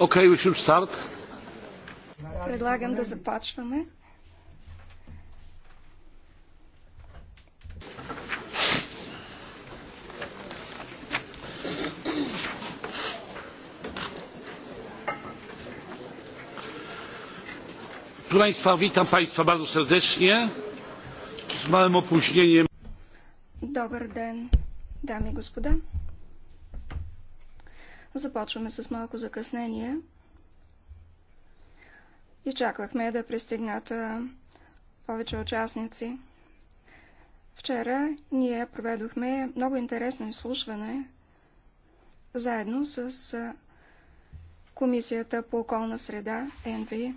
Okay, we should start. Предлагам да започваме. Proszę Państwa, witam Państwa bardzo serdecznie z małym opóźnieniem. Dobry dzień, damy i господа. Започваме с малко закъснение. И чаквахме да пристигнат повече участници. Вчера ние проведохме много интересно изслушване заедно с Комисията по околна среда, НВ.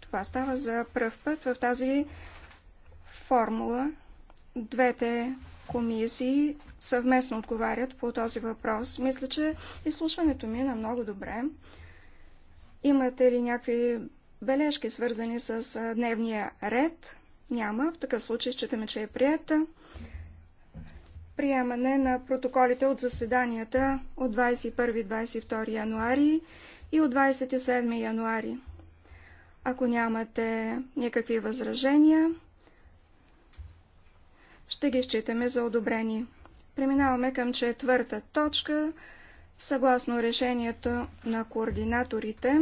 Това става за пръв път в тази формула. Двете комисии съвместно отговарят по този въпрос. Мисля, че изслушването ми е на много добре. Имате ли някакви бележки, свързани с дневния ред? Няма. В такъв случай считаме, че е прията. Приемане на протоколите от заседанията от 21-22 януари и от 27 януари. Ако нямате никакви възражения, ще ги считаме за одобрени. Преминаваме към четвърта точка. Съгласно решението на координаторите,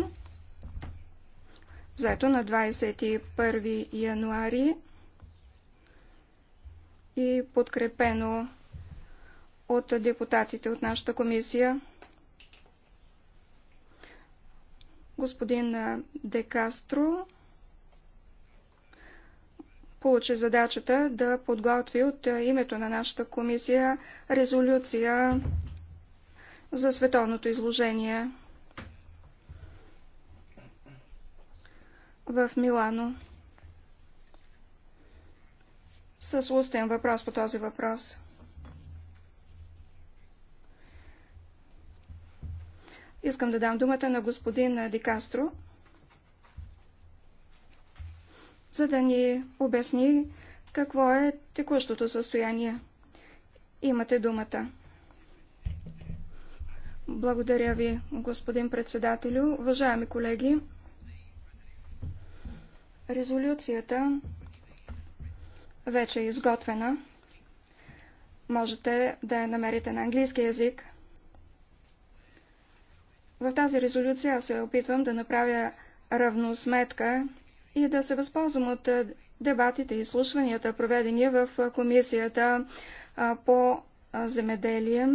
заето на 21 януари и подкрепено от депутатите от нашата комисия, господин Декастро получи задачата да подготви от е, името на нашата комисия резолюция за световното изложение в Милано. С устен въпрос по този въпрос. Искам да дам думата на господин Дикастро. за да ни обясни какво е текущото състояние. Имате думата. Благодаря ви, господин председателю. Уважаеми колеги, резолюцията вече е изготвена. Можете да я намерите на английски язик. В тази резолюция аз се опитвам да направя равносметка и да се възползвам от дебатите и слушванията, проведени в Комисията по земеделие.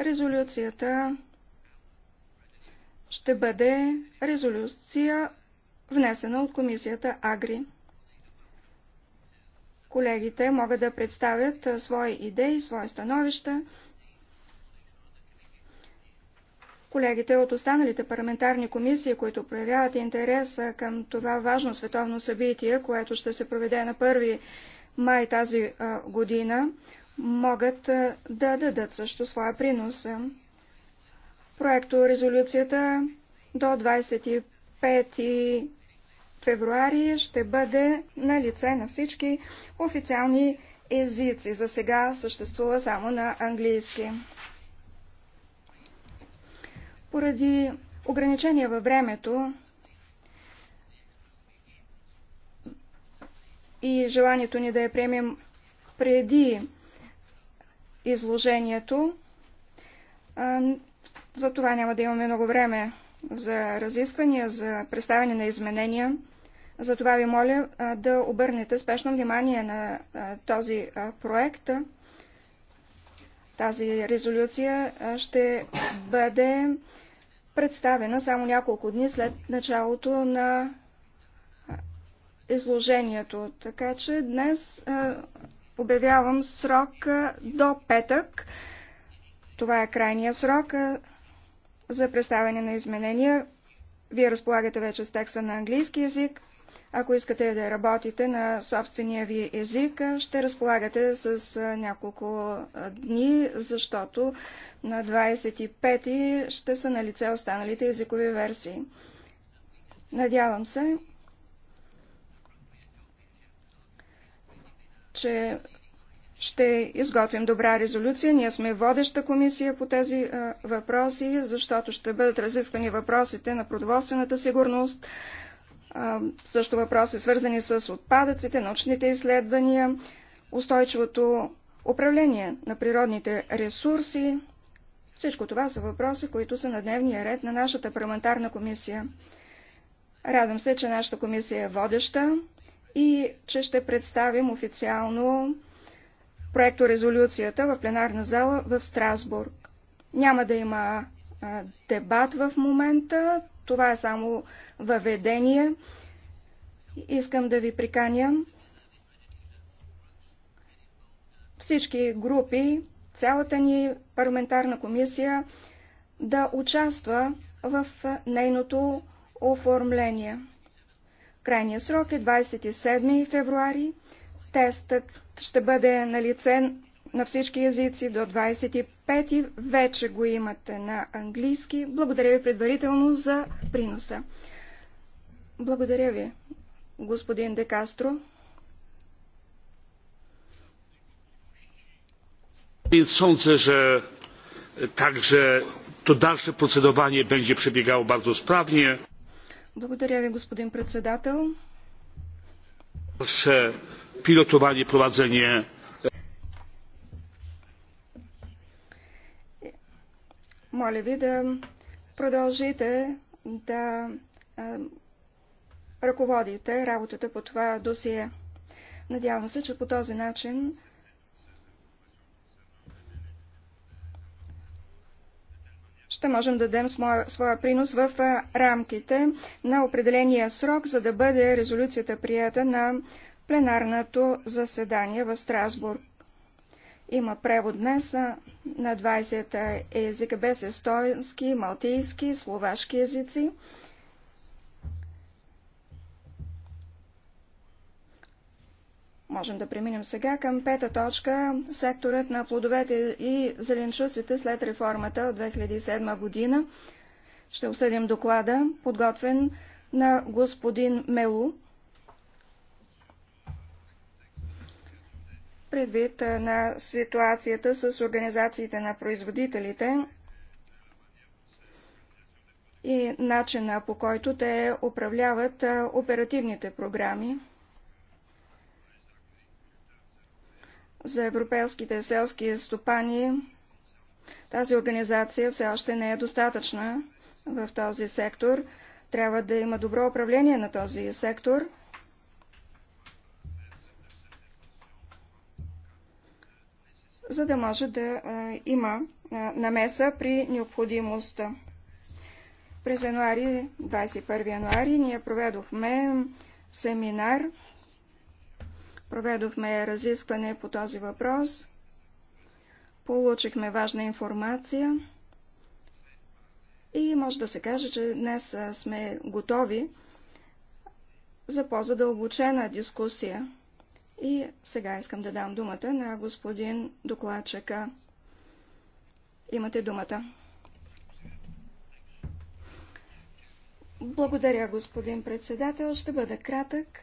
Резолюцията ще бъде резолюция, внесена от Комисията Агри. Колегите могат да представят свои идеи, свои становища. Колегите от останалите парламентарни комисии, които проявяват интерес към това важно световно събитие, което ще се проведе на 1 май тази година, могат да дадат също своя принос. Проекто резолюцията до 25 февруари ще бъде на лице на всички официални езици. За сега съществува само на английски. Поради ограничения във времето и желанието ни да я приемем преди изложението, за това няма да имаме много време за разисквания, за представяне на изменения. Затова ви моля да обърнете спешно внимание на този проект. Тази резолюция ще бъде представена само няколко дни след началото на изложението. Така че днес обявявам срок до петък. Това е крайния срок за представяне на изменения. Вие разполагате вече с текста на английски язик. Ако искате да работите на собствения ви език, ще разполагате с няколко дни, защото на 25 ти ще са на лице останалите езикови версии. Надявам се, че ще изготвим добра резолюция. Ние сме водеща комисия по тези въпроси, защото ще бъдат разисквани въпросите на продоволствената сигурност, също въпроси, свързани с отпадъците, научните изследвания, устойчивото управление на природните ресурси. Всичко това са въпроси, които са на дневния ред на нашата парламентарна комисия. Радвам се, че нашата комисия е водеща и че ще представим официално проекторезолюцията в пленарна зала в Страсбург. Няма да има дебат в момента, това е само въведение. Искам да ви приканям всички групи, цялата ни парламентарна комисия да участва в нейното оформление. Крайният срок е 27 февруари. Тестът ще бъде на лице на всички езици до 25 пети, вече го имате на английски. Благодаря ви предварително за приноса. Благодаря ви, господин Де Декастро. Sądzę, że także to dalsze procedowanie będzie przebiegało bardzo sprawnie. Благодаря ви, господин председател. Dalsze pilotowanie, prowadzenie Моля ви да продължите да ръководите работата по това досие. Надявам се, че по този начин ще можем да дадем своя принос в рамките на определения срок, за да бъде резолюцията прията на пленарното заседание в Страсбург. Има превод днес на 20 езика без естонски, малтийски, словашки езици. Можем да преминем сега към пета точка – секторът на плодовете и зеленчуците след реформата от 2007 година. Ще обсъдим доклада, подготвен на господин Мелу. предвид на ситуацията с организациите на производителите и начина по който те управляват оперативните програми за европейските селски стопани. Тази организация все още не е достатъчна в този сектор. Трябва да има добро управление на този сектор – за да може да има намеса при необходимост. През януари, 21 януари, ние проведохме семинар, проведохме разискване по този въпрос, получихме важна информация и може да се каже, че днес сме готови за по-задълбочена дискусия. И сега искам да дам думата на господин докладчика. Имате думата. Благодаря, господин председател. Ще бъда кратък.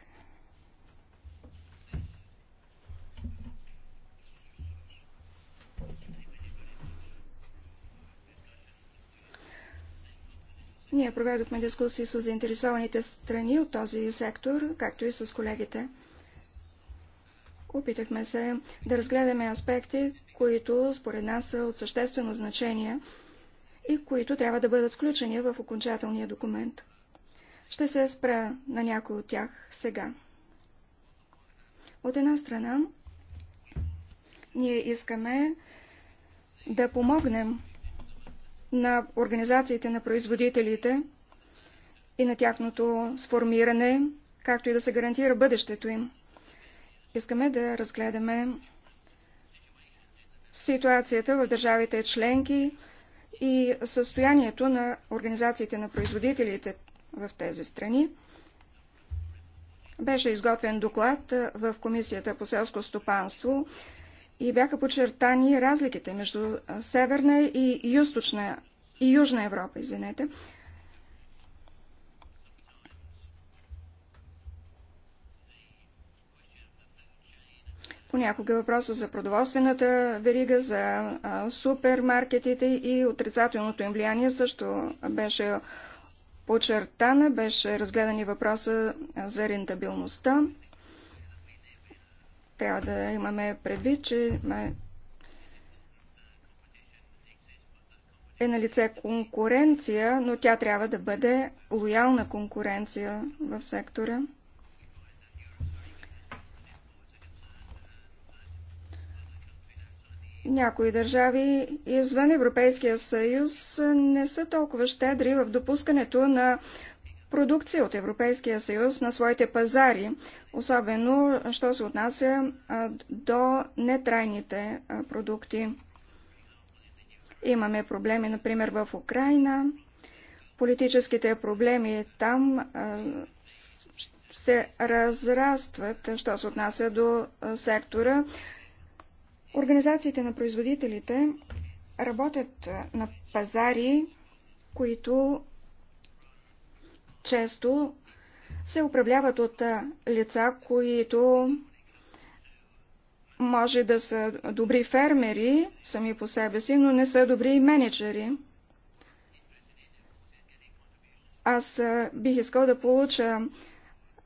Ние проведохме дискусии с заинтересованите страни от този сектор, както и с колегите. Опитахме се да разгледаме аспекти, които според нас са от съществено значение и които трябва да бъдат включени в окончателния документ. Ще се спра на някой от тях сега. От една страна, ние искаме да помогнем на организациите на производителите и на тяхното сформиране, както и да се гарантира бъдещето им. Искаме да разгледаме ситуацията в държавите членки и състоянието на организациите на производителите в тези страни. Беше изготвен доклад в Комисията по селско стопанство и бяха подчертани разликите между Северна и, и Южна Европа. Извинете. Понякога е въпроса за продоволствената верига, за супермаркетите и отрицателното им влияние също беше подчертана, беше разгледан въпроса за рентабилността. Трябва да имаме предвид, че е на лице конкуренция, но тя трябва да бъде лоялна конкуренция в сектора. Някои държави извън Европейския съюз не са толкова щедри в допускането на продукция от Европейския съюз на своите пазари, особено що се отнася до нетрайните продукти. Имаме проблеми, например, в Украина. Политическите проблеми там се разрастват, що се отнася до сектора. Организациите на производителите работят на пазари, които често се управляват от лица, които може да са добри фермери сами по себе си, но не са добри менеджери. Аз бих искал да получа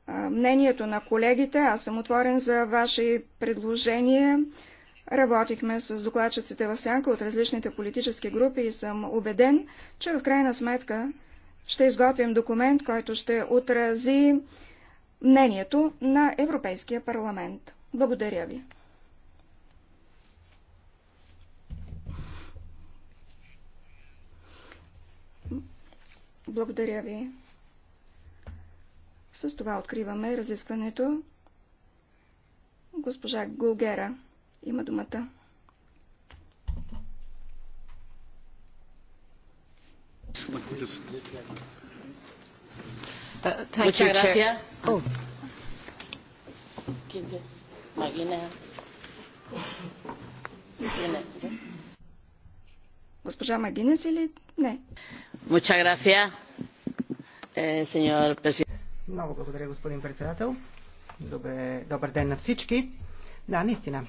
мнението на колегите. Аз съм отворен за ваши предложения. Работихме с докладчиците в сянка от различните политически групи и съм убеден, че в крайна сметка ще изготвим документ, който ще отрази мнението на Европейския парламент. Благодаря ви. Благодаря ви. С това откриваме разискването. Госпожа Гулгера има думата. Oh. Госпожа Магинес или не? Muchas графия, сеньор eh, presidente. Много благодаря, господин председател. Добре, добър ден на всички. Да, наистина.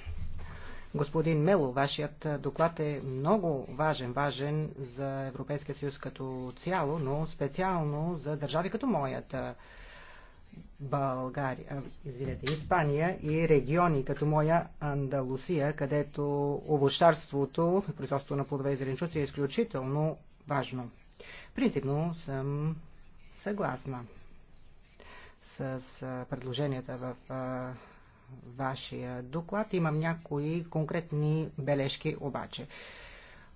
Господин Мело, вашият доклад е много важен, важен за Европейския съюз като цяло, но специално за държави като моята България, извинете, Испания и региони като моя Андалусия, където овощарството, производството на плодове и зеленчуци е изключително важно. Принципно съм съгласна с предложенията в вашия доклад. Имам някои конкретни бележки обаче.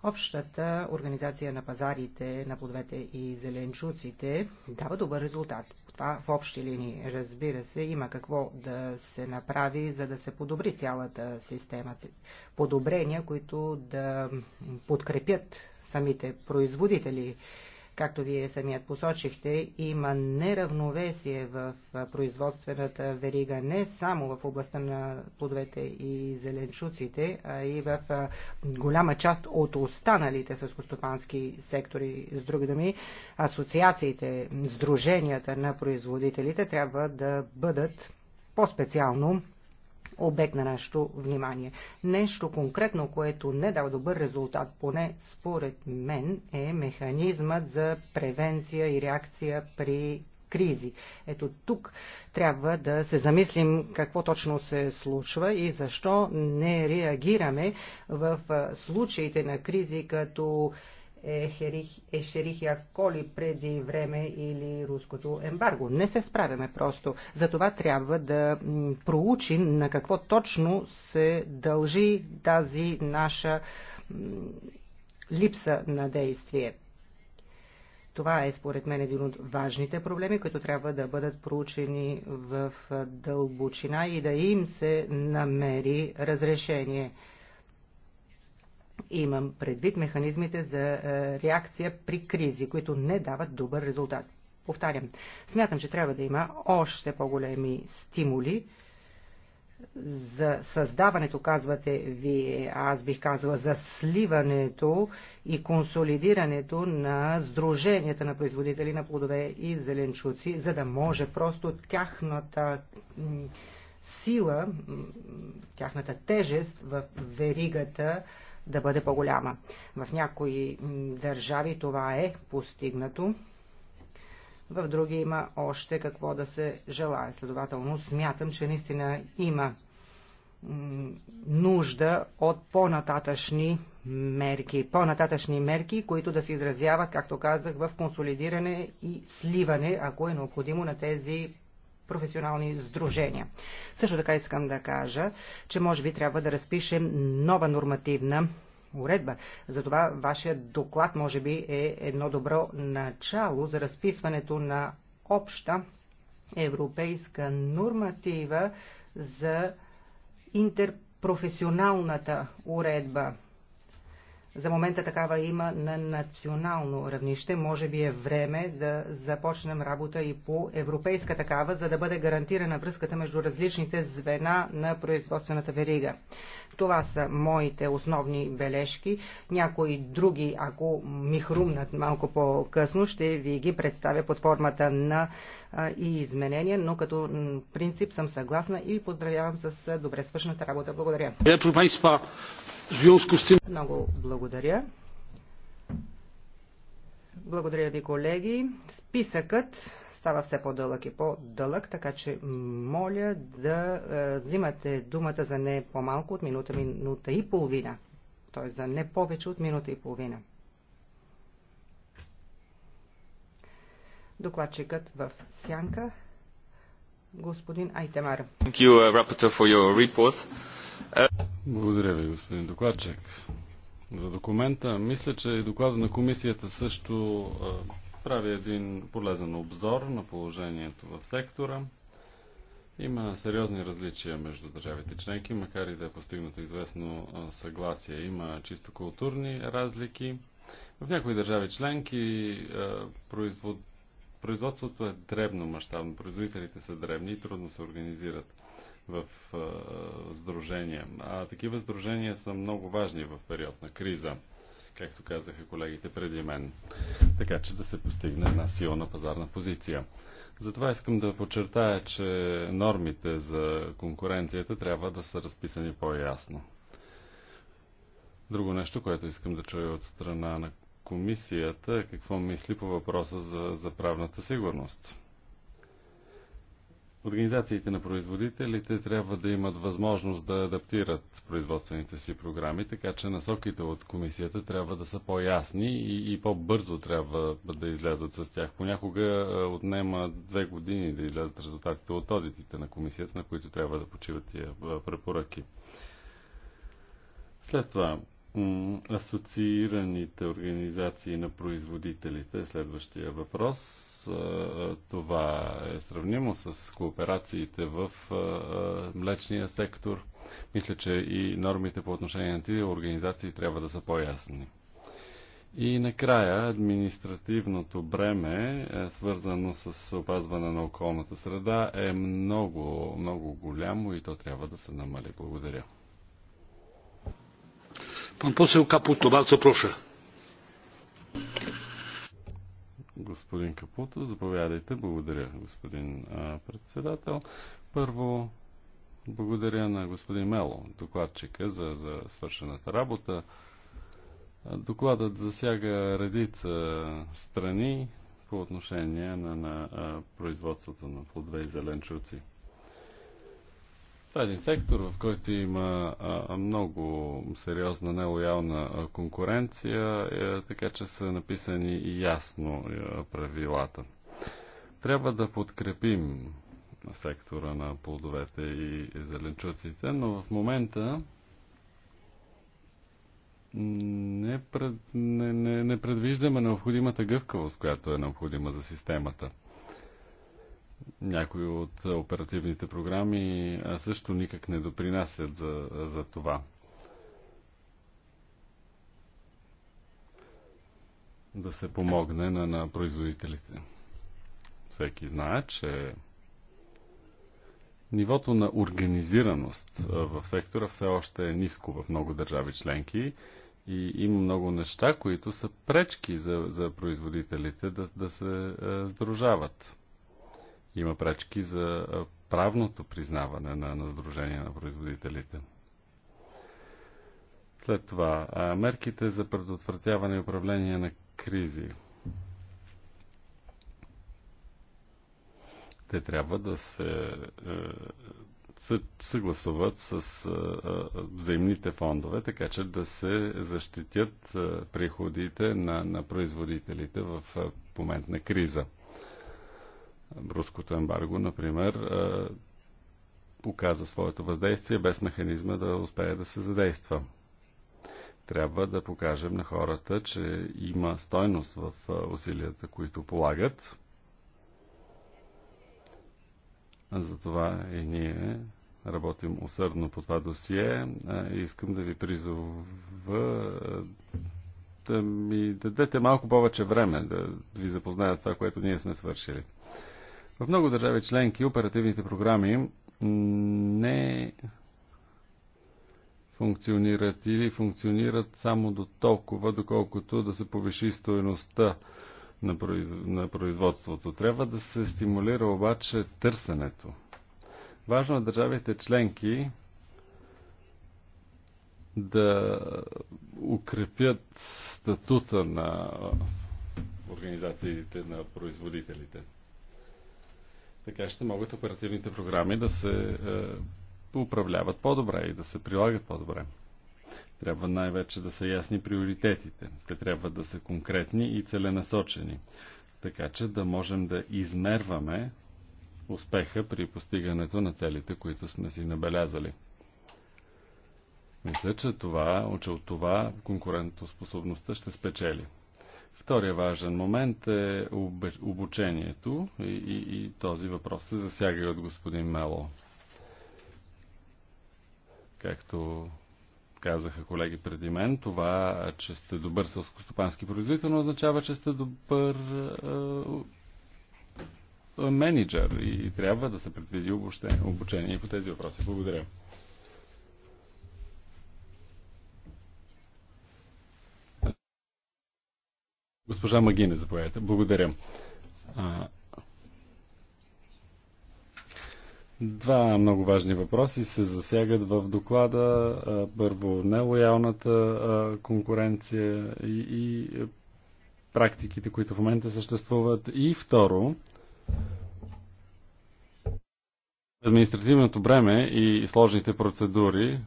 Общата организация на пазарите на плодовете и зеленчуците дава добър резултат. Това в общи линии, разбира се, има какво да се направи, за да се подобри цялата система. Подобрения, които да подкрепят самите производители. Както вие самият посочихте, има неравновесие в производствената верига не само в областта на плодовете и зеленчуците, а и в голяма част от останалите съскостопански сектори. С други думи, асоциациите, сдруженията на производителите трябва да бъдат по-специално обект на нашето внимание. Нещо конкретно, което не дава добър резултат, поне според мен, е механизмът за превенция и реакция при кризи. Ето тук трябва да се замислим какво точно се случва и защо не реагираме в случаите на кризи като Ешерихия е Коли преди време или руското ембарго. Не се справяме просто. За това трябва да проучим на какво точно се дължи тази наша липса на действие. Това е според мен един от важните проблеми, които трябва да бъдат проучени в дълбочина и да им се намери разрешение. Имам предвид механизмите за е, реакция при кризи, които не дават добър резултат. Повтарям, смятам, че трябва да има още по-големи стимули за създаването, казвате вие, аз бих казала, за сливането и консолидирането на сдруженията на производители на плодове и зеленчуци, за да може просто тяхната сила, тяхната тежест в веригата да бъде по-голяма. В някои държави това е постигнато, в други има още какво да се желая. Следователно, смятам, че наистина има нужда от по-нататъчни мерки. По-нататъчни мерки, които да се изразяват, както казах, в консолидиране и сливане, ако е необходимо на тези професионални сдружения. Също така искам да кажа, че може би трябва да разпишем нова нормативна уредба. Затова вашият доклад може би е едно добро начало за разписването на обща европейска норматива за интерпрофесионалната уредба за момента такава има на национално равнище. Може би е време да започнем работа и по европейска такава, за да бъде гарантирана връзката между различните звена на производствената верига. Това са моите основни бележки. Някои други, ако ми хрумнат малко по-късно, ще ви ги представя под формата на и изменения, но като принцип съм съгласна и поздравявам с добре свършната работа. Благодаря. Е, много благодаря. Благодаря ви, колеги. Списъкът става все по-дълъг и по-дълъг, така че моля да е, взимате думата за не по-малко от минута, минута и половина. Т.е. за не повече от минута и половина. Докладчикът в сянка, господин Айтемар. Thank you, uh, благодаря ви, господин докладчик, за документа. Мисля, че и доклада на комисията също прави един полезен обзор на положението в сектора. Има сериозни различия между държавите членки, макар и да е постигнато известно съгласие. Има чисто културни разлики. В някои държави членки производ... производството е дребно мащабно, производителите са дребни и трудно се организират в а, сдружения. А такива сдружения са много важни в период на криза, както казаха колегите преди мен, така че да се постигне една силна пазарна позиция. Затова искам да подчертая, че нормите за конкуренцията трябва да са разписани по-ясно. Друго нещо, което искам да чуя от страна на комисията, е какво мисли по въпроса за, за правната сигурност. Организациите на производителите трябва да имат възможност да адаптират производствените си програми, така че насоките от комисията трябва да са по-ясни и, и по-бързо трябва да излязат с тях. Понякога отнема две години да излязат резултатите от одитите на комисията, на които трябва да почиват тия препоръки. След това, асоциираните организации на производителите е следващия въпрос. Това е сравнимо с кооперациите в млечния сектор. Мисля, че и нормите по отношение на тези организации трябва да са по-ясни. И накрая административното бреме, е, свързано с опазване на околната среда, е много, много голямо и то трябва да се намали. Благодаря. Господин Капуто, заповядайте. Благодаря, господин а, председател. Първо, благодаря на господин Мело, докладчика, за, за свършената работа. Докладът засяга редица страни по отношение на, на производството на плодове и зеленчуци. Това е един сектор, в който има много сериозна нелоялна конкуренция, е, така че са написани и ясно е, правилата. Трябва да подкрепим сектора на плодовете и зеленчуците, но в момента не, пред, не, не, не предвиждаме необходимата гъвкавост, която е необходима за системата. Някои от оперативните програми също никак не допринасят за, за това. Да се помогне на, на производителите. Всеки знае, че нивото на организираност в сектора все още е ниско в много държави членки и има много неща, които са пречки за, за производителите да, да се е, сдружават има пречки за правното признаване на, на Сдружение на производителите. След това, мерките за предотвратяване и управление на кризи. Те трябва да се е, съгласуват с е, е, взаимните фондове, така че да се защитят приходите на, на производителите в момент на криза руското ембарго, например, показа своето въздействие без механизма да успее да се задейства. Трябва да покажем на хората, че има стойност в усилията, които полагат. Затова и ние работим усърдно по това досие искам да ви призова да ми дадете малко повече време да ви запозная с това, което ние сме свършили. В много държави членки оперативните програми не функционират или функционират само до толкова, доколкото да се повиши стоеността на, произ... на производството. Трябва да се стимулира обаче търсенето. Важно е държавите членки да укрепят статута на организациите на производителите. Така ще могат оперативните програми да се е, управляват по-добре и да се прилагат по-добре. Трябва най-вече да са ясни приоритетите. Те трябва да са конкретни и целенасочени, така че да можем да измерваме успеха при постигането на целите, които сме си набелязали. Мисля, че това, че от това конкурентоспособността ще спечели. Втория важен момент е обучението и, и, и този въпрос се засяга и от господин Мело. Както казаха колеги преди мен, това, че сте добър сълскостопански производител, не означава, че сте добър е, е, менеджер и трябва да се предвиди обучение, обучение по тези въпроси. Благодаря. Госпожа Магине, заповядайте. Благодаря. Два много важни въпроси се засягат в доклада. Първо, нелоялната конкуренция и, и практиките, които в момента съществуват. И второ, административното бреме и сложните процедури,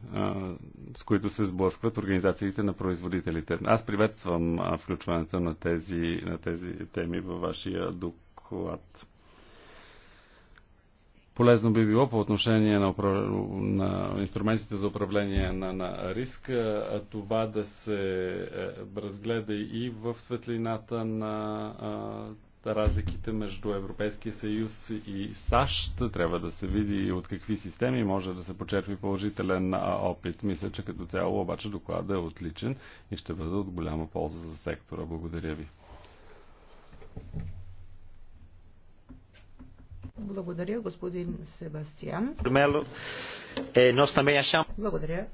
с които се сблъскват организациите на производителите. Аз приветствам включването на тези, на тези теми във вашия доклад. Полезно би било по отношение на, управ... на инструментите за управление на, на риска, това да се разгледа и в светлината на разликите между Европейския съюз и САЩ. Трябва да се види от какви системи може да се почерпи положителен опит. Мисля, че като цяло обаче докладът е отличен и ще бъде от голяма полза за сектора. Благодаря ви. Благодаря, господин Себастиан. Eh, Благодаря.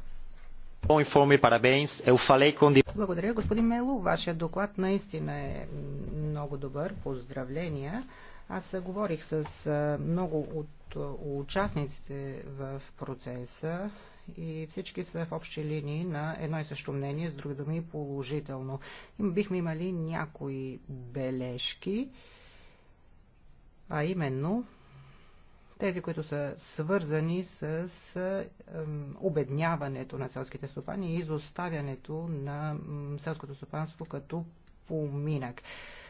Благодаря, господин Мелу. Вашия доклад наистина е много добър. Поздравления. Аз говорих с много от участниците в процеса и всички са в общи линии на едно и също мнение, с други думи положително. Бихме имали някои бележки, а именно тези, които са свързани с обедняването на селските стопани и изоставянето на селското стопанство като поминък.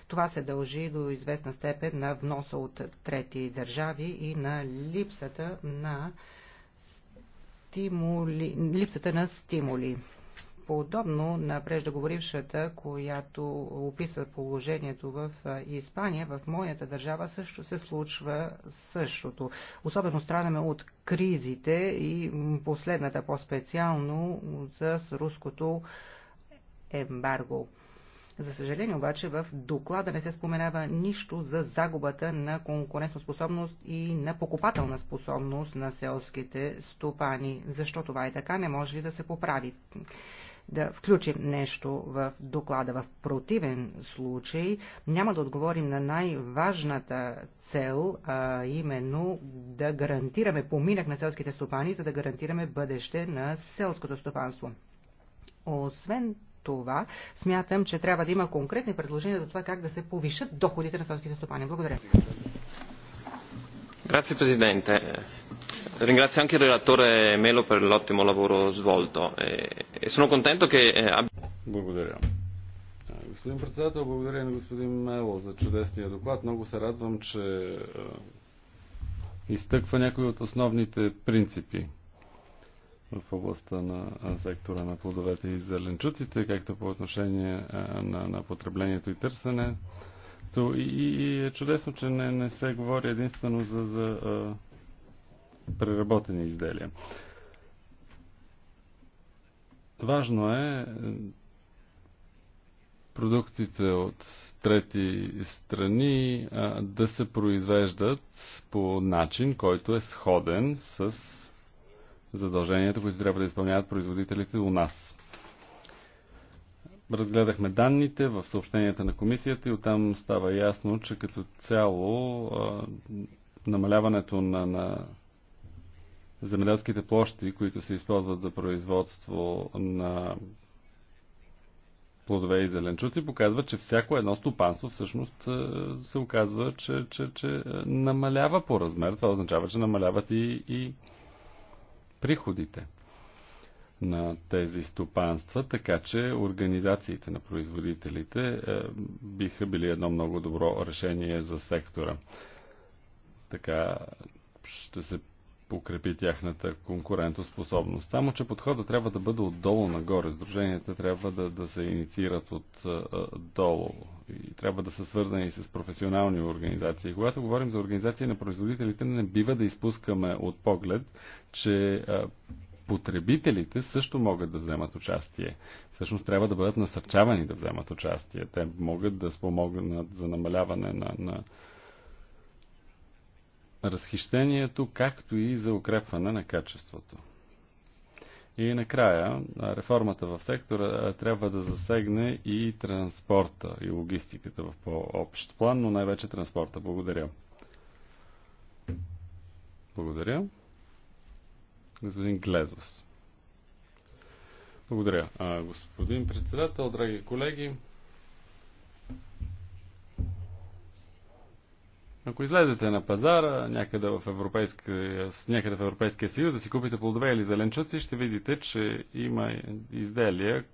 Това се дължи до известна степен на вноса от трети държави и на липсата на стимули, липсата на стимули подобно на преждаговорившата, която описа положението в Испания, в моята държава също се случва същото. Особено страдаме от кризите и последната по-специално с руското ембарго. За съжаление обаче в доклада не се споменава нищо за загубата на конкурентоспособност и на покупателна способност на селските стопани. Защо това е така, не може ли да се поправи? да включим нещо в доклада. В противен случай няма да отговорим на най-важната цел, а именно да гарантираме поминък на селските стопани, за да гарантираме бъдеще на селското стопанство. Освен това, смятам, че трябва да има конкретни предложения за това как да се повишат доходите на селските стопани. Благодаря. Grazie Presidente. Ringrazio anche il relatore Melo per l'ottimo lavoro svolto e, e sono contento che... Eh, господин председател, благодаря на господин Мело за чудесния доклад. Много се радвам, че изтъква някои от основните принципи в областта на сектора на плодовете и зеленчуците, както по отношение на, на потреблението и търсене, място. И, и е чудесно, че не, не се говори единствено за, за а, преработени изделия. Важно е, е продуктите от трети страни а, да се произвеждат по начин, който е сходен с задълженията, които трябва да изпълняват производителите у нас. Разгледахме данните в съобщенията на комисията и оттам става ясно, че като цяло а, намаляването на, на земеделските площи, които се използват за производство на плодове и зеленчуци, показва, че всяко едно стопанство всъщност се оказва, че, че, че намалява по размер. Това означава, че намаляват и, и приходите на тези стопанства, така че организациите на производителите е, биха били едно много добро решение за сектора. Така ще се покрепи тяхната конкурентоспособност. Само, че подхода трябва да бъде отдолу нагоре. Сдруженията трябва да, да се инициират отдолу е, е, и трябва да са свързани с професионални организации. Когато говорим за организации на производителите, не бива да изпускаме от поглед, че а, потребителите също могат да вземат участие. Всъщност трябва да бъдат насърчавани да вземат участие. Те могат да спомогнат за намаляване на, на разхищението, както и за укрепване на качеството. И накрая, реформата в сектора трябва да засегне и транспорта и логистиката в по-общ план, но най-вече транспорта. Благодаря. Благодаря господин Глезос. Благодаря, господин председател, драги колеги. Ако излезете на пазара някъде в, някъде в Европейския съюз да си купите плодове или зеленчуци, ще видите, че има изделия,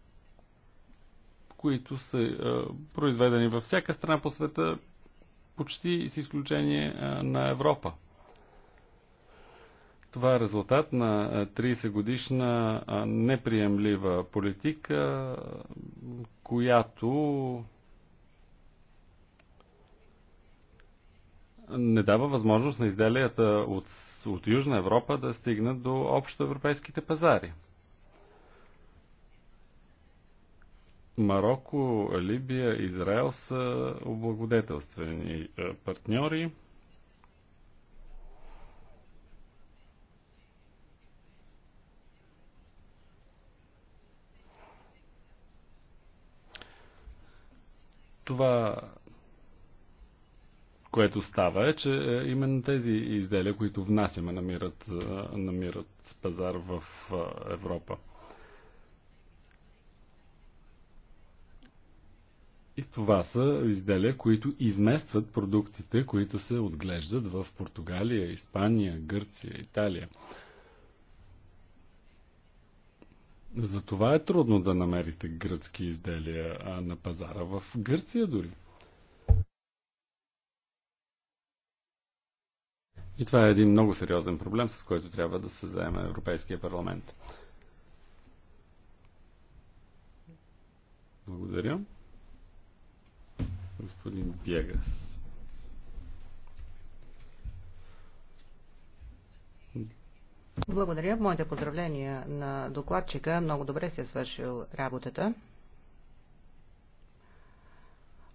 които са а, произведени във всяка страна по света, почти с изключение а, на Европа. Това е резултат на 30 е, годишна е, неприемлива политика, която не дава възможност на изделията от, от Южна Европа да стигнат до общоевропейските пазари. Марокко, Либия, Израел са облагодетелствени е, партньори. Това, което става е, че е, именно тези изделия, които внасяме, намират, е, намират пазар в е, Европа. И това са изделия, които изместват продуктите, които се отглеждат в Португалия, Испания, Гърция, Италия. Затова е трудно да намерите гръцки изделия а на пазара в Гърция дори. И това е един много сериозен проблем, с който трябва да се заеме Европейския парламент. Благодаря. Господин Бегас. Благодаря. Моите поздравления на докладчика. Много добре си е свършил работата.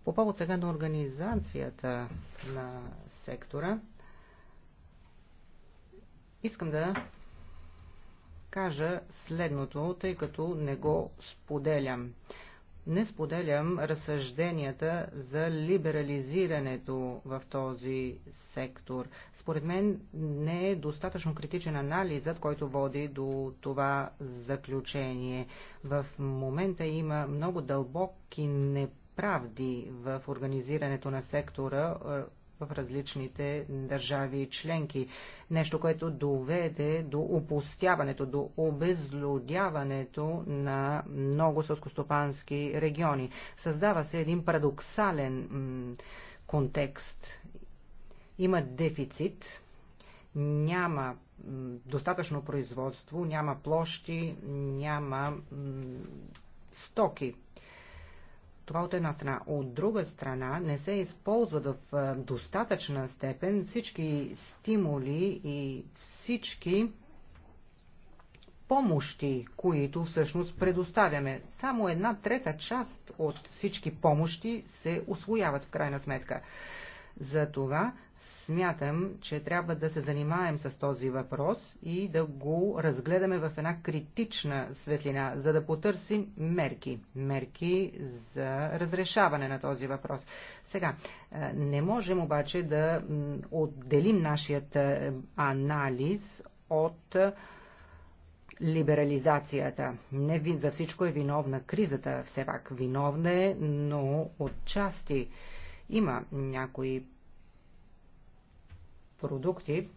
По повод сега на организацията на сектора, искам да кажа следното, тъй като не го споделям. Не споделям разсъжденията за либерализирането в този сектор. Според мен не е достатъчно критичен анализът, който води до това заключение. В момента има много дълбоки неправди в организирането на сектора в различните държави и членки. Нещо, което доведе до опустяването, до обезлюдяването на много сълскостопански региони. Създава се един парадоксален контекст. Има дефицит, няма достатъчно производство, няма площи, няма стоки това от една страна. От друга страна не се използват в достатъчна степен всички стимули и всички помощи, които всъщност предоставяме. Само една трета част от всички помощи се освояват в крайна сметка. За това смятам, че трябва да се занимаем с този въпрос и да го разгледаме в една критична светлина, за да потърсим мерки. Мерки за разрешаване на този въпрос. Сега, е, не можем обаче да отделим нашият е, анализ от е, либерализацията. Не за всичко е виновна кризата, все пак виновна е, но отчасти части има някои продукти,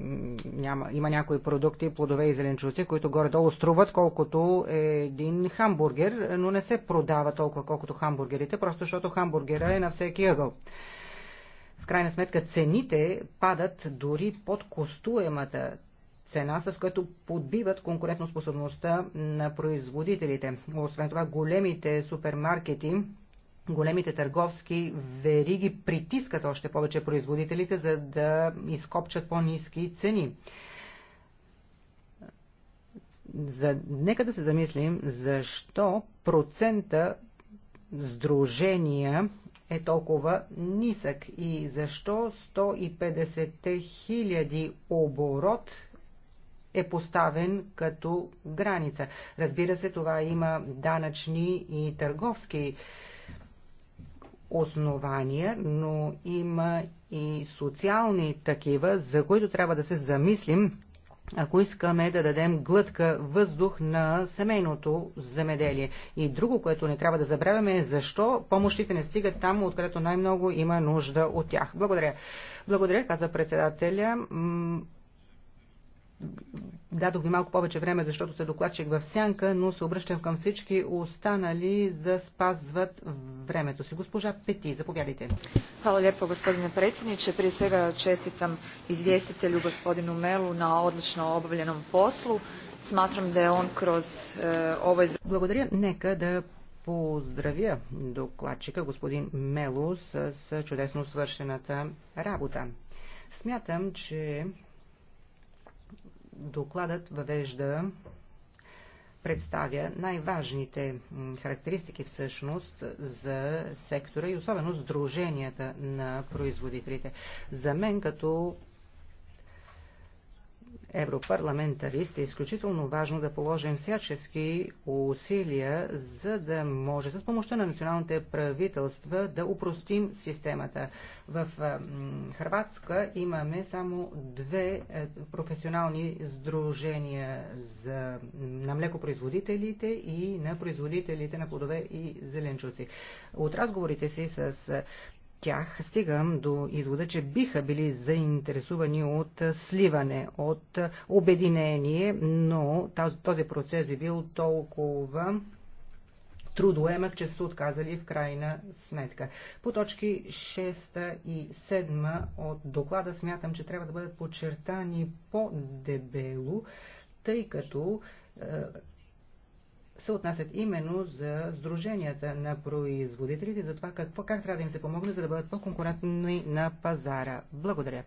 няма, има някои продукти, плодове и зеленчуци, които горе-долу струват колкото е един хамбургер, но не се продава толкова колкото хамбургерите, просто защото хамбургера е на всеки ъгъл. В крайна сметка цените падат дори под костуемата цена, с което подбиват конкурентоспособността на производителите. Освен това, големите супермаркети големите търговски вериги притискат още повече производителите, за да изкопчат по-низки цени. За... Нека да се замислим защо процента сдружения е толкова нисък и защо 150 хиляди оборот е поставен като граница. Разбира се, това има данъчни и търговски основания, но има и социални такива, за които трябва да се замислим, ако искаме да дадем глътка въздух на семейното земеделие. И друго, което не трябва да забравяме е защо помощите не стигат там, откъдето най-много има нужда от тях. Благодаря. Благодаря, каза председателя. Дадох ви малко повече време, защото се докладчик в сянка, но се обръщам към всички останали да спазват времето си. Госпожа Пети, заповядайте. Hvala lijepo gospodine predsjedniče. Prije svega čestitam izvjestitelju gospodinu Melu na odlično obavljenom poslu. Smatram da je on kroz ovaj... Благодаря. Нека да поздравя докладчика господин Мело с чудесно свършената работа. Смятам, че Докладът въвежда представя най-важните характеристики всъщност за сектора и особено сдруженията на производителите. За мен като европарламентарист е изключително важно да положим всячески усилия, за да може с помощта на националните правителства да упростим системата. В Хрватска имаме само две е, професионални сдружения за, на млекопроизводителите и на производителите на плодове и зеленчуци. От разговорите си с тях стигам до извода, че биха били заинтересувани от сливане, от обединение, но този процес би бил толкова трудоемък, че са отказали в крайна сметка. По точки 6 и 7 от доклада смятам, че трябва да бъдат подчертани по-дебело, тъй като се отнасят именно за сдруженията на производителите, за това какво, как трябва да им се помогне, за да бъдат по-конкурентни на пазара. Благодаря.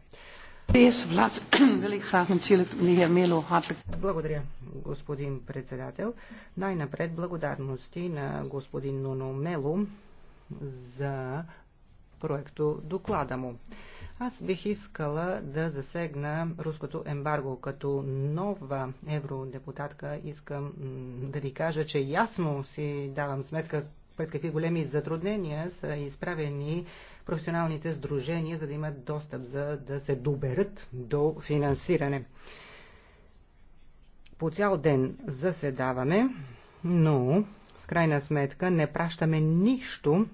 Благодаря, господин председател. Най-напред благодарности на господин Нуно Мело за проекто доклада му. Аз бих искала да засегна руското ембарго. Като нова евродепутатка искам да ви кажа, че ясно си давам сметка пред какви големи затруднения са изправени професионалните сдружения, за да имат достъп, за да се доберат до финансиране. По цял ден заседаваме, но в крайна сметка не пращаме нищо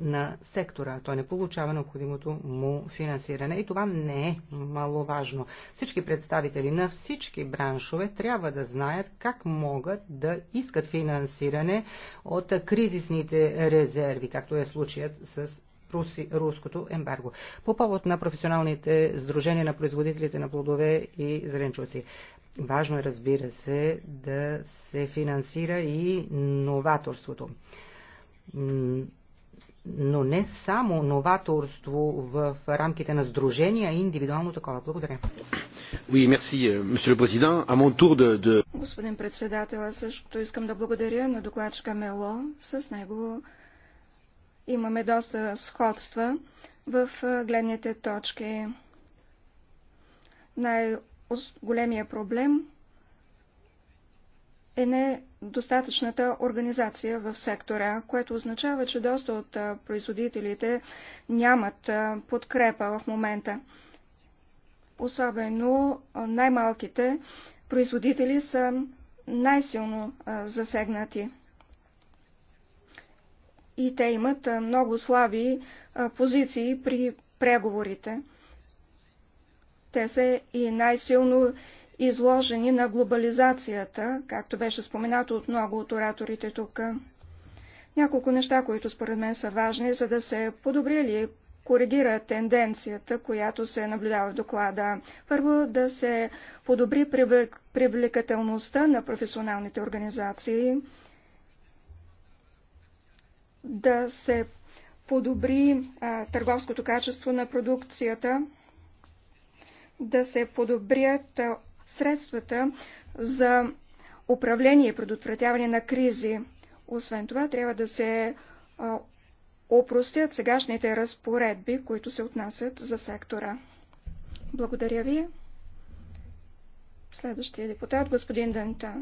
на сектора. Той не получава необходимото му финансиране и това не е маловажно. Всички представители на всички браншове трябва да знаят как могат да искат финансиране от кризисните резерви, както е случаят с Руси, руското ембарго. По повод на професионалните сдружения на производителите на плодове и зеленчуци. Важно е, разбира се, да се финансира и новаторството но не само новаторство в рамките на сдружения, а и индивидуално такова. Благодаря. Oui, merci, euh, monsieur le président. À mon tour de, de... Господин председател, аз също искам да благодаря на докладчика Мело. С него имаме доста сходства в гледните точки. Най-големия проблем е недостатъчната организация в сектора, което означава, че доста от производителите нямат подкрепа в момента. Особено най-малките производители са най-силно засегнати. И те имат много слаби позиции при преговорите. Те са и най-силно изложени на глобализацията, както беше споменато от много от ораторите тук. Няколко неща, които според мен са важни, за да се подобри или коригира тенденцията, която се наблюдава в доклада. Първо, да се подобри привлекателността на професионалните организации, да се подобри а, търговското качество на продукцията, да се подобрят а, средствата за управление и предотвратяване на кризи. Освен това, трябва да се опростят сегашните разпоредби, които се отнасят за сектора. Благодаря ви. Следващия депутат, господин Данта.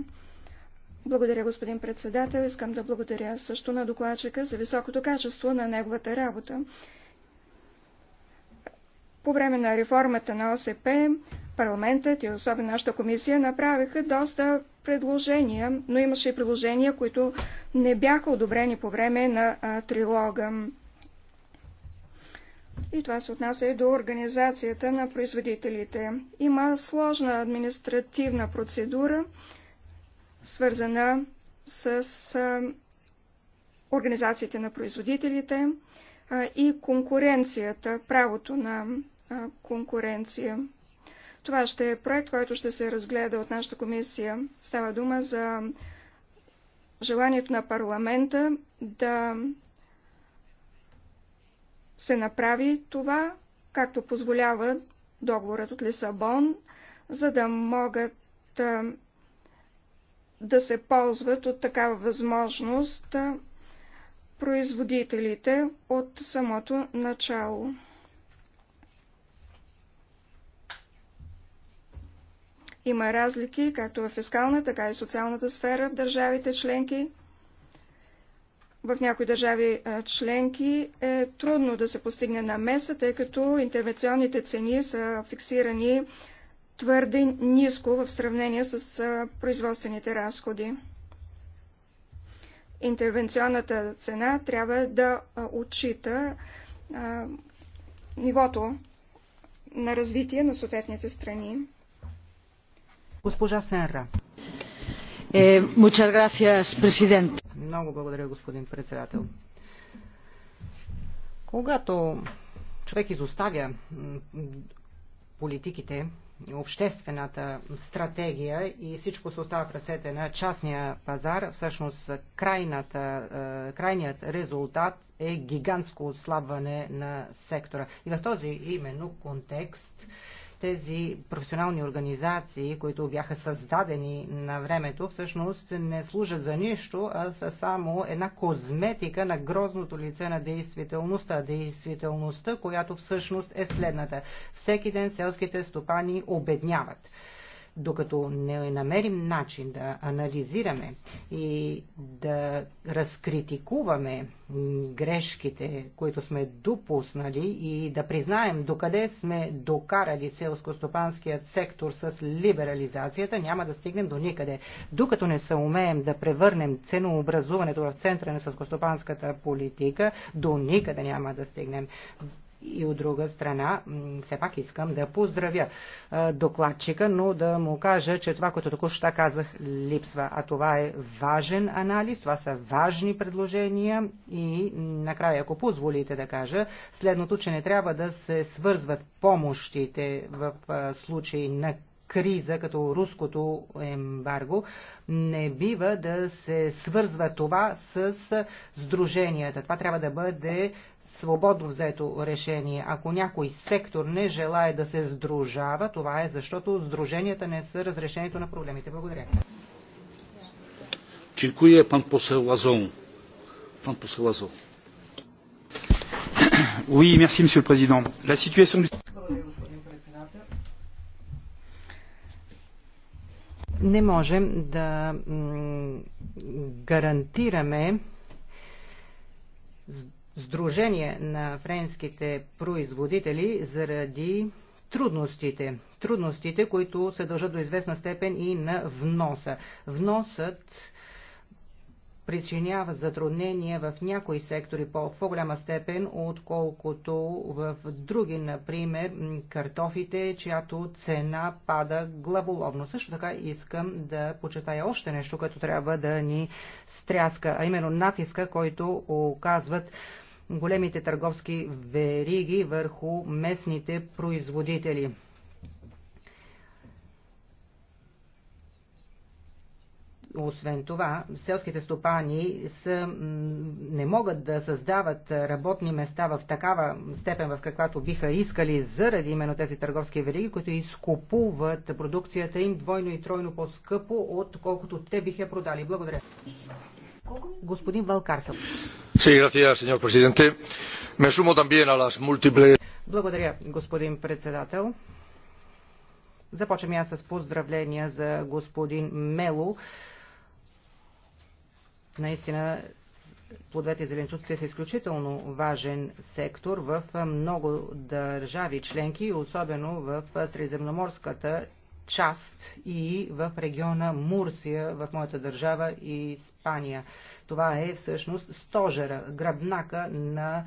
Благодаря, господин председател. Искам да благодаря също на докладчика за високото качество на неговата работа. По време на реформата на ОСП Парламентът и особено нашата комисия направиха доста предложения, но имаше и предложения, които не бяха одобрени по време на а, трилога. И това се отнася и до организацията на производителите. Има сложна административна процедура, свързана с а, организациите на производителите а, и конкуренцията, правото на а, конкуренция. Това ще е проект, който ще се разгледа от нашата комисия. Става дума за желанието на парламента да се направи това, както позволява договорът от Лисабон, за да могат да се ползват от такава възможност производителите от самото начало. Има разлики, както в фискална, така и социалната сфера в държавите членки. В някои държави членки е трудно да се постигне намеса, тъй като интервенционните цени са фиксирани твърде ниско в сравнение с производствените разходи. Интервенционната цена трябва да отчита нивото на развитие на съответните страни. Госпожа Сенра. Е, gracias, Много благодаря, господин председател. Когато човек изоставя политиките, обществената стратегия и всичко се остава в ръцете на частния пазар, всъщност крайната, е, крайният резултат е гигантско отслабване на сектора. И в този именно контекст тези професионални организации, които бяха създадени на времето, всъщност не служат за нищо, а са само една козметика на грозното лице на действителността. Действителността, която всъщност е следната. Всеки ден селските стопани обедняват. Докато не намерим начин да анализираме и да разкритикуваме грешките, които сме допуснали и да признаем докъде сме докарали селско-стопанският сектор с либерализацията, няма да стигнем до никъде. Докато не се умеем да превърнем ценообразуването в центъра на селскостопанската политика, до никъде няма да стигнем. И от друга страна, все пак искам да поздравя докладчика, но да му кажа, че това, което току-що казах, липсва. А това е важен анализ, това са важни предложения и накрая, ако позволите да кажа, следното, че не трябва да се свързват помощите в случай на криза, като руското ембарго, не бива да се свързва това с сдруженията. Това трябва да бъде свободно взето решение. Ако някой сектор не желая да се сдружава, това е защото сдруженията не са разрешението на проблемите. Благодаря. Dziękuję. пан посел Лазон. Пан посел Лазон. Oui, merci, Monsieur le Président. La situation du... Не можем да гарантираме Сдружение на френските производители заради трудностите. Трудностите, които се дължат до известна степен и на вноса. Вносът причинява затруднения в някои сектори по по-голяма степен, отколкото в други, например картофите, чиято цена пада главоловно. Също така искам да почетая още нещо, което трябва да ни стряска, а именно натиска, който оказват големите търговски вериги върху местните производители. Освен това, селските стопани са, не могат да създават работни места в такава степен, в каквато биха искали, заради именно тези търговски вериги, които изкупуват продукцията им двойно и тройно по-скъпо, отколкото те биха продали. Благодаря. Господин Валкарсъл. Благодаря, господин председател. Започвам аз с поздравления за господин Мело. Наистина, плодовете и зеленчуците са изключително важен сектор в много държави членки, особено в средиземноморската част и в региона Мурсия, в моята държава и Испания. Това е всъщност стожера, гръбнака на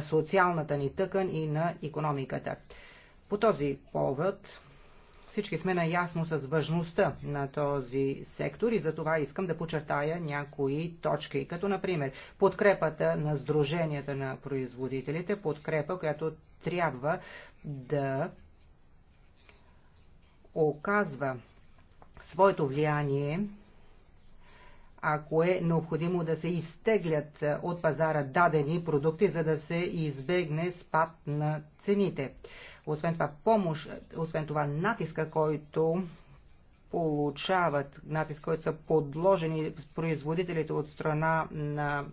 социалната ни тъкан и на економиката. По този повод всички сме наясно с важността на този сектор и за това искам да почертая някои точки, като например подкрепата на Сдруженията на производителите, подкрепа, която трябва да оказва своето влияние, ако е необходимо да се изтеглят от пазара дадени продукти, за да се избегне спад на цените. Освен това, помощ, освен това натиска, който получават, натиск, който са подложени производителите от страна на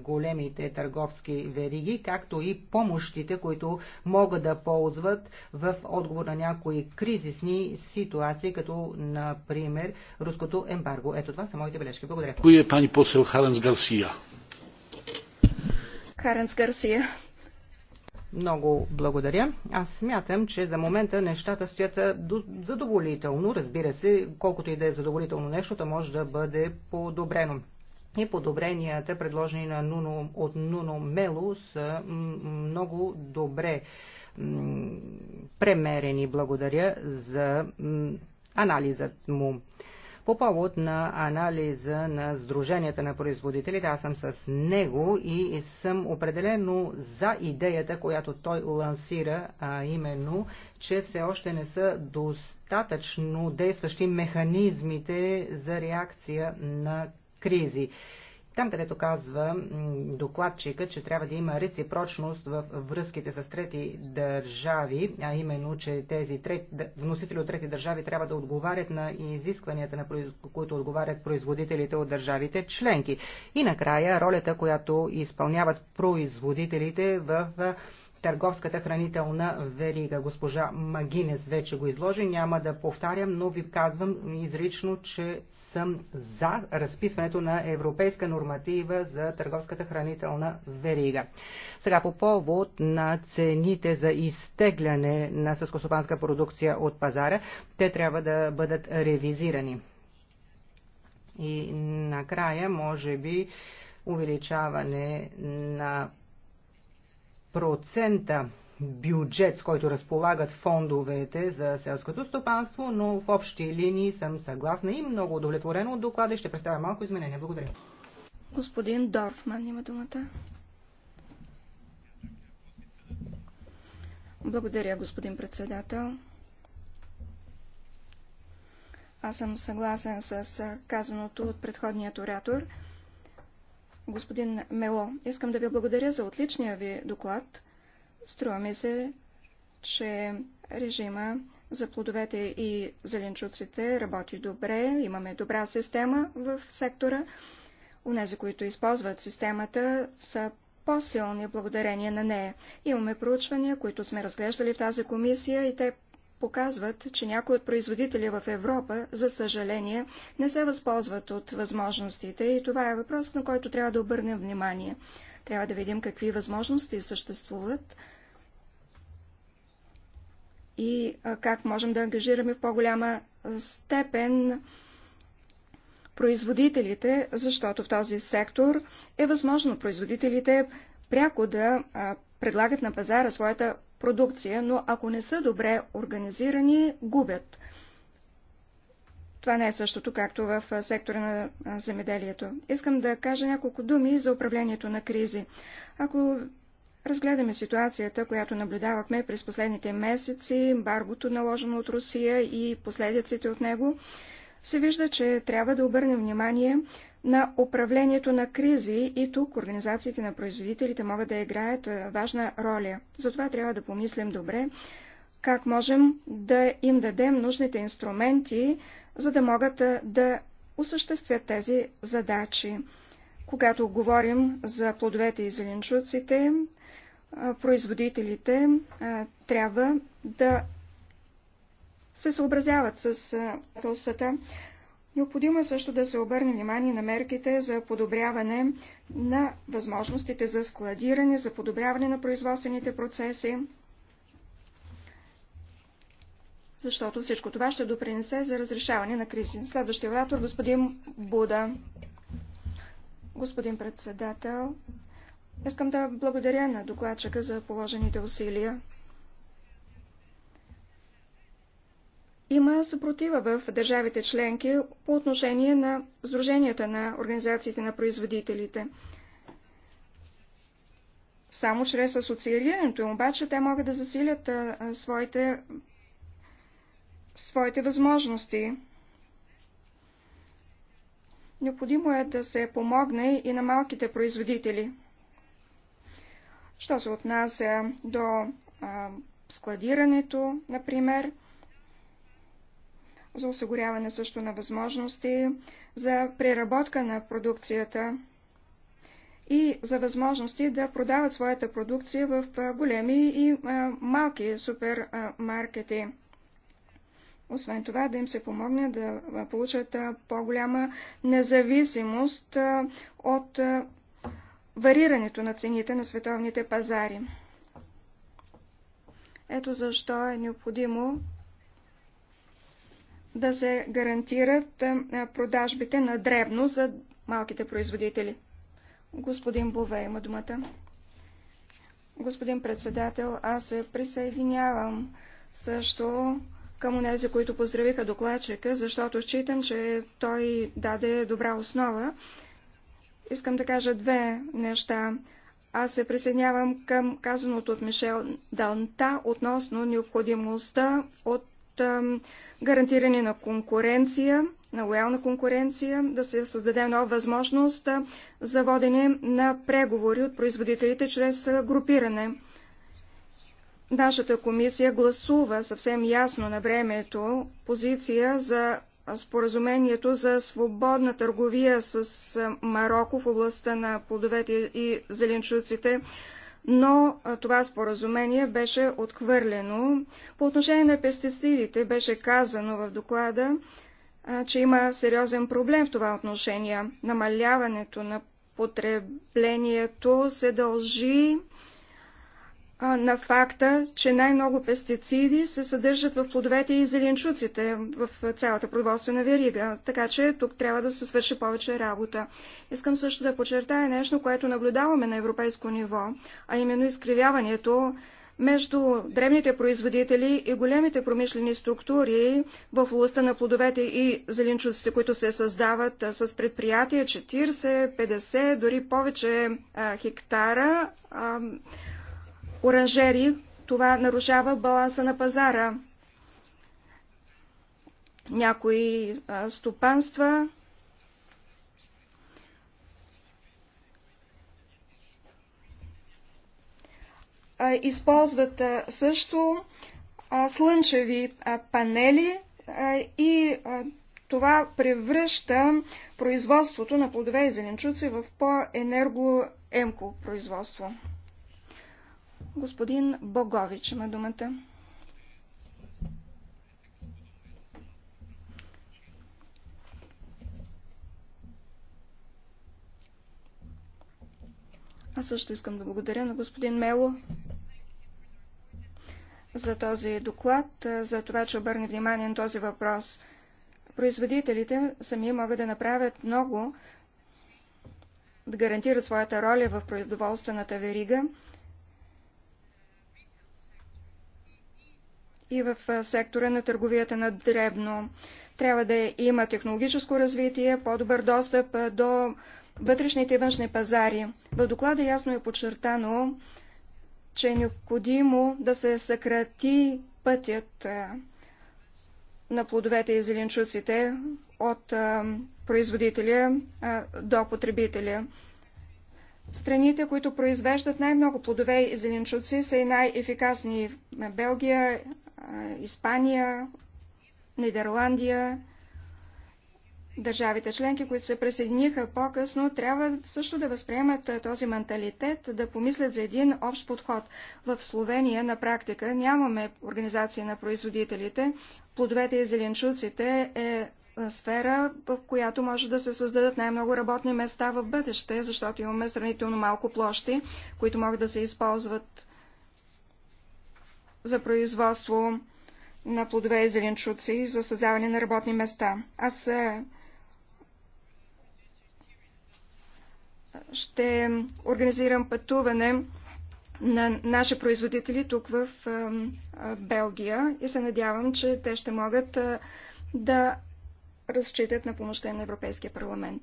големите търговски вериги, както и помощите, които могат да ползват в отговор на някои кризисни ситуации, като, например, руското ембарго. Ето това са моите бележки. Благодаря. Кой е пани посел Харенс Гарсия? Харенс Гарсия. Много благодаря. Аз смятам, че за момента нещата стоят задоволително. Разбира се, колкото и да е задоволително то може да бъде подобрено. И подобренията, предложени на Нуно, от Нуно Мело, са много добре премерени. Благодаря за анализът му. По повод на анализа на Сдруженията на производителите, аз съм с него и съм определено за идеята, която той лансира, а именно, че все още не са достатъчно действащи механизмите за реакция на кризи. Там, където казва докладчика, че трябва да има реципрочност в връзките с трети държави, а именно, че тези трети, вносители от трети държави трябва да отговарят на изискванията, на които отговарят производителите от държавите членки. И накрая ролята, която изпълняват производителите в търговската хранителна верига. Госпожа Магинес вече го изложи, няма да повтарям, но ви казвам изрично, че съм за разписването на европейска норматива за търговската хранителна верига. Сега по повод на цените за изтегляне на съскосопанска продукция от пазара, те трябва да бъдат ревизирани. И накрая, може би, увеличаване на процента бюджет, с който разполагат фондовете за селското стопанство, но в общи линии съм съгласна и много удовлетворена от доклада и ще представя малко изменения. Благодаря. Господин Дорфман има думата. Благодаря, господин председател. Аз съм съгласен с казаното от предходният оратор – Господин Мело, искам да ви благодаря за отличния ви доклад. Струва ми се, че режима за плодовете и зеленчуците работи добре, имаме добра система в сектора. Унези, които използват системата, са по-силни благодарение на нея. Имаме проучвания, които сме разглеждали в тази комисия и те показват, че някои от производители в Европа, за съжаление, не се възползват от възможностите и това е въпрос, на който трябва да обърнем внимание. Трябва да видим какви възможности съществуват и как можем да ангажираме в по-голяма степен производителите, защото в този сектор е възможно производителите пряко да предлагат на пазара своята продукция, но ако не са добре организирани, губят. Това не е същото, както в сектора на земеделието. Искам да кажа няколко думи за управлението на кризи. Ако разгледаме ситуацията, която наблюдавахме през последните месеци, ембаргото наложено от Русия и последиците от него, се вижда, че трябва да обърнем внимание на управлението на кризи и тук организациите на производителите могат да играят е, важна роля. Затова трябва да помислим добре как можем да им дадем нужните инструменти, за да могат е, да осъществят тези задачи. Когато говорим за плодовете и зеленчуците, е, производителите трябва да се съобразяват с телствата Необходимо е също да се обърне внимание на мерките за подобряване на възможностите за складиране, за подобряване на производствените процеси, защото всичко това ще допринесе за разрешаване на кризи. Следващия оратор, господин Буда. Господин председател, искам да благодаря на докладчика за положените усилия. Има съпротива в държавите членки по отношение на сдруженията на организациите на производителите. Само чрез асоциирането им обаче те могат да засилят а, а, своите, своите възможности. Необходимо е да се помогне и на малките производители. Що се отнася до а, складирането, например, за осигуряване също на възможности за преработка на продукцията и за възможности да продават своята продукция в големи и малки супермаркети. Освен това, да им се помогне да получат по-голяма независимост от варирането на цените на световните пазари. Ето защо е необходимо да се гарантират продажбите на дребно за малките производители. Господин Бове има думата. Господин председател, аз се присъединявам също към тези, които поздравиха докладчика, защото считам, че той даде добра основа. Искам да кажа две неща. Аз се присъединявам към казаното от Мишел Данта относно необходимостта от гарантиране на конкуренция, на лоялна конкуренция, да се създаде нова възможност за водене на преговори от производителите чрез групиране. Нашата комисия гласува съвсем ясно на времето позиция за споразумението за свободна търговия с Марокко в областта на плодовете и зеленчуците, но това споразумение беше отхвърлено. По отношение на пестицидите беше казано в доклада, че има сериозен проблем в това отношение. Намаляването на потреблението се дължи на факта, че най-много пестициди се съдържат в плодовете и зеленчуците в цялата продоволствена верига, така че тук трябва да се свърши повече работа. Искам също да подчертая нещо, което наблюдаваме на европейско ниво, а именно изкривяването между древните производители и големите промишлени структури в областта на плодовете и зеленчуците, които се създават с предприятия 40, 50, дори повече а, хектара. А, оранжери, това нарушава баланса на пазара. Някои стопанства използват също слънчеви панели и това превръща производството на плодове и зеленчуци в по-енергоемко производство. Господин Богович има думата. Аз също искам да благодаря на господин Мело за този доклад, за това, че обърне внимание на този въпрос. Производителите сами могат да направят много, да гарантират своята роля в продоволствената верига. и в сектора на търговията на дребно. Трябва да има технологическо развитие, по-добър достъп до вътрешните и външни пазари. В доклада ясно е подчертано, че е необходимо да се съкрати пътят на плодовете и зеленчуците от производителя до потребителя. Страните, които произвеждат най-много плодове и зеленчуци, са и най-ефикасни. Белгия, Испания, Нидерландия, държавите членки, които се присъединиха по-късно, трябва също да възприемат този менталитет, да помислят за един общ подход. В Словения на практика нямаме организация на производителите. Плодовете и зеленчуците е сфера, в която може да се създадат най-много работни места в бъдеще, защото имаме сравнително малко площи, които могат да се използват за производство на плодове и зеленчуци и за създаване на работни места. Аз е, ще организирам пътуване на наши производители тук в е, е, Белгия и се надявам, че те ще могат да разчитат на помощта на Европейския парламент.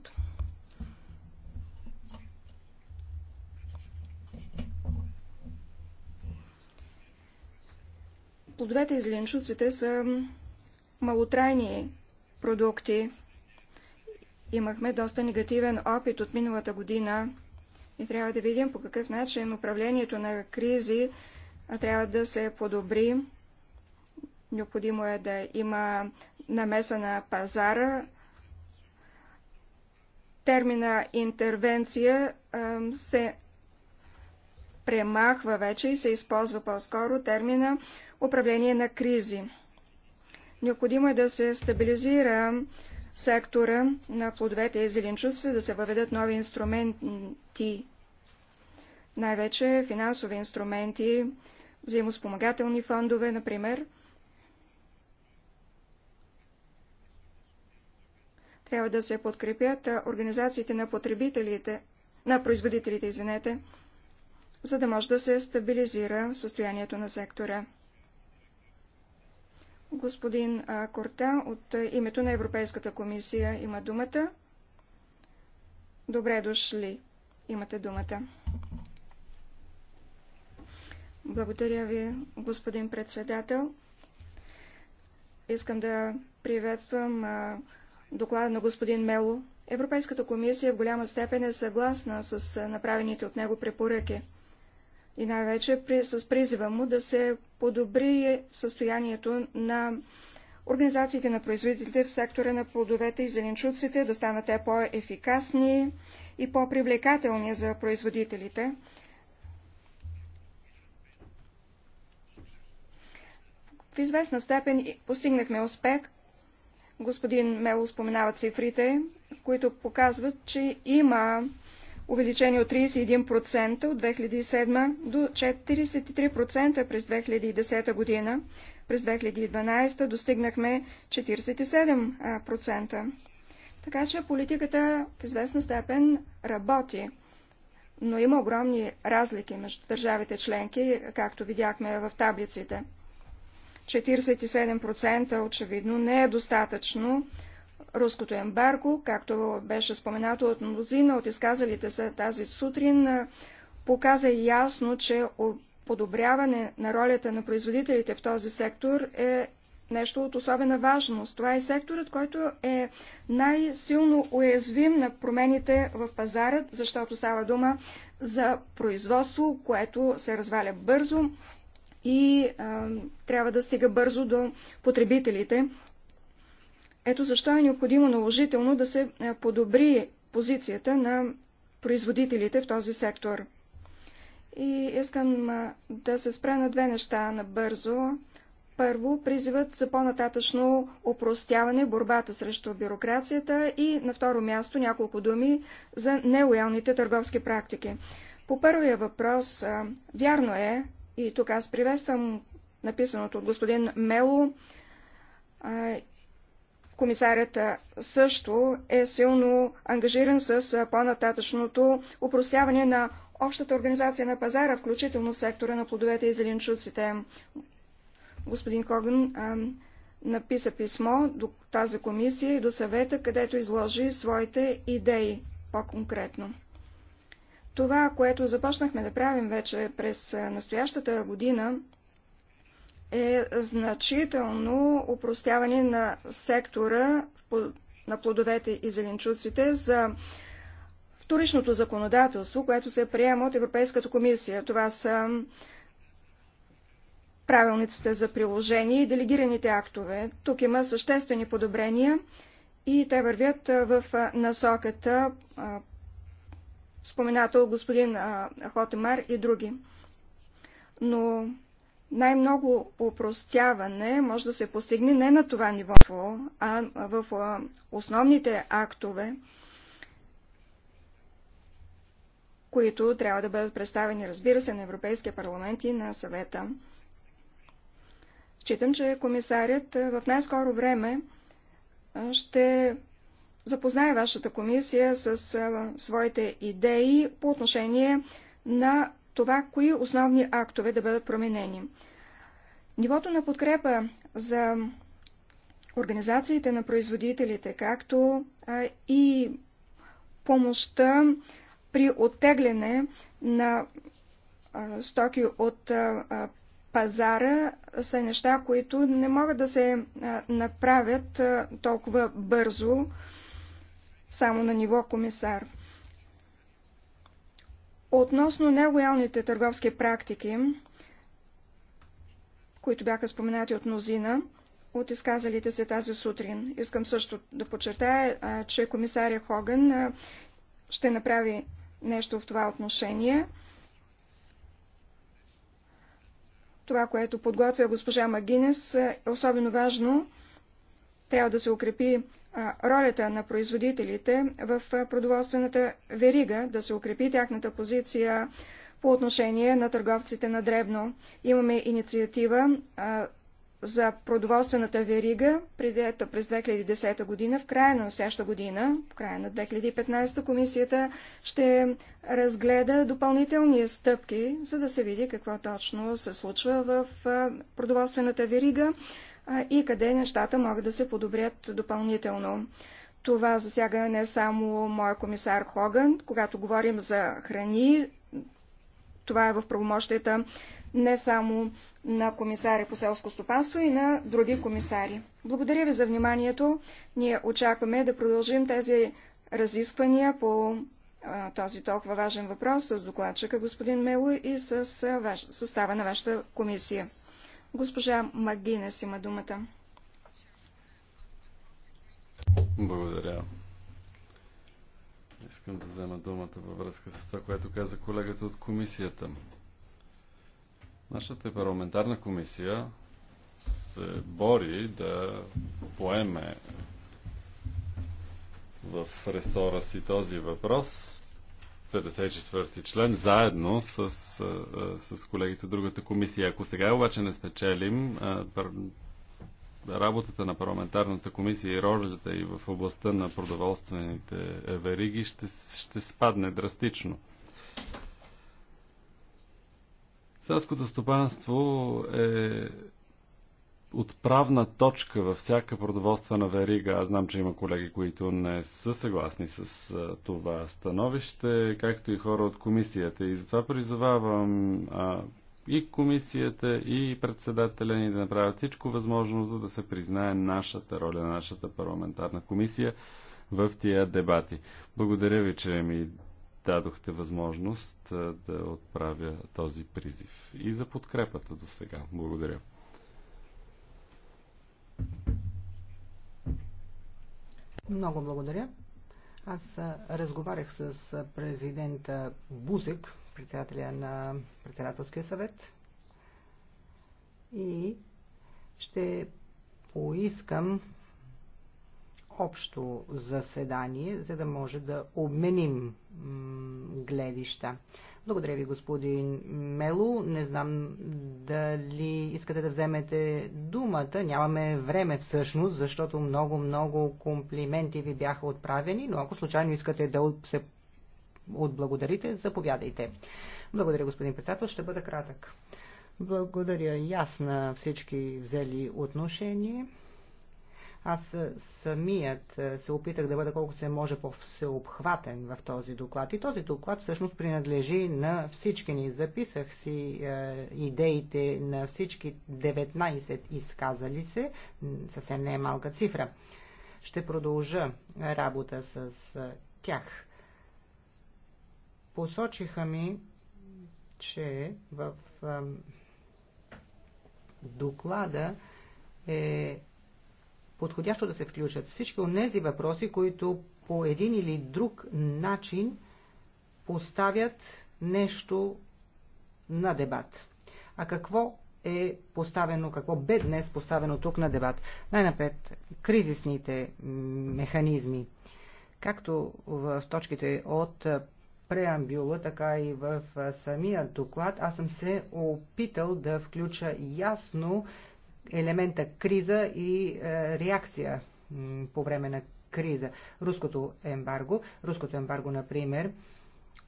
Плодовете и зеленчуците са малотрайни продукти. Имахме доста негативен опит от миналата година и трябва да видим по какъв начин управлението на кризи трябва да се подобри. Необходимо е да има намеса на пазара. Термина интервенция се премахва вече и се използва по-скоро термина управление на кризи. Необходимо е да се стабилизира сектора на плодовете и зеленчуците, да се въведат нови инструменти, най-вече финансови инструменти, взаимоспомагателни фондове, например. Трябва да се подкрепят организациите на потребителите, на производителите, извинете, за да може да се стабилизира състоянието на сектора. Господин Корта от името на Европейската комисия има думата. Добре дошли. Имате думата. Благодаря ви, господин председател. Искам да приветствам доклада на господин Мело. Европейската комисия в голяма степен е съгласна с направените от него препоръки и най-вече при, с призива му да се подобри състоянието на организациите на производителите в сектора на плодовете и зеленчуците, да станат те по-ефикасни и по-привлекателни за производителите. В известна степен постигнахме успех. Господин Мело споменава цифрите, които показват, че има увеличение от 31% от 2007 до 43% през 2010 година. През 2012 достигнахме 47%. Така че политиката в известна степен работи, но има огромни разлики между държавите членки, както видяхме в таблиците. 47% очевидно не е достатъчно, руското ембарго, както беше споменато от мнозина от изказалите се тази сутрин, показа ясно, че подобряване на ролята на производителите в този сектор е нещо от особена важност. Това е секторът, който е най-силно уязвим на промените в пазарът, защото става дума за производство, което се разваля бързо и а, трябва да стига бързо до потребителите. Ето защо е необходимо наложително да се е, подобри позицията на производителите в този сектор. И искам е, да се спра на две неща набързо. Първо, призивът за по-нататъчно опростяване, борбата срещу бюрокрацията и на второ място няколко думи за нелоялните търговски практики. По първия въпрос, е, вярно е, и тук аз приветствам написаното от господин Мело, Комисарят също е силно ангажиран с по-нататъчното упростяване на общата организация на пазара, включително в сектора на плодовете и зеленчуците. Господин Коган написа писмо до тази комисия и до съвета, където изложи своите идеи по-конкретно. Това, което започнахме да правим вече през настоящата година, е значително упростяване на сектора на плодовете и зеленчуците за вторичното законодателство, което се приема от Европейската комисия. Това са правилниците за приложение и делегираните актове. Тук има съществени подобрения и те вървят в насоката споменател господин Хотемар и други. Но най-много упростяване може да се постигне не на това ниво, а в основните актове, които трябва да бъдат представени, разбира се, на Европейския парламент и на съвета. Читам, че комисарят в най-скоро време ще запознае вашата комисия с своите идеи по отношение на това, кои основни актове да бъдат променени. Нивото на подкрепа за организациите на производителите, както и помощта при оттегляне на стоки от пазара са неща, които не могат да се направят толкова бързо само на ниво комисар. Относно нелоялните търговски практики, които бяха споменати от мнозина, от изказалите се тази сутрин. Искам също да подчертая, че комисаря Хоган ще направи нещо в това отношение. Това, което подготвя госпожа Магинес, е особено важно трябва да се укрепи ролята на производителите в продоволствената верига, да се укрепи тяхната позиция по отношение на търговците на дребно. Имаме инициатива за продоволствената верига, предета през 2010 година, в края на настояща година, в края на 2015 комисията ще разгледа допълнителни стъпки, за да се види какво точно се случва в продоволствената верига, и къде нещата могат да се подобрят допълнително. Това засяга не само моя комисар Хоган, когато говорим за храни, това е в правомощията не само на комисаря по селско стопанство и на други комисари. Благодаря ви за вниманието. Ние очакваме да продължим тези разисквания по а, този толкова важен въпрос с докладчика господин Мело и с а, ваш, състава на вашата комисия. Госпожа Магинес има думата. Благодаря. Искам да взема думата във връзка с това, което каза колегата от комисията. Нашата парламентарна комисия се бори да поеме в ресора си този въпрос 54 член, заедно с, с колегите от другата комисия. Ако сега обаче не спечелим, работата на парламентарната комисия и ролята и в областта на продоволствените вериги ще, ще спадне драстично. Селското стопанство е отправна точка във всяка продоволствена верига. Аз знам, че има колеги, които не са съгласни с това становище, както и хора от комисията. И затова призовавам а, и комисията, и председателя ни да направят всичко възможно, за да се признае нашата роля, нашата парламентарна комисия в тия дебати. Благодаря ви, че ми дадохте възможност да отправя този призив и за подкрепата до сега. Благодаря. Много благодаря. Аз разговарях с президента Бузек, председателя на председателския съвет и ще поискам общо заседание, за да може да обменим гледища. Благодаря ви, господин Мело. Не знам дали искате да вземете думата. Нямаме време всъщност, защото много-много комплименти ви бяха отправени, но ако случайно искате да се отблагодарите, заповядайте. Благодаря, господин председател. Ще бъда кратък. Благодаря. Ясна всички взели отношение. Аз самият се опитах да бъда колко се може по-всеобхватен в този доклад. И този доклад всъщност принадлежи на всички ни. Записах си е, идеите на всички 19 изказали се. Съвсем не е малка цифра. Ще продължа работа с тях. Посочиха ми, че в е, доклада е подходящо да се включат всички от тези въпроси, които по един или друг начин поставят нещо на дебат. А какво е поставено, какво бе днес поставено тук на дебат? Най-напред, кризисните механизми. Както в точките от преамбюла, така и в самия доклад, аз съм се опитал да включа ясно елемента криза и е, реакция по време на криза. Руското ембарго, руското ембарго, например,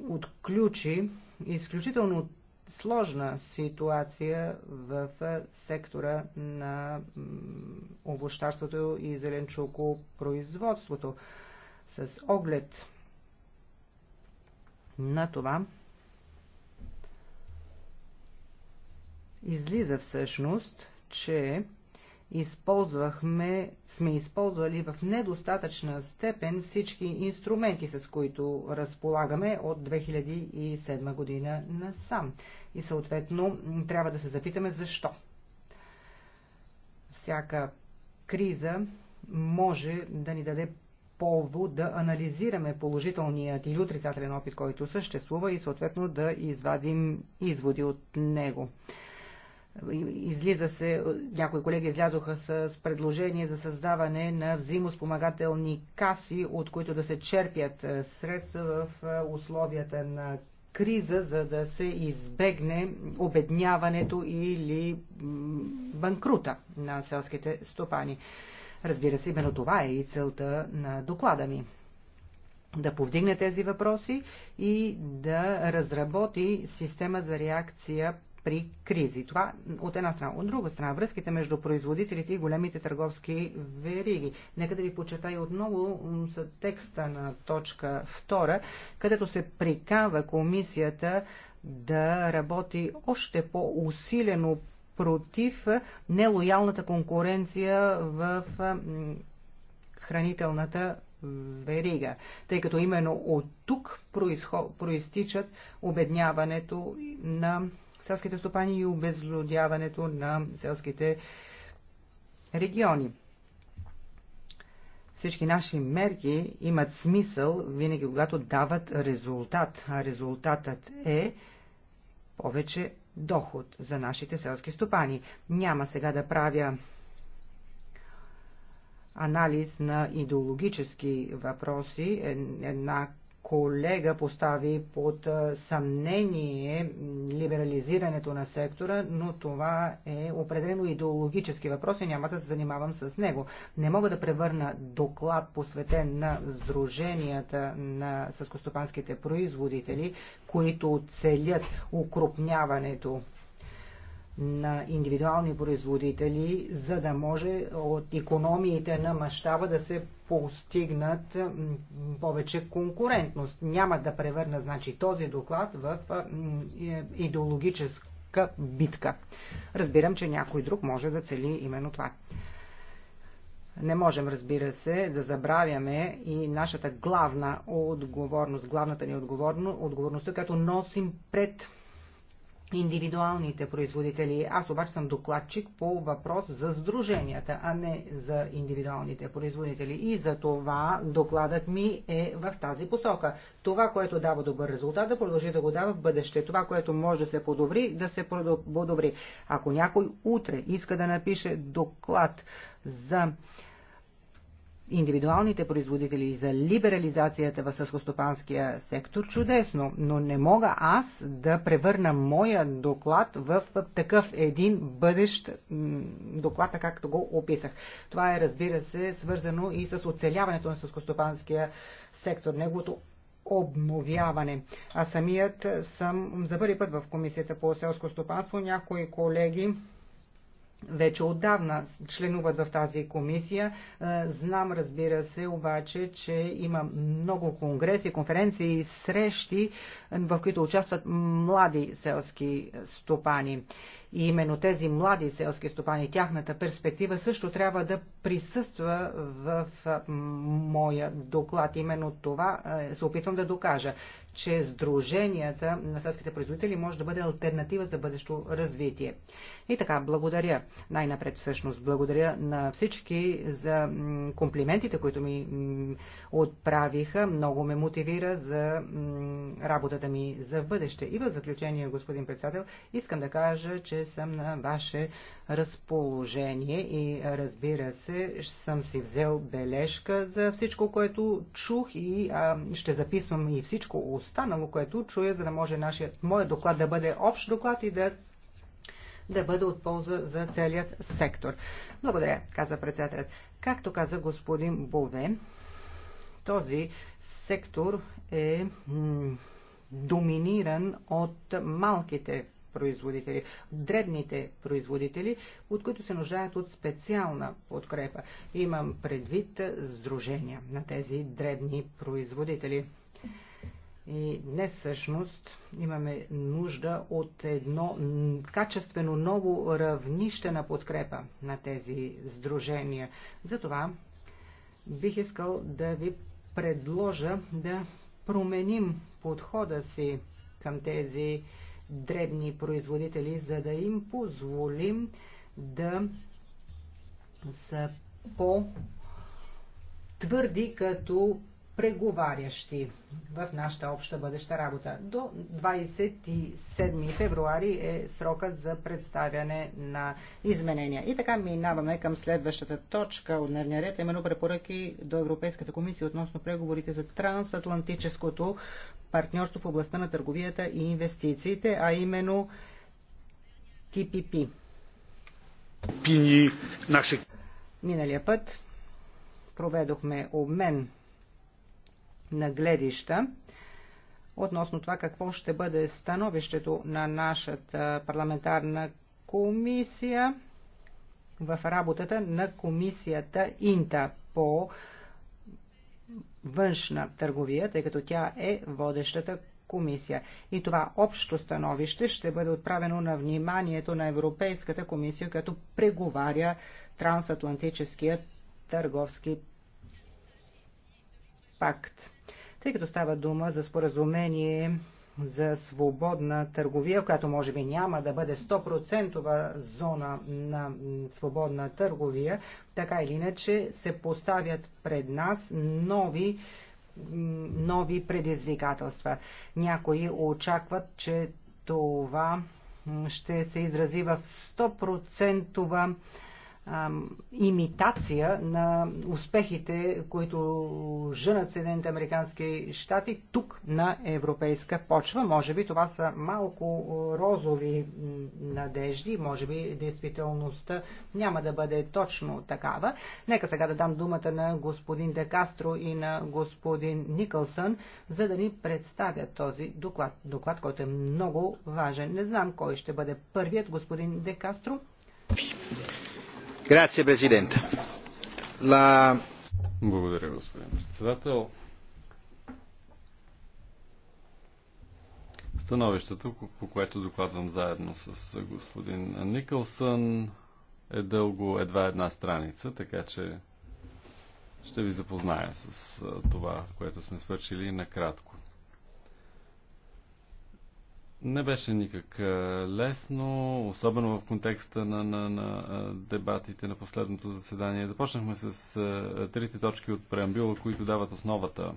отключи изключително сложна ситуация в е, сектора на овощарството и зеленчуко производството. С оглед на това излиза всъщност, че използвахме, сме използвали в недостатъчна степен всички инструменти, с които разполагаме от 2007 година насам. И съответно трябва да се запитаме защо. Всяка криза може да ни даде повод да анализираме положителният или отрицателен опит, който съществува и съответно да извадим изводи от него. Излиза се, някои колеги излязоха с предложение за създаване на взаимоспомагателни каси, от които да се черпят е, средства в е, условията на криза, за да се избегне обедняването или банкрута на селските стопани. Разбира се, именно това е и целта на доклада ми да повдигне тези въпроси и да разработи система за реакция при кризи. Това от една страна. От друга страна, връзките между производителите и големите търговски вериги. Нека да ви и отново текста на точка 2, където се прикава комисията да работи още по-усилено против нелоялната конкуренция в хранителната верига, тъй като именно от тук проистичат обедняването на селските стопани и обезлюдяването на селските региони. Всички наши мерки имат смисъл винаги, когато дават резултат, а резултатът е повече доход за нашите селски стопани. Няма сега да правя анализ на идеологически въпроси, една колега постави под съмнение либерализирането на сектора, но това е определено идеологически въпрос и няма да се занимавам с него. Не мога да превърна доклад посветен на сдруженията на съскостопанските производители, които целят укрупняването на индивидуални производители, за да може от економиите на мащаба да се постигнат повече конкурентност. Няма да превърна значи, този доклад в идеологическа битка. Разбирам, че някой друг може да цели именно това. Не можем, разбира се, да забравяме и нашата главна отговорност, главната ни отговорност, отговорността, като носим пред индивидуалните производители. Аз обаче съм докладчик по въпрос за сдруженията, а не за индивидуалните производители. И за това докладът ми е в тази посока. Това, което дава добър резултат, да продължи да го дава в бъдеще. Това, което може да се подобри, да се подобри. Ако някой утре иска да напише доклад за индивидуалните производители за либерализацията в съскостопанския сектор, чудесно, но не мога аз да превърна моя доклад в такъв един бъдещ доклад, както го описах. Това е, разбира се, свързано и с оцеляването на съскостопанския сектор, неговото обновяване. А самият съм за първи път в Комисията по селско стопанство. Някои колеги вече отдавна членуват в тази комисия. Е, знам, разбира се, обаче, че има много конгреси, конференции, срещи, в които участват млади селски стопани. И именно тези млади селски стопани, тяхната перспектива също трябва да присъства в моя доклад. Именно това се опитвам да докажа, че сдруженията на селските производители може да бъде альтернатива за бъдещо развитие. И така, благодаря. Най-напред всъщност благодаря на всички за комплиментите, които ми отправиха. Много ме мотивира за работата ми за бъдеще. И в заключение, господин председател, искам да кажа, че съм на ваше разположение и разбира се, съм си взел бележка за всичко, което чух и а, ще записвам и всичко останало, което чуя, за да може нашия, моят доклад да бъде общ доклад и да да бъде от полза за целият сектор. Благодаря, каза председателят. Както каза господин Бове, този сектор е доминиран от малките производители, дребните производители, от които се нуждаят от специална подкрепа. Имам предвид сдружения на тези дребни производители. И днес всъщност имаме нужда от едно качествено ново равнище на подкрепа на тези сдружения. Затова бих искал да ви предложа да променим подхода си към тези дребни производители, за да им позволим да са по твърди като преговарящи в нашата обща бъдеща работа. До 27 февруари е срокът за представяне на изменения. И така минаваме към следващата точка от дневния ред, именно препоръки до Европейската комисия относно преговорите за трансатлантическото партньорство в областта на търговията и инвестициите, а именно ТПП. Миналия път проведохме обмен на гледища относно това какво ще бъде становището на нашата парламентарна комисия в работата на комисията Инта по външна търговия, тъй като тя е водещата комисия. И това общо становище ще бъде отправено на вниманието на Европейската комисия, като преговаря трансатлантическия търговски пакт. Тъй като става дума за споразумение за свободна търговия, която може би няма да бъде 100% зона на свободна търговия, така или иначе се поставят пред нас нови нови предизвикателства. Някои очакват, че това ще се изрази в 100% имитация на успехите, които женат Съединените Американски щати тук на европейска почва. Може би това са малко розови надежди, може би действителността няма да бъде точно такава. Нека сега да дам думата на господин Де Кастро и на господин Никълсън, за да ни представят този доклад. Доклад, който е много важен. Не знам кой ще бъде първият, господин Де Кастро. Благодаря, господин председател. Становището, по което докладвам заедно с господин Никълсън, е дълго едва една страница, така че ще ви запозная с това, което сме свършили накратко не беше никак лесно, особено в контекста на, на, на дебатите на последното заседание. Започнахме с трите точки от преамбюла, които дават основата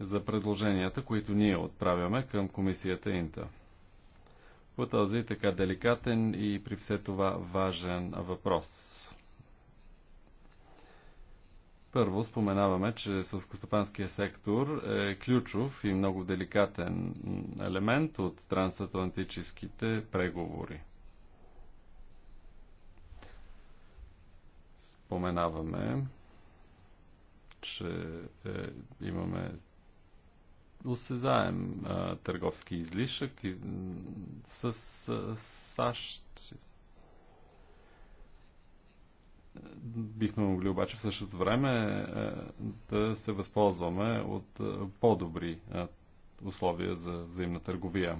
за предложенията, които ние отправяме към комисията Инта. По този така деликатен и при все това важен въпрос. Първо споменаваме, че сълскостопанския сектор е ключов и много деликатен елемент от трансатлантическите преговори. Споменаваме, че е, имаме осезаем а, търговски излишък из, с а, САЩ Бихме могли обаче в същото време е, да се възползваме от е, по-добри е, условия за взаимна търговия.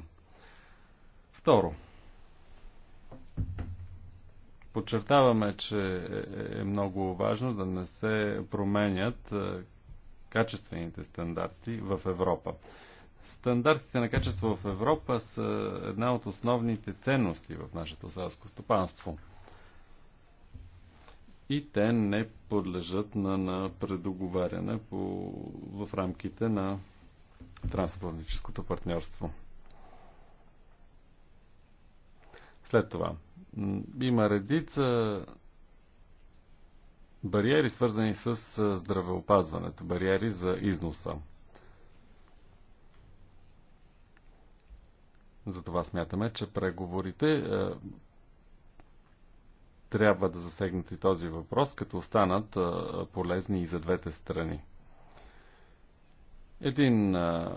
Второ. Подчертаваме, че е много важно да не се променят качествените стандарти в Европа. Стандартите на качество в Европа са една от основните ценности в нашето селско стопанство и те не подлежат на, на предоговаряне по, в рамките на трансатлантическото партньорство. След това, има редица бариери, свързани с здравеопазването, бариери за износа. Затова смятаме, че преговорите трябва да засегнат и този въпрос, като останат полезни и за двете страни. Един а,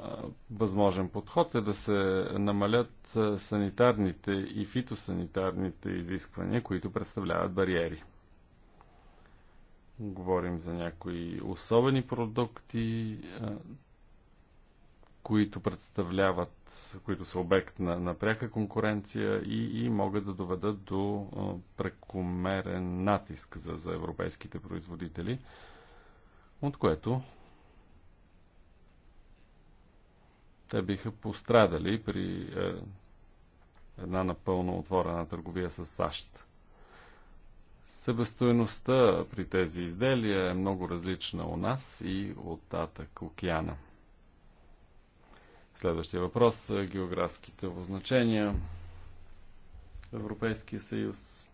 възможен подход е да се намалят санитарните и фитосанитарните изисквания, които представляват бариери. Говорим за някои особени продукти, а, които представляват, които са обект на, на пряка конкуренция и, и могат да доведат до прекомерен натиск за, за европейските производители, от което те биха пострадали при е, една напълно отворена търговия с САЩ. Себестоеността при тези изделия е много различна у нас и от татък океана. Следващия въпрос е, – географските обозначения. Европейския съюз.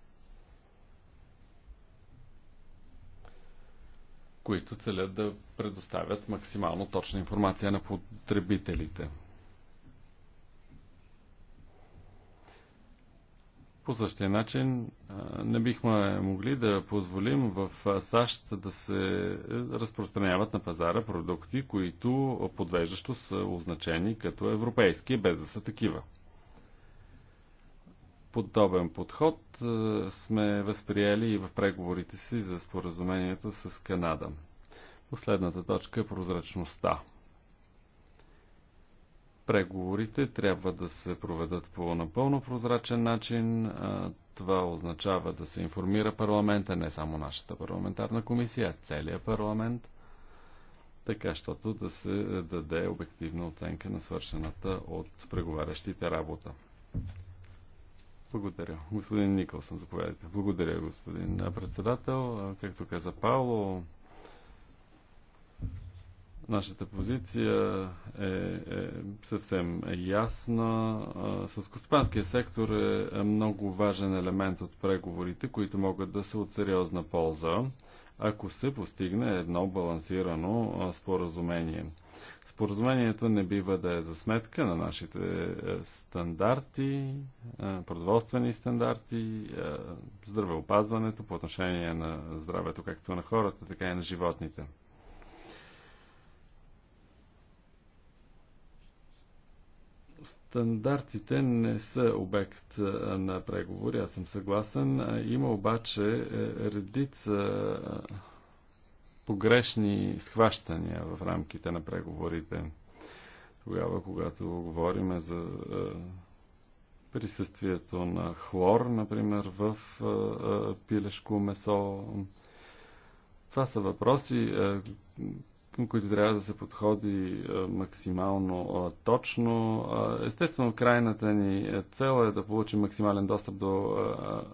които целят да предоставят максимално точна информация на потребителите. По същия начин не бихме могли да позволим в САЩ да се разпространяват на пазара продукти, които подвеждащо са означени като европейски, без да са такива. Подобен подход сме възприели и в преговорите си за споразумението с Канада. Последната точка е прозрачността. Преговорите трябва да се проведат по напълно прозрачен начин. Това означава да се информира парламента, не само нашата парламентарна комисия, а целият парламент, така щото да се даде обективна оценка на свършената от преговарящите работа. Благодаря. Господин Николсън, заповядайте. Благодаря, господин председател. Както каза Павло, Нашата позиция е, е съвсем ясна. Съскостопанския сектор е, е много важен елемент от преговорите, които могат да са от сериозна полза, ако се постигне едно балансирано споразумение. Споразумението не бива да е за сметка на нашите е, стандарти, е, продоволствени стандарти, здравеопазването по отношение на здравето както на хората, така и на животните. Стандартите не са обект на преговори, аз съм съгласен. Има обаче е, редица погрешни схващания в рамките на преговорите. Тогава, когато говорим за присъствието на хлор, например, в пилешко месо. Това са въпроси, към които трябва да се подходи е, максимално е, точно. Е, естествено, крайната ни цел е да получим максимален достъп до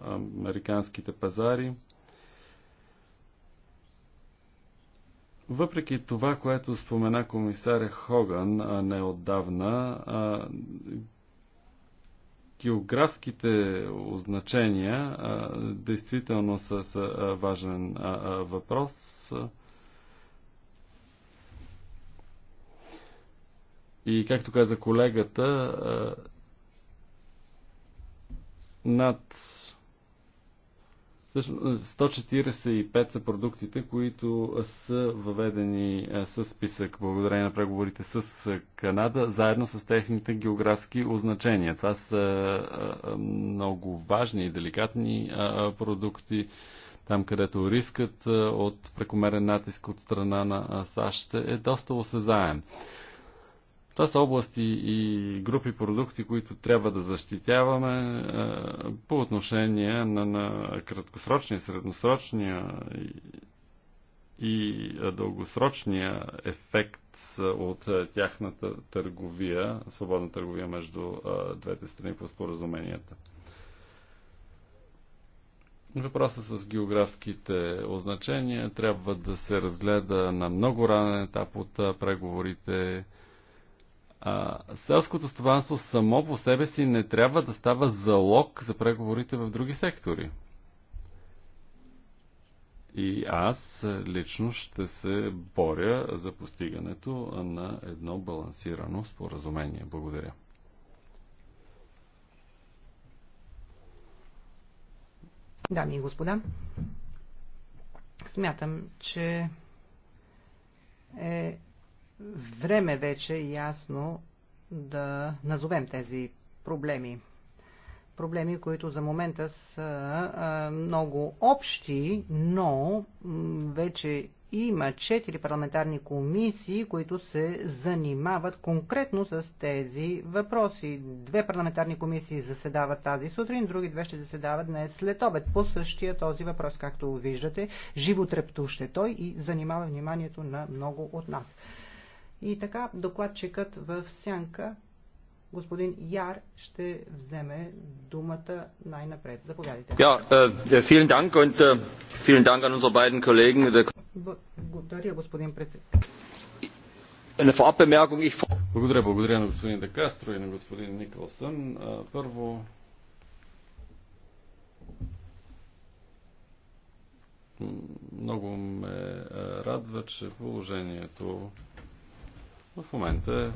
американските пазари. Въпреки това, което спомена комисаря Хоган неотдавна, географските означения действително са важен въпрос. И както каза колегата, над 145 са продуктите, които са въведени с списък благодарение на преговорите с Канада, заедно с техните географски означения. Това са много важни и деликатни продукти, там където рискът от прекомерен натиск от страна на САЩ е доста осезаем. Това са области и групи продукти, които трябва да защитяваме е, по отношение на, на краткосрочния, средносрочния и, и дългосрочния ефект от тяхната търговия, свободна търговия между е, двете страни по споразуменията. Въпроса с географските означения трябва да се разгледа на много ранен етап от е, преговорите а, селското стопанство само по себе си не трябва да става залог за преговорите в други сектори. И аз лично ще се боря за постигането на едно балансирано споразумение. Благодаря. Дами и господа, смятам, че е време вече е ясно да назовем тези проблеми. Проблеми, които за момента са много общи, но вече има четири парламентарни комисии, които се занимават конкретно с тези въпроси. Две парламентарни комисии заседават тази сутрин, други две ще заседават днес след обед. По същия този въпрос, както виждате, животрептуще той и занимава вниманието на много от нас. И така докладчикът в сянка, господин Яр, ще вземе думата най-напред. Заповядайте. Благодаря, господин председател. Благодаря, благодаря на господин Декастро и на господин Николсън. Първо, много ме радва, че положението в момента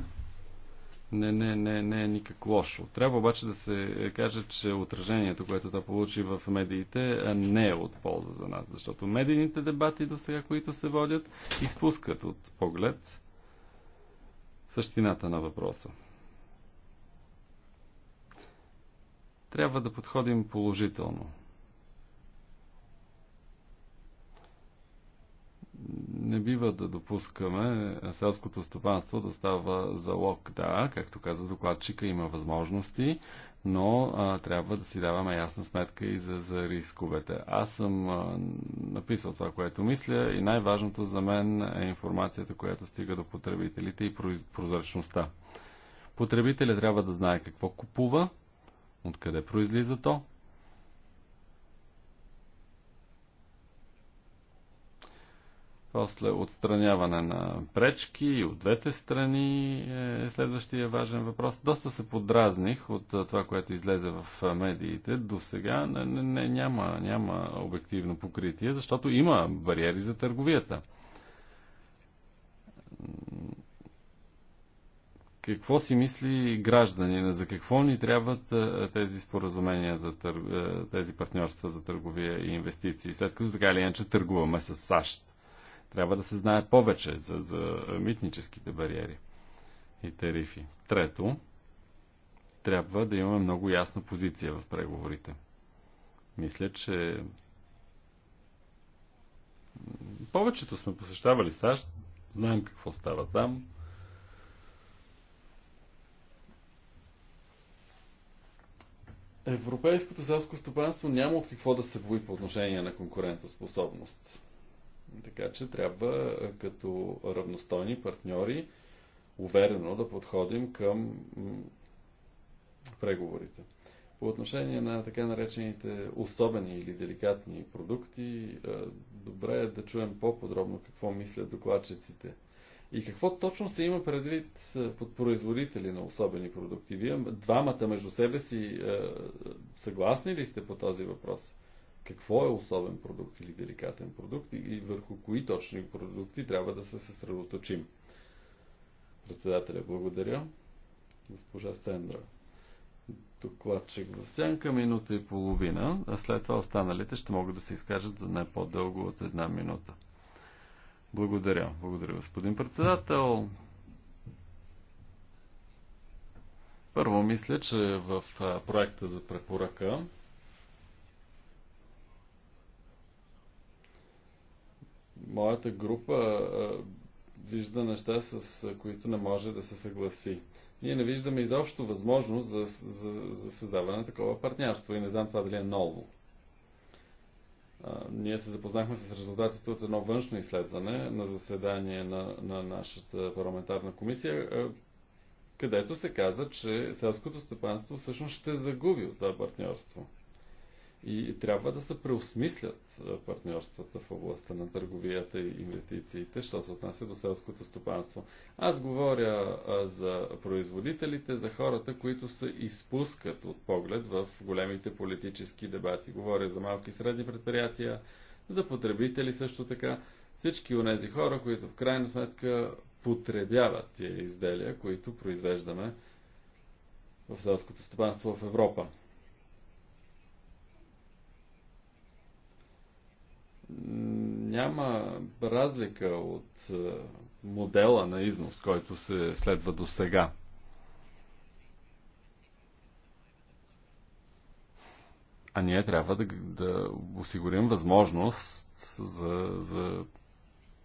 не, не, не, не е никак лошо. Трябва обаче да се каже, че отражението, което да получи в медиите, не е от полза за нас, защото медийните дебати до сега, които се водят, изпускат от поглед същината на въпроса. Трябва да подходим положително. не бива да допускаме селското стопанство да става залог. Да, както каза докладчика, има възможности, но а, трябва да си даваме ясна сметка и за, за рисковете. Аз съм а, написал това, което мисля и най-важното за мен е информацията, която стига до потребителите и прозрачността. Потребителят трябва да знае какво купува, откъде произлиза то, После отстраняване на пречки от двете страни е следващия важен въпрос. Доста се подразних от това, което излезе в медиите. До сега не, не, не, няма, няма обективно покритие, защото има бариери за търговията. Какво си мисли гражданина? За какво ни трябват тези споразумения, за тър... тези партньорства за търговия и инвестиции, след като така или иначе търгуваме с САЩ? Трябва да се знае повече за, за митническите бариери и тарифи. Трето, трябва да имаме много ясна позиция в преговорите. Мисля, че повечето сме посещавали САЩ, знаем какво става там. Европейското селско стопанство няма от какво да се бои по отношение на конкурентоспособност. Така че трябва е, като равностойни партньори уверено да подходим към преговорите. По отношение на така наречените особени или деликатни продукти, е, добре е да чуем по-подробно какво мислят докладчиците. И какво точно се има предвид е, под производители на особени продукти? Вие двамата между себе си съгласни ли сте по този въпрос? какво е особен продукт или деликатен продукт и върху кои точни продукти трябва да се съсредоточим. Председателя, благодаря. Госпожа Сендра, докладчик в сянка, минута и половина, а след това останалите ще могат да се изкажат за не по-дълго от една минута. Благодаря. Благодаря, господин председател. Първо мисля, че в проекта за препоръка моята група а, вижда неща, с а, които не може да се съгласи. Ние не виждаме изобщо възможност за, за, за създаване на такова партньорство и не знам това дали е ново. А, ние се запознахме с резултатите от едно външно изследване на заседание на, на нашата парламентарна комисия, където се каза, че селското стопанство всъщност ще загуби от това партньорство и трябва да се преосмислят партньорствата в областта на търговията и инвестициите, що се отнася до селското стопанство. Аз говоря за производителите, за хората, които се изпускат от поглед в големите политически дебати. Говоря за малки и средни предприятия, за потребители също така. Всички тези хора, които в крайна сметка потребяват тия изделия, които произвеждаме в селското стопанство в Европа. няма разлика от е, модела на износ, който се следва до сега. А ние трябва да, да осигурим възможност за, за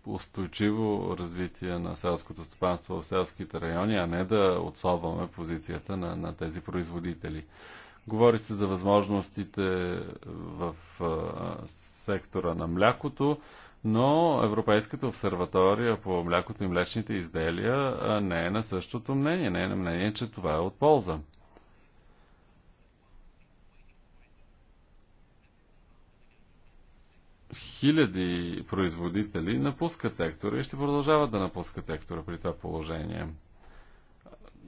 устойчиво развитие на селското стопанство в селските райони, а не да отслабваме позицията на, на тези производители. Говори се за възможностите в сектора на млякото, но Европейската обсерватория по млякото и млечните изделия не е на същото мнение. Не е на мнение, че това е от полза. Хиляди производители напускат сектора и ще продължават да напускат сектора при това положение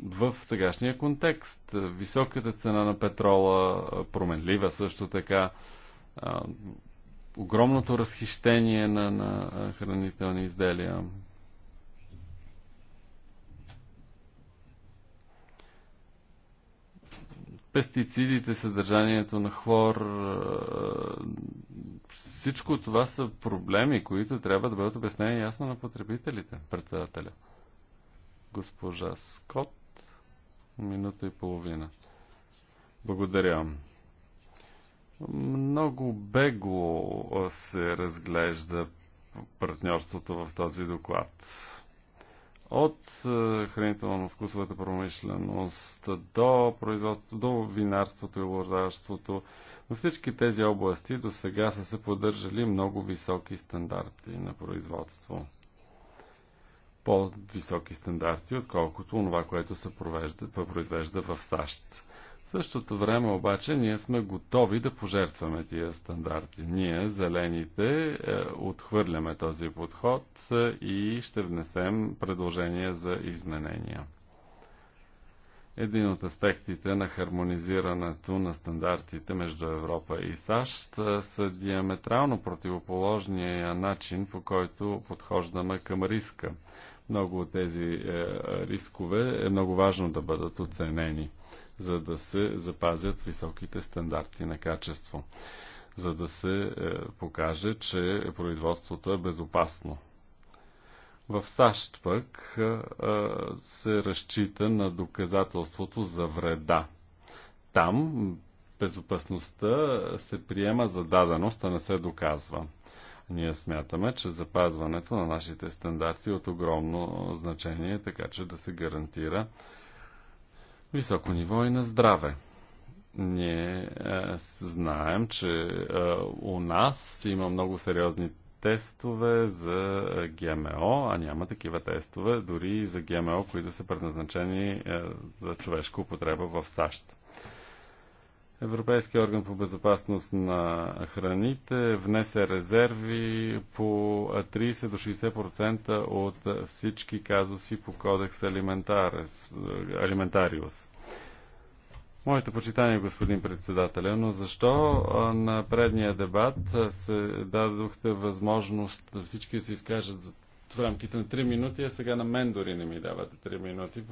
в сегашния контекст. Високата цена на петрола, променлива също така, огромното разхищение на, на хранителни изделия. Пестицидите, съдържанието на хлор, всичко това са проблеми, които трябва да бъдат обяснени ясно на потребителите, председателя. Госпожа Скот минута и половина. Благодаря. Много бегло се разглежда партньорството в този доклад. От е, хранително-вкусовата промишленост до, до винарството и лозарството, във всички тези области до сега са се поддържали много високи стандарти на производство по-високи стандарти, отколкото това, което се провежда, произвежда в САЩ. В същото време обаче ние сме готови да пожертваме тия стандарти. Ние, зелените, е, отхвърляме този подход е, и ще внесем предложения за изменения. Един от аспектите на хармонизирането на стандартите между Европа и САЩ е, са диаметрално противоположния начин, по който подхождаме към риска – много от тези е, рискове е много важно да бъдат оценени, за да се запазят високите стандарти на качество, за да се е, покаже, че производството е безопасно. В САЩ пък е, се разчита на доказателството за вреда. Там безопасността се приема за даденост, а не се доказва. Ние смятаме, че запазването на нашите стандарти е от огромно значение, така че да се гарантира високо ниво и на здраве ние е, знаем, че е, у нас има много сериозни тестове за ГМО, а няма такива тестове дори и за ГМО, които са предназначени е, за човешка употреба в САЩ. Европейския орган по безопасност на храните внесе резерви по 30 до 60% от всички казуси по кодекс Алиментариус. Моите почитания, господин председателя, но защо на предния дебат се дадохте възможност всички да се изкажат за в рамките на 3 минути, а сега на мен дори не ми давате 3 минути,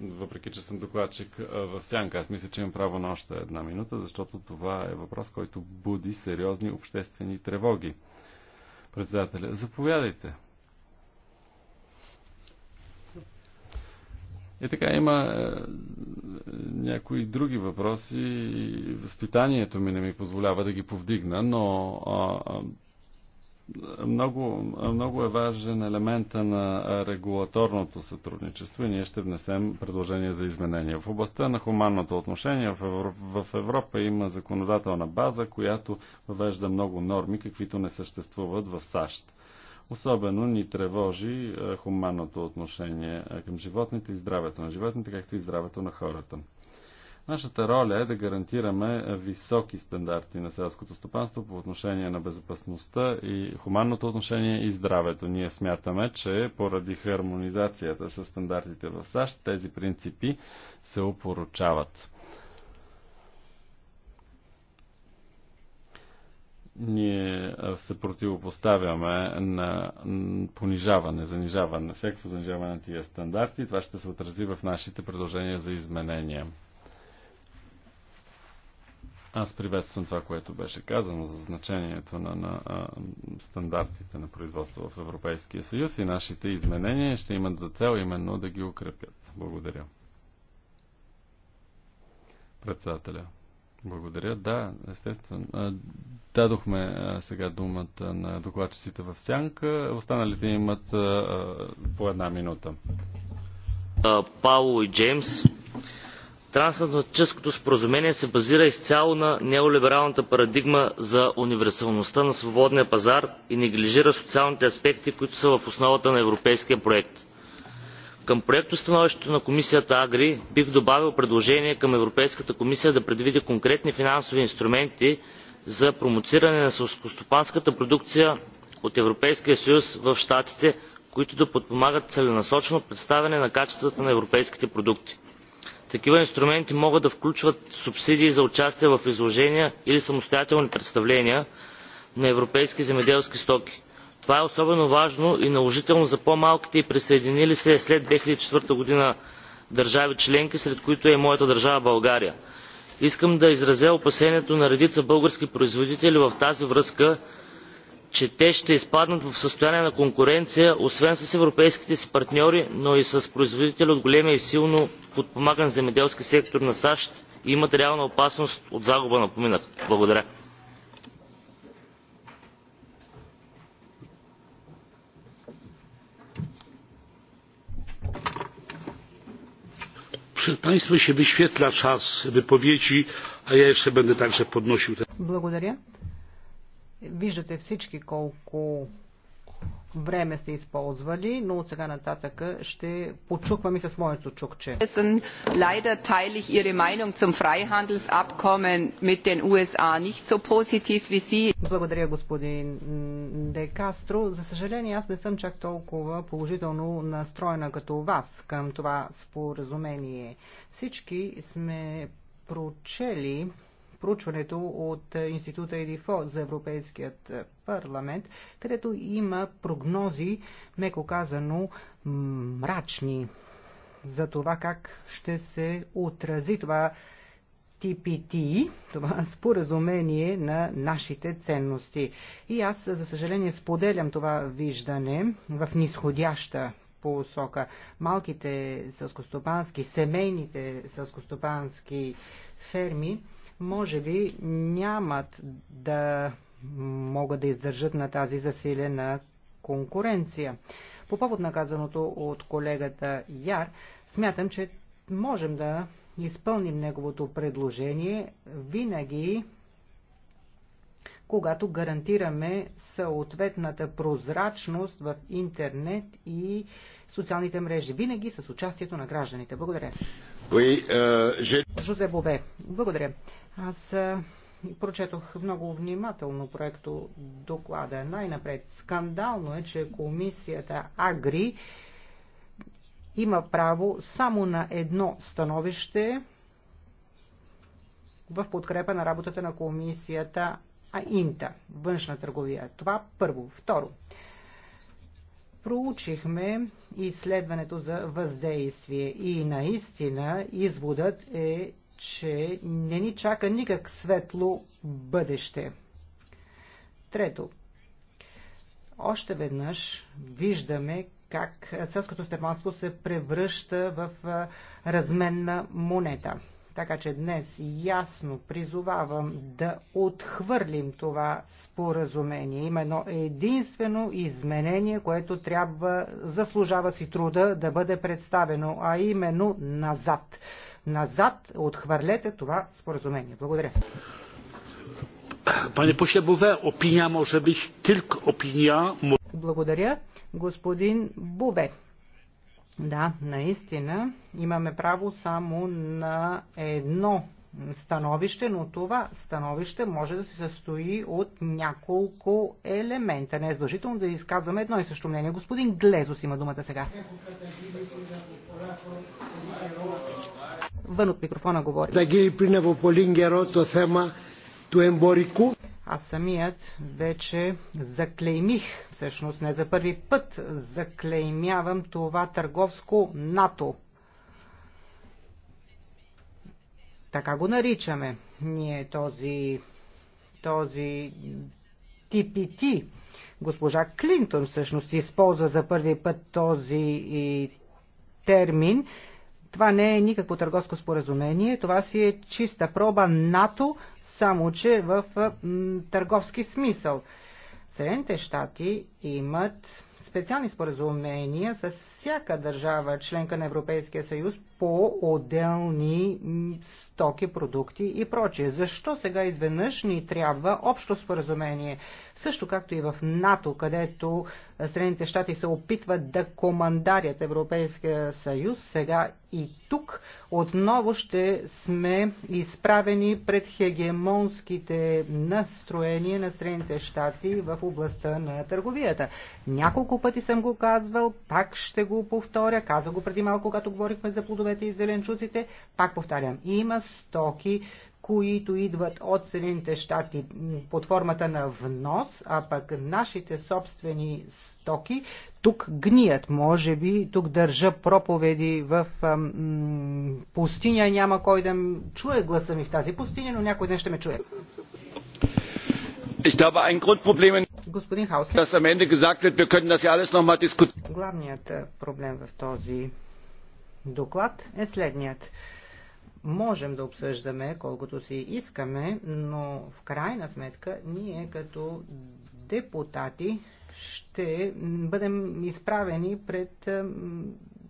въпреки че съм докладчик в сянка. Аз мисля, че имам право на още една минута, защото това е въпрос, който буди сериозни обществени тревоги. Председателя, заповядайте. И така има е, някои други въпроси. Възпитанието ми не ми позволява да ги повдигна, но а, много, много е важен елемента на регулаторното сътрудничество и ние ще внесем предложение за изменения. В областта на хуманното отношение в Европа има законодателна база, която въвежда много норми, каквито не съществуват в САЩ. Особено ни тревожи е, хуманното отношение е, към животните и здравето на животните, както и здравето на хората. Нашата роля е да гарантираме високи стандарти на селското стопанство по отношение на безопасността и хуманното отношение и здравето. Ние смятаме, че поради хармонизацията с стандартите в САЩ тези принципи се опоручават. ние се противопоставяме на понижаване, занижаване, всеки занижаване на тия стандарти и това ще се отрази в нашите предложения за изменения. Аз приветствам това, което беше казано за значението на, на а, стандартите на производство в Европейския съюз и нашите изменения ще имат за цел именно да ги укрепят. Благодаря. Председателя. Благодаря. Да, естествено. Дадохме сега думата на докладчиците в сянка. Останалите имат по една минута. Пауло и Джеймс трансатлантическото споразумение се базира изцяло на неолибералната парадигма за универсалността на свободния пазар и неглижира социалните аспекти които са в основата на европейския проект. към проектостановището на комисията агри бих добавил предложение към европейската комисия да предвиди конкретни финансови инструменти за промоциране на селскостопанската продукция от европейския съюз в щатите които да подпомагат целенасочено представяне на качествата на европейските продукти такива инструменти могат да включват субсидии за участие в изложения или самостоятелни представления на европейски земеделски стоки. това е особено важно и наложително за по малките и присъединили се след 2004 г. държави членки сред които е и моята държава България. искам да изразя опасението на редица български производители в тази връзка че те ще изпаднат в състояние на конкуренция освен с европейските си партньори но и с производители от големия и силно подпомаган земеделски сектор на сащ и имат реална опасност от загуба на поминък. благодаря. przed państwem się wyświetla czas wypowiedzi a ja jeszcze będę także podnosił Виждате всички колко време сте използвали, но от сега нататък ще почуквам и с моето чукче. Leider teile ich Ihre Meinung zum Freihandelsabkommen mit den USA nicht so positiv wie Sie. Благодаря, господин Де Кастро. За съжаление, аз не съм чак толкова положително настроена като вас към това споразумение. Всички сме прочели проучването от Института ЕДИФО за Европейският парламент, където има прогнози, меко казано, мрачни за това как ще се отрази това TPT, това споразумение на нашите ценности. И аз, за съжаление, споделям това виждане в нисходяща посока. Малките сълскостопански, семейните сълскостопански ферми може би нямат да могат да издържат на тази засилена конкуренция. По повод на казаното от колегата Яр, смятам, че можем да изпълним неговото предложение винаги, когато гарантираме съответната прозрачност в интернет и социалните мрежи, винаги с участието на гражданите. Благодаря. Oui, euh, Жозе Бобе, благодаря. Аз прочетох много внимателно проекто доклада. Най-напред, скандално е, че комисията Агри има право само на едно становище в подкрепа на работата на комисията а Инта, външна търговия. Това първо. Второ, проучихме изследването за въздействие и наистина изводът е, че не ни чака никак светло бъдеще. Трето, още веднъж виждаме как селското стърманство се превръща в разменна монета. Така че днес ясно призовавам да отхвърлим това споразумение. Именно единствено изменение, което трябва, заслужава си труда да бъде представено, а именно назад. Назад отхвърлете това споразумение. Благодаря. Пане Пошебове, опиния може би тилк опиния. Благодаря, господин Бубе. Да, наистина имаме право само на едно становище, но това становище може да се състои от няколко елемента. Не е задължително да изказваме едно и също мнение. Господин Глезос има думата сега. Вън от микрофона говори. Да ги принево по лингеро то тема του εμπορικού аз самият вече заклеймих, всъщност не за първи път заклеймявам това търговско НАТО. Така го наричаме ние този, този ТПТ. Госпожа Клинтон всъщност използва за първи път този и термин. Това не е никакво търговско споразумение, това си е чиста проба НАТО само че в търговски смисъл. Съединените щати имат специални споразумения с всяка държава, членка на Европейския съюз, по отделни стоки, продукти и прочее. Защо сега изведнъж ни трябва общо споразумение? Също както и в НАТО, където Средните щати се опитват да командарят Европейския съюз, сега и тук отново ще сме изправени пред хегемонските настроения на Средните щати в областта на търговията. Няколко пъти съм го казвал, пак ще го повторя, каза го преди малко, когато говорихме за плодове плодовете и зеленчуците. Пак повтарям, има стоки, които идват от Съединените щати под формата на внос, а пък нашите собствени стоки тук гният. Може би тук държа проповеди в ам, пустиня. Няма кой да чуе гласа ми в тази пустиня, но някой ден ще ме чуе. Ich glaube, ein Grundproblem in Господин Хаус, am Ende gesagt wird, wir können das ja alles diskutieren. Главният проблем в този доклад е следният. Можем да обсъждаме колкото си искаме, но в крайна сметка ние като депутати ще бъдем изправени пред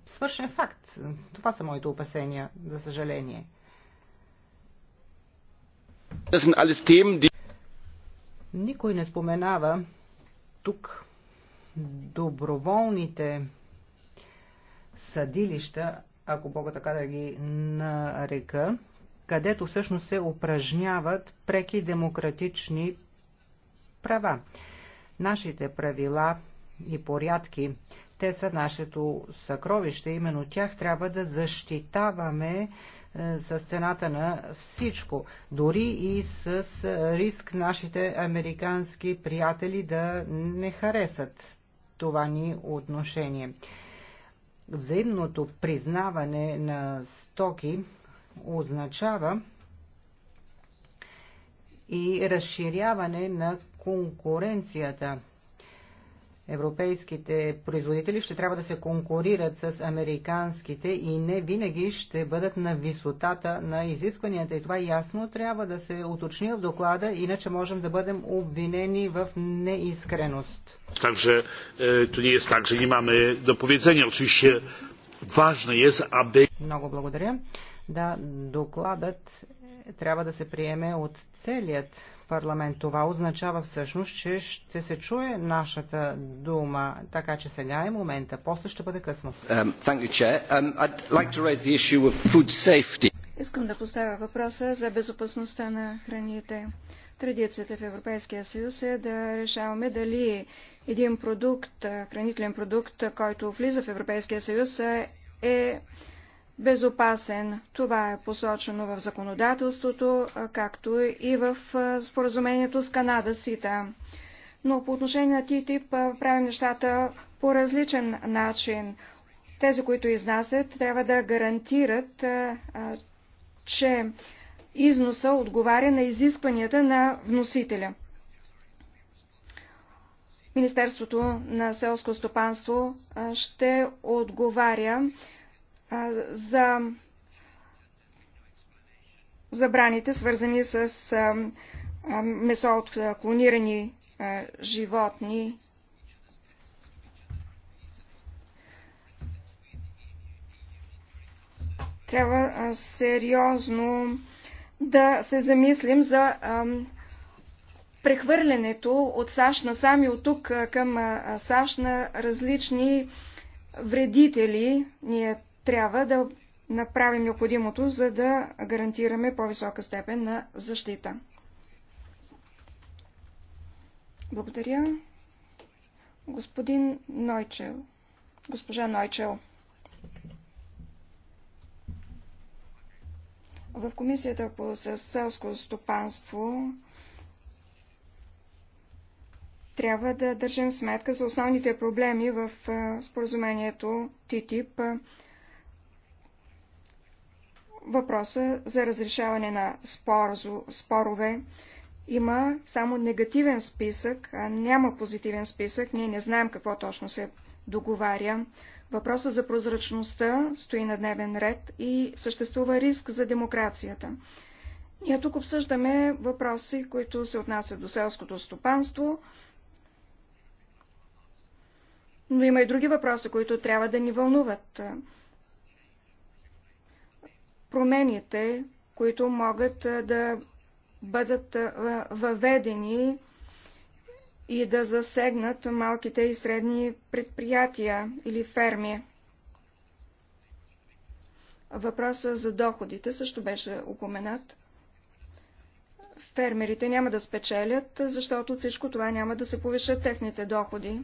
свършен факт. Това са моите опасения, за съжаление. Никой не споменава тук доброволните съдилища, ако мога така да ги нарека, където всъщност се упражняват преки демократични права. Нашите правила и порядки, те са нашето съкровище, именно тях трябва да защитаваме е, с цената на всичко, дори и с риск нашите американски приятели да не харесат това ни отношение взаимното признаване на стоки означава и разширяване на конкуренцията – европейските производители ще трябва да се конкурират с американските и не винаги ще бъдат на висотата на изискванията. И това ясно трябва да се уточни в доклада, иначе можем да бъдем обвинени в неискреност. Также, то не е tak, че имаме mamy do powiedzenia. Oczywiście ważne Много благодаря. Да, докладът трябва да се приеме от целият парламент. Това означава всъщност, че ще се чуе нашата дума, така че сега е момента, после ще бъде късно. Um, um, Искам да поставя въпроса за безопасността на храните. Традицията в Европейския съюз е да решаваме дали един продукт, хранителен продукт, който влиза в Европейския съюз, е безопасен. Това е посочено в законодателството, както и в споразумението с Канада СИТА. Но по отношение на ТИТИП правим нещата по различен начин. Тези, които изнасят, трябва да гарантират, че износа отговаря на изискванията на вносителя. Министерството на селско стопанство ще отговаря за забраните, свързани с месо от клонирани животни. Трябва сериозно да се замислим за прехвърлянето от САЩ на сами от тук към САЩ на различни вредители. Ние трябва да направим необходимото, за да гарантираме по-висока степен на защита. Благодаря. Господин Нойчел. Госпожа Нойчел. В Комисията по селско стопанство трябва да държим сметка за основните проблеми в споразумението ТИТИП въпроса за разрешаване на спорзо, спорове. Има само негативен списък, а няма позитивен списък. Ние не знаем какво точно се договаря. Въпроса за прозрачността стои на дневен ред и съществува риск за демокрацията. Ние тук обсъждаме въпроси, които се отнасят до селското стопанство, но има и други въпроси, които трябва да ни вълнуват промените, които могат да бъдат въведени и да засегнат малките и средни предприятия или ферми. Въпроса за доходите също беше упоменат. Фермерите няма да спечелят, защото всичко това няма да се повишат техните доходи.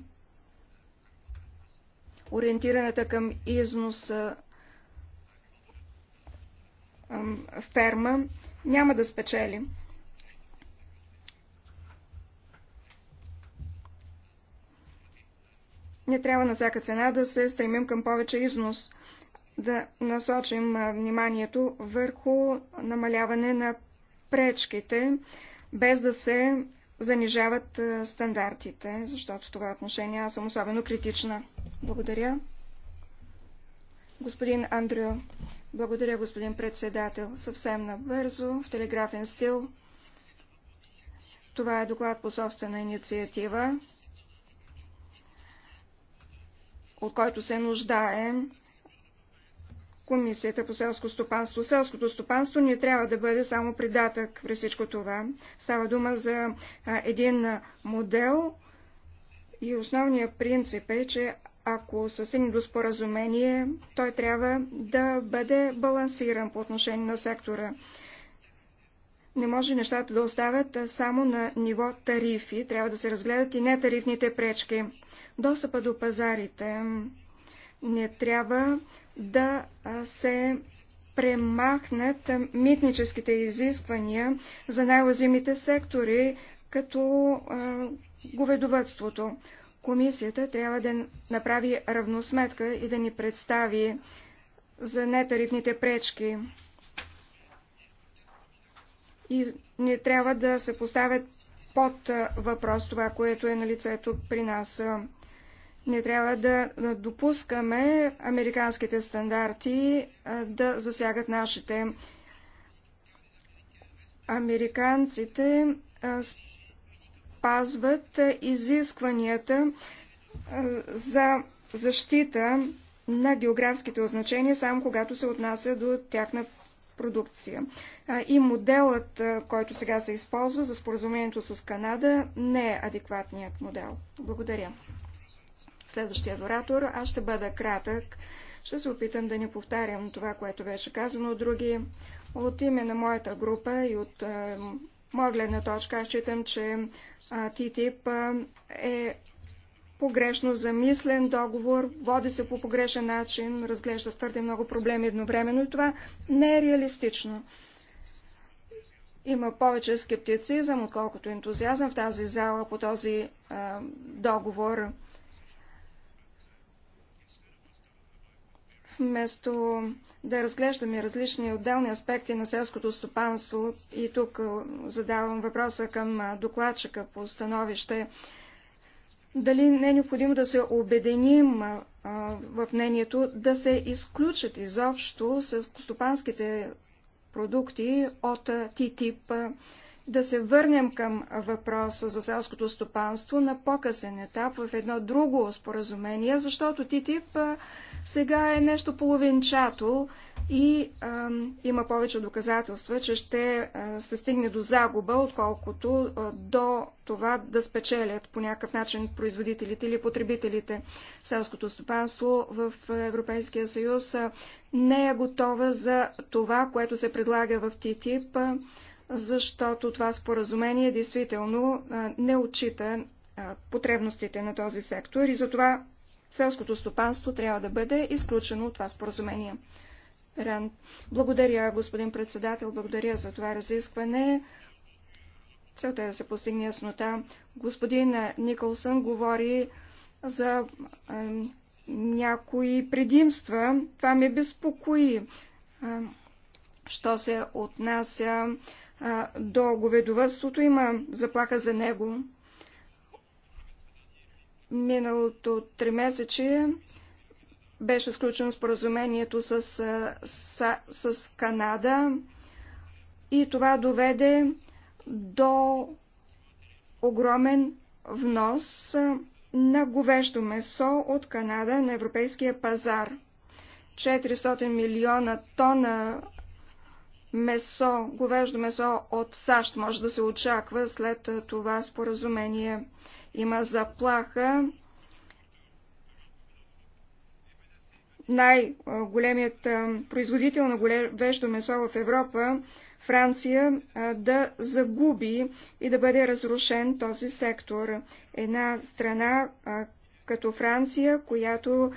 Ориентираната към износа ферма няма да спечели. Не трябва на всяка цена да се стремим към повече износ, да насочим вниманието върху намаляване на пречките, без да се занижават стандартите, защото в това отношение аз съм особено критична. Благодаря. Господин Андрю. Благодаря, господин председател. Съвсем набързо, в телеграфен стил. Това е доклад по собствена инициатива, от който се нуждае Комисията по селско стопанство. Селското стопанство не трябва да бъде само придатък при всичко това. Става дума за един модел и основният принцип е, че ако се стигне до споразумение, той трябва да бъде балансиран по отношение на сектора. Не може нещата да оставят само на ниво тарифи, трябва да се разгледат и нетарифните пречки. Достъпа до пазарите не трябва да се премахнат митническите изисквания за най-лазимите сектори, като говедовътството. Комисията трябва да направи равносметка и да ни представи за нетарифните пречки. И не трябва да се поставят под въпрос това, което е на лицето при нас. Не трябва да допускаме американските стандарти да засягат нашите. Американците спазват изискванията за защита на географските означения, само когато се отнася до тяхна продукция. И моделът, който сега се използва за споразумението с Канада, не е адекватният модел. Благодаря. Следващия оратор, аз ще бъда кратък. Ще се опитам да не повтарям това, което беше казано от други. От име на моята група и от моя гледна точка, аз считам, че ТТИП е погрешно замислен договор, води се по погрешен начин, разглежда твърде много проблеми едновременно и това не е реалистично. Има повече скептицизъм, отколкото ентузиазъм в тази зала по този а, договор. вместо да разглеждаме различни отделни аспекти на селското стопанство, и тук задавам въпроса към докладчика по становище, дали не е необходимо да се обединим в мнението да се изключат изобщо с стопанските продукти от ТТИП, да се върнем към въпроса за селското стопанство на по-късен етап в едно друго споразумение, защото Титип сега е нещо половинчато и а, има повече доказателства, че ще а, се стигне до загуба, отколкото а, до това да спечелят по някакъв начин производителите или потребителите. Селското стопанство в Европейския съюз а, не е готова за това, което се предлага в Титип. А, защото това споразумение действително не отчита потребностите на този сектор и затова селското стопанство трябва да бъде изключено от това споразумение. Ран. Благодаря, господин председател, благодаря за това разискване. Целта е да се постигне яснота. Господин Николсън говори за е, някои предимства. Това ме безпокои. Е, що се отнася до говедовътството, има заплаха за него. Миналото три месече беше сключено споразумението с, с, с Канада и това доведе до огромен внос на говещо месо от Канада на европейския пазар. 400 милиона тона месо, говеждо месо от САЩ може да се очаква след това споразумение. Има заплаха. Най-големият производител на говеждо месо в Европа, Франция, да загуби и да бъде разрушен този сектор. Една страна като Франция, която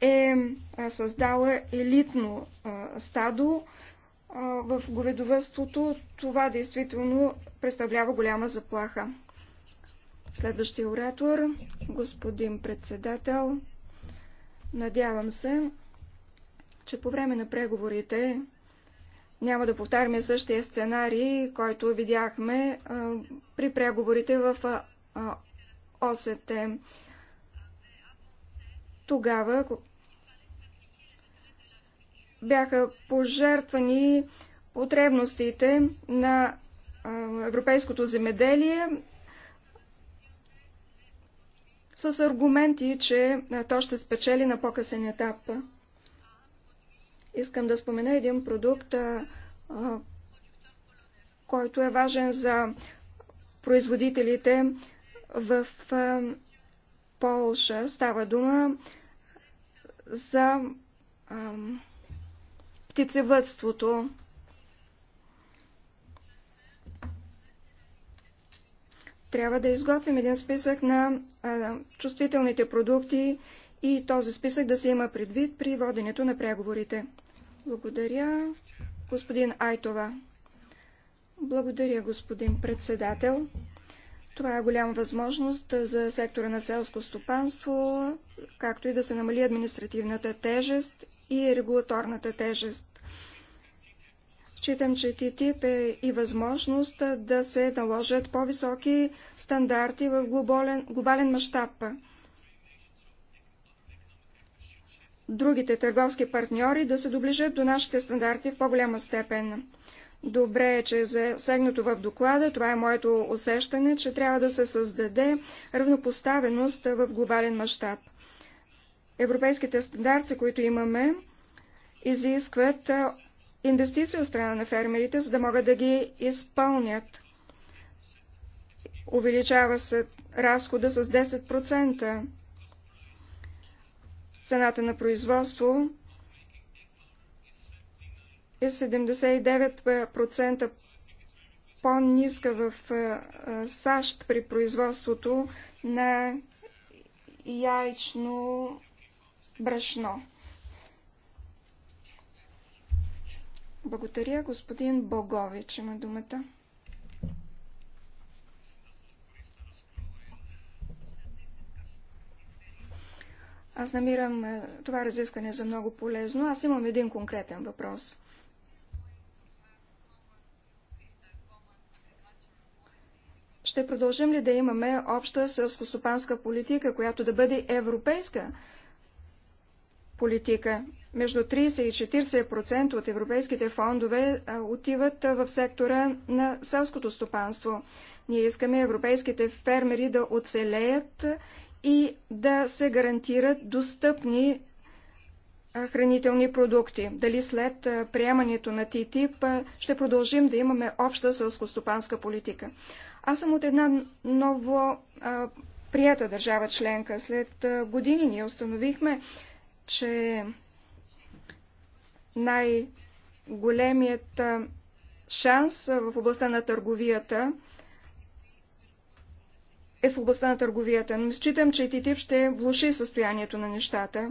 е създала елитно стадо, в говедовътството това действително представлява голяма заплаха. Следващия оратор, господин председател, надявам се, че по време на преговорите няма да повтаряме същия сценарий, който видяхме а, при преговорите в а, а, ОСЕТЕ. Тогава бяха пожертвани потребностите на европейското земеделие с аргументи, че то ще спечели на по-късен етап. Искам да спомена един продукт, който е важен за производителите в Полша. Става дума за птицевътството. Трябва да изготвим един списък на а, чувствителните продукти и този списък да се има предвид при воденето на преговорите. Благодаря, господин Айтова. Благодаря, господин председател. Това е голяма възможност за сектора на селско стопанство, както и да се намали административната тежест и регулаторната тежест. Считам, че ТТИП е и възможност да се наложат по-високи стандарти в глобален, глобален мащаб. Другите търговски партньори да се доближат до нашите стандарти в по-голяма степен. Добре е, че е засегнато в доклада. Това е моето усещане, че трябва да се създаде равнопоставеност в глобален мащаб. Европейските стандарти, които имаме, изискват инвестиции от страна на фермерите, за да могат да ги изпълнят. Увеличава се разхода с 10%. Цената на производство е 79% по-ниска в САЩ при производството на яйчно брашно. Благодаря, господин Богович има думата. Аз намирам това разискване за много полезно. Аз имам един конкретен въпрос. Ще продължим ли да имаме обща селскостопанска политика, която да бъде европейска политика? Между 30 и 40% от европейските фондове отиват в сектора на селското стопанство. Ние искаме европейските фермери да оцелеят и да се гарантират достъпни хранителни продукти. Дали след приемането на ТТИП ще продължим да имаме обща сълскостопанска политика. Аз съм от една ново а, прията държава членка. След а, години ние установихме, че най-големият шанс в областта на търговията е в областта на търговията. Но считам, че ТТИП ще влуши състоянието на нещата.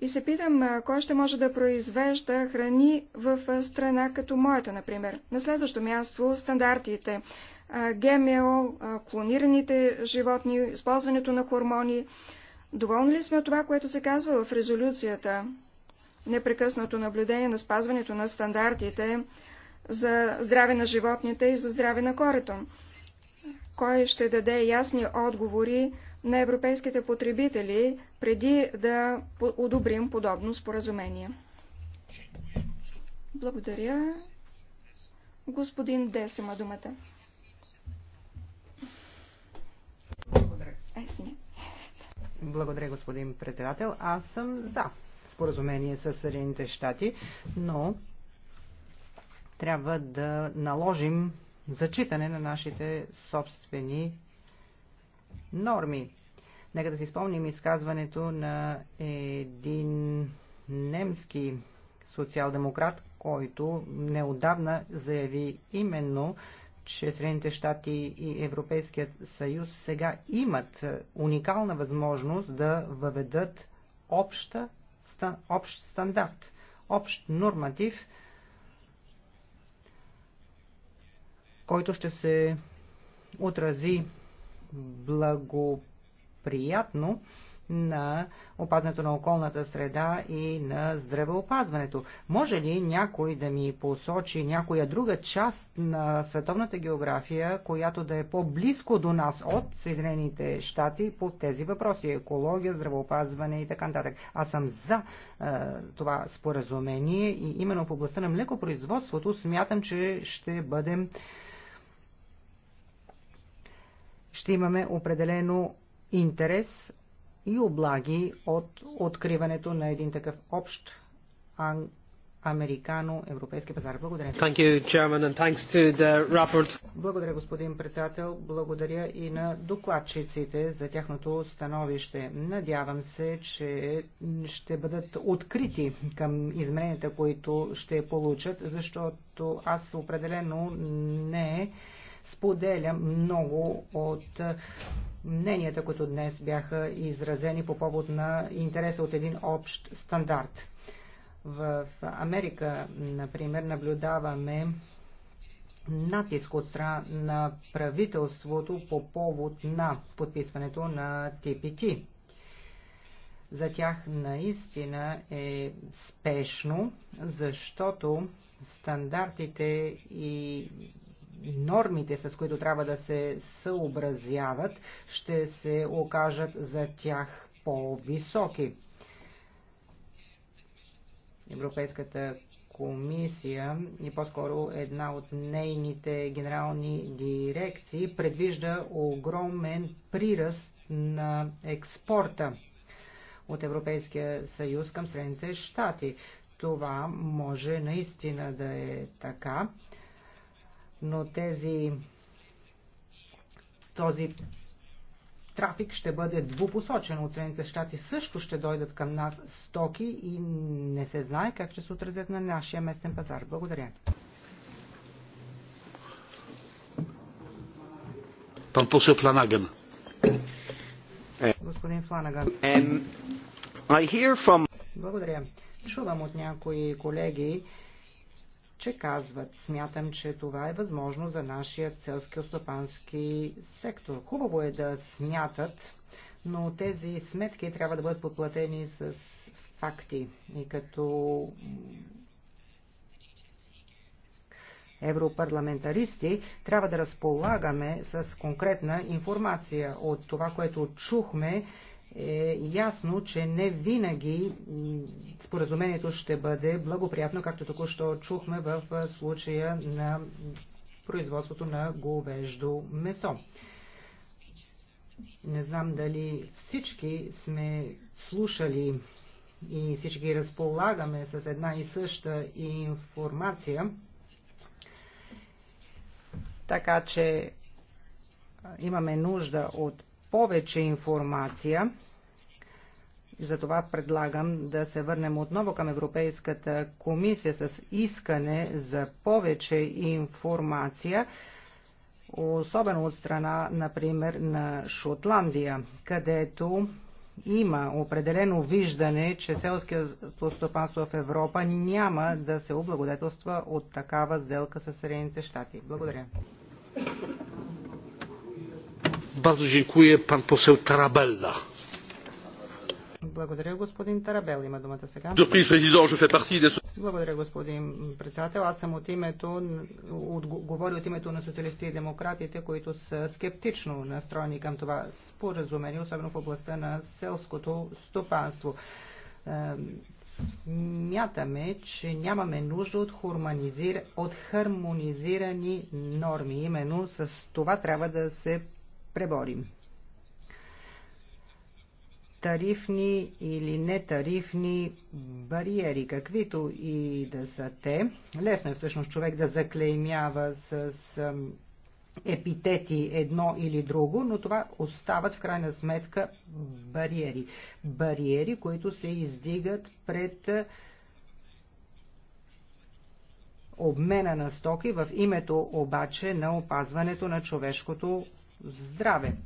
И се питам, кой ще може да произвежда храни в страна като моята, например. На следващо място – стандартите. ГМО, клонираните животни, използването на хормони. Доволни ли сме от това, което се казва в резолюцията? Непрекъснато наблюдение на спазването на стандартите за здраве на животните и за здраве на корето. Кой ще даде ясни отговори на европейските потребители преди да одобрим подобно споразумение? Благодаря. Господин Десема думата. Есми. Благодаря, господин председател. Аз съм за споразумение с Съединените щати, но трябва да наложим зачитане на нашите собствени норми. Нека да си спомним изказването на един немски социал-демократ, който неодавна заяви именно, че Средните щати и Европейският съюз сега имат е, уникална възможност да въведат обща, общ стандарт, общ норматив, който ще се отрази благоприятно на опазването на околната среда и на здравеопазването. Може ли някой да ми посочи някоя друга част на световната география, която да е по-близко до нас от Съединените щати по тези въпроси? Екология, здравеопазване и така нататък. Аз съм за е, това споразумение и именно в областта на млекопроизводството смятам, че ще бъдем ще имаме определено интерес и облаги от откриването на един такъв общ американо-европейски пазар. Благодаря. Thank you, Chairman, and thanks to the rapport. Благодаря, господин председател. Благодаря и на докладчиците за тяхното становище. Надявам се, че ще бъдат открити към измененията, които ще получат, защото аз определено не споделям много от мненията, които днес бяха изразени по повод на интереса от един общ стандарт. В Америка, например, наблюдаваме натиск от страна на правителството по повод на подписването на ТПТ. За тях наистина е спешно, защото стандартите и нормите, с които трябва да се съобразяват, ще се окажат за тях по-високи. Европейската комисия и по-скоро една от нейните генерални дирекции предвижда огромен приръст на експорта от Европейския съюз към Средните щати. Това може наистина да е така, но тези този трафик ще бъде двупосочен. От Съединените щати също ще дойдат към нас стоки и не се знае как ще се отразят на нашия местен пазар. Благодаря. Пан посъл Фланаган. Господин Фланаган. From... Благодаря. Чувам от някои колеги, че казват. Смятам, че това е възможно за нашия селски-остопански сектор. Хубаво е да смятат, но тези сметки трябва да бъдат подплатени с факти. И като европарламентаристи трябва да разполагаме с конкретна информация от това, което чухме е ясно, че не винаги споразумението ще бъде благоприятно, както току-що чухме в случая на производството на говеждо месо. Не знам дали всички сме слушали и всички разполагаме с една и съща информация, така че имаме нужда от повече информация затова предлагам да се върнем отново към Европейската комисия с искане за повече информация, особено от страна, например, на Шотландия, където има определено виждане, че селското стопанство в Европа няма да се облагодетелства от такава сделка с Съединените щати. Благодаря. Bardzo dziękuję. Pan poseł Tarabella. Благодаря, господин Тарабел. Има думата сега. Благодаря, господин председател. Аз съм от името, от, говоря от името на социалисти и демократите, които са скептично настроени към това споразумение, особено в областта на селското стопанство смятаме, че нямаме нужда от, хорманизир... от хармонизирани норми. Именно с това трябва да се преборим тарифни или нетарифни бариери, каквито и да са те. Лесно е всъщност човек да заклеймява с епитети едно или друго, но това остават в крайна сметка бариери. Бариери, които се издигат пред обмена на стоки в името обаче на опазването на човешкото здраве.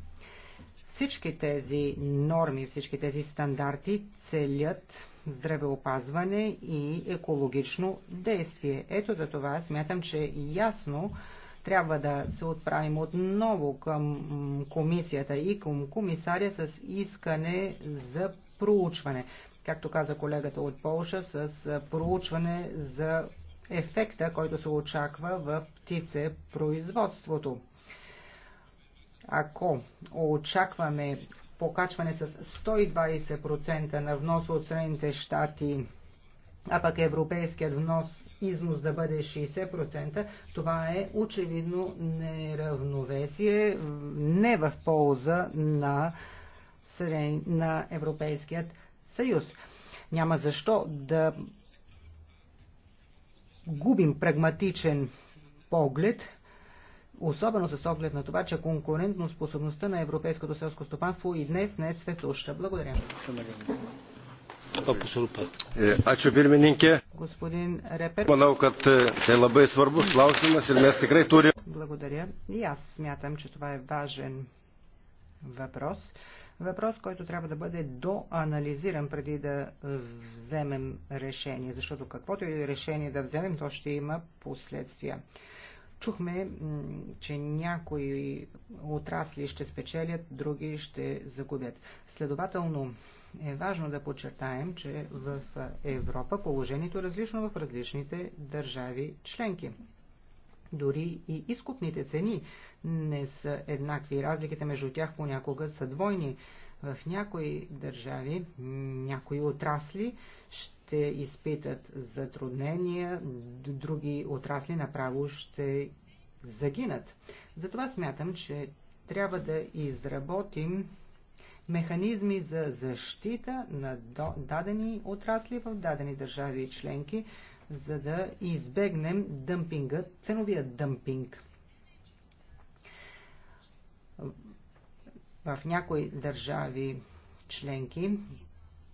Всички тези норми, всички тези стандарти целят здравеопазване и екологично действие. Ето за това смятам, че ясно трябва да се отправим отново към комисията и към комисаря с искане за проучване. Както каза колегата от Полша, с проучване за ефекта, който се очаква в птицепроизводството. Ако очакваме покачване с 120% на внос от Средните щати, а пък европейският внос износ да бъде 60%, това е очевидно неравновесие, не в полза на, на Европейският съюз. Няма защо да губим прагматичен поглед особено с оглед на това, че конкурентно способността на европейското селско стопанство и днес не е светоща. Благодаря. Е, Господин Репер. Е, е Благодаря. И аз смятам, че това е важен въпрос. Въпрос, който трябва да бъде доанализиран преди да вземем решение, защото каквото и решение да вземем, то ще има последствия. Чухме, че някои отрасли ще спечелят, други ще загубят. Следователно, е важно да подчертаем, че в Европа положението е различно в различните държави членки. Дори и изкупните цени не са еднакви. Разликите между тях понякога са двойни. В някои държави, някои отрасли ще ще изпитат затруднения, други отрасли направо ще загинат. Затова смятам, че трябва да изработим механизми за защита на дадени отрасли в дадени държави и членки, за да избегнем дъмпинга, ценовия дъмпинг. В някои държави членки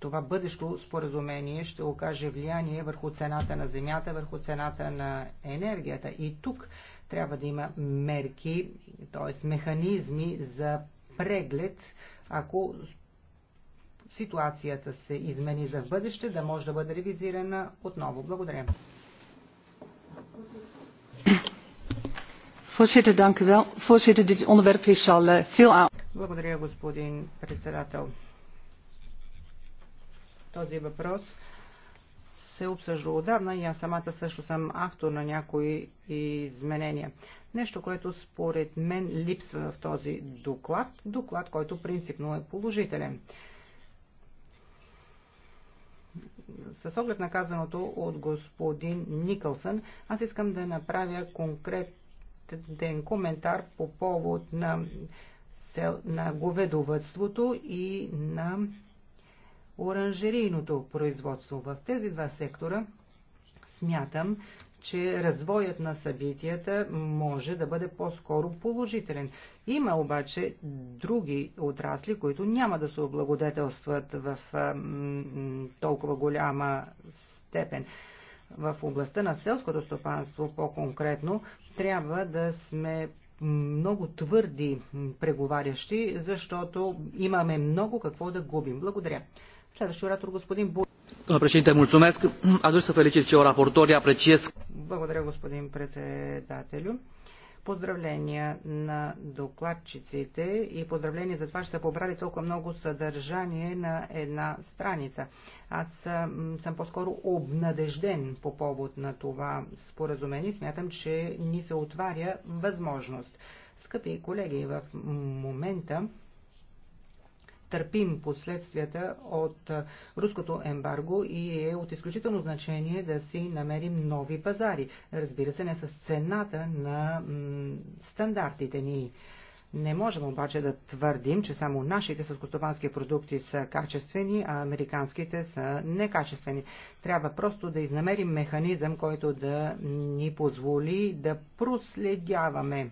това бъдещо споразумение ще окаже влияние върху цената на земята, върху цената на енергията. И тук трябва да има мерки, т.е. механизми за преглед, ако ситуацията се измени за бъдеще, да може да бъде ревизирана отново. Благодаря. Voorzitter, dank u wel. Voorzitter, dit onderwerp is al eh, veel aan. Благодаря, господин председател. Този въпрос се обсъжда отдавна и аз самата също съм автор на някои изменения. Нещо, което според мен липсва в този доклад, доклад, който принципно е положителен. С оглед на казаното от господин Никълсън, аз искам да направя конкретен коментар по повод на, на говедовътството и на оранжерийното производство. В тези два сектора смятам, че развоят на събитията може да бъде по-скоро положителен. Има обаче други отрасли, които няма да се облагодетелстват в толкова голяма степен. В областта на селското стопанство по-конкретно трябва да сме много твърди преговарящи, защото имаме много какво да губим. Благодаря. Следващия оратор господин Бу. președinte, mulțumesc. Aș să felicit și eu raportorii, apreciez. Благодаря, господин председателю. Поздравления на докладчиците и поздравления за това, че са побрали толкова много съдържание на една страница. Аз съм, съм по-скоро обнадежден по повод на това споразумение. Смятам, че ни се отваря възможност. Скъпи колеги, в момента търпим последствията от руското ембарго и е от изключително значение да си намерим нови пазари. Разбира се, не с цената на стандартите ни. Не можем обаче да твърдим, че само нашите съскостопански продукти са качествени, а американските са некачествени. Трябва просто да изнамерим механизъм, който да ни позволи да проследяваме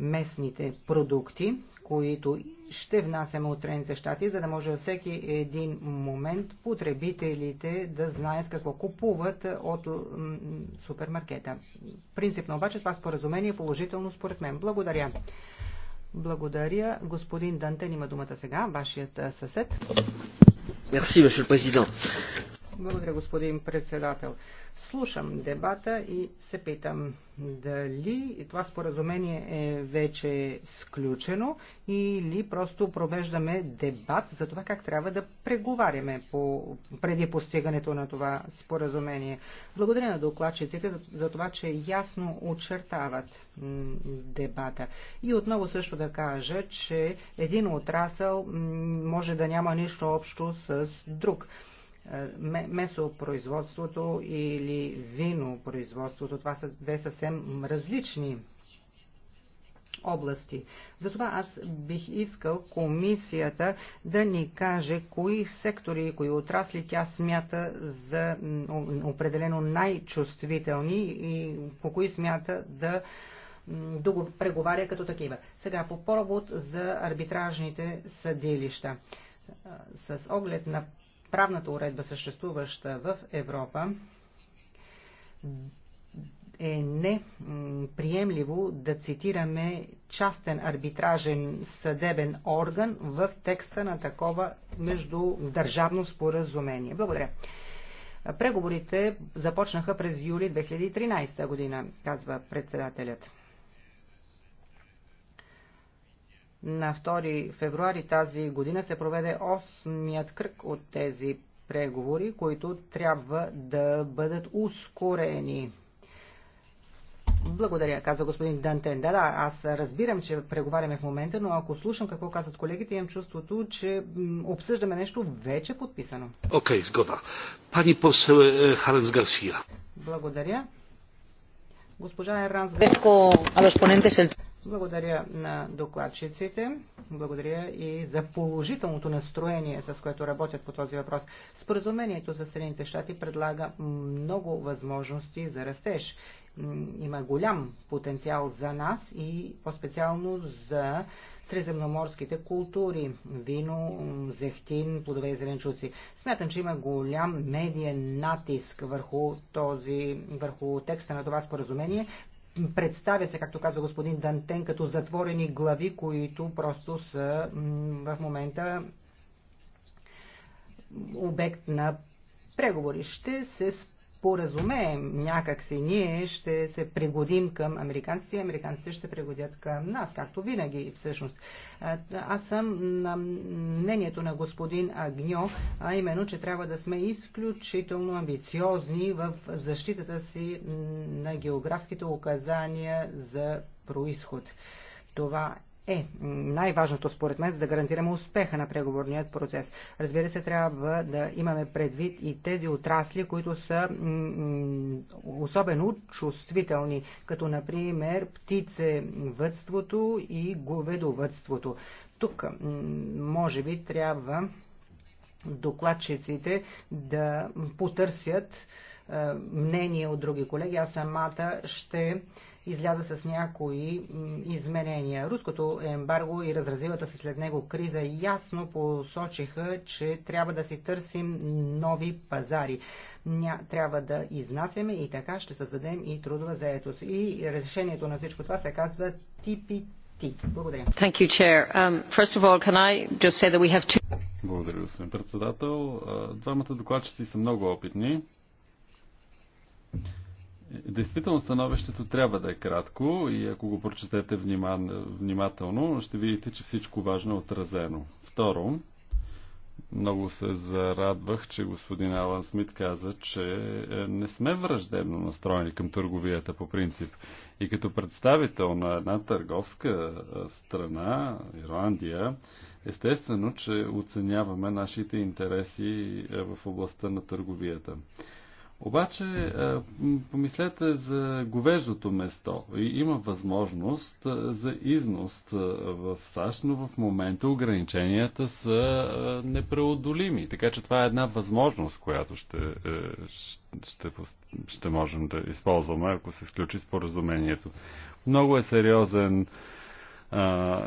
местните продукти които ще внасяме от Трените щати, за да може във всеки един момент потребителите да знаят какво купуват от супермаркета. Принципно обаче това споразумение е положително според мен. Благодаря. Благодаря. Господин Дантен има думата сега, вашият съсед. Мерси, monsieur президент. Благодаря, господин председател. Слушам дебата и се питам дали това споразумение е вече сключено или просто провеждаме дебат за това как трябва да преговаряме по, преди постигането на това споразумение. Благодаря на докладчиците за това, че ясно очертават дебата. И отново също да кажа, че един отрасъл може да няма нищо общо с друг. Е, месопроизводството или винопроизводството. Това са две съвсем различни области. Затова аз бих искал комисията да ни каже кои сектори и кои отрасли тя смята за определено най-чувствителни и по кои смята да да го преговаря като такива. Сега по повод за арбитражните съдилища. Е, с оглед на правната уредба, съществуваща в Европа, е неприемливо да цитираме частен арбитражен съдебен орган в текста на такова междудържавно споразумение. Благодаря. Преговорите започнаха през юли 2013 година, казва председателят. На 2 февруари тази година се проведе 8 кръг от тези преговори, които трябва да бъдат ускорени. Благодаря, каза господин Дантен. Да, да, аз разбирам, че преговаряме в момента, но ако слушам какво казват колегите, имам чувството, че обсъждаме нещо вече подписано. Окей, okay, сгода. Пани посел е, Харенс Гарсия. Благодаря. Госпожа Еранс Гарсия. Благодаря на докладчиците, благодаря и за положителното настроение, с което работят по този въпрос. Споразумението за Съединените щати предлага много възможности за растеж. Има голям потенциал за нас и по-специално за средземноморските култури – вино, зехтин, плодове и зеленчуци. Смятам, че има голям медиен натиск върху, този, върху текста на това споразумение, представят се, както каза господин Дантен, като затворени глави, които просто са в момента обект на преговори. Ще се споразумеем някакси, ние ще се пригодим към американците и американците ще пригодят към нас, както винаги всъщност. Аз съм на мнението на господин Агньо, а именно, че трябва да сме изключително амбициозни в защитата си на географските указания за происход. Това е най-важното според мен, за да гарантираме успеха на преговорният процес. Разбира се, трябва да имаме предвид и тези отрасли, които са особено чувствителни, като например птицевътството и говедовътството. Тук може би трябва докладчиците да потърсят мнение от други колеги. Аз самата ще изляза с някои изменения. Руското ембарго и разразилата се след него криза ясно посочиха, че трябва да си търсим нови пазари. Ня, трябва да изнасяме и така ще създадем и трудова заетост. И решението на всичко това се казва типи благодаря. Благодаря, господин председател. Двамата докладчици са много опитни. Действително становището трябва да е кратко и ако го прочетете внимателно, ще видите, че всичко важно е отразено. Второ, много се зарадвах, че господин Алан Смит каза, че е, не сме враждебно настроени към търговията по принцип. И като представител на една търговска е, страна, Ирландия, естествено, че оценяваме нашите интереси е, в областта на търговията. Обаче, е, помислете за говеждото место. Има възможност е, за износ е, в САЩ, но в момента ограниченията са непреодолими. Така че това е една възможност, която ще, ще, ще можем да използваме, ако се сключи споразумението. Много е сериозен а,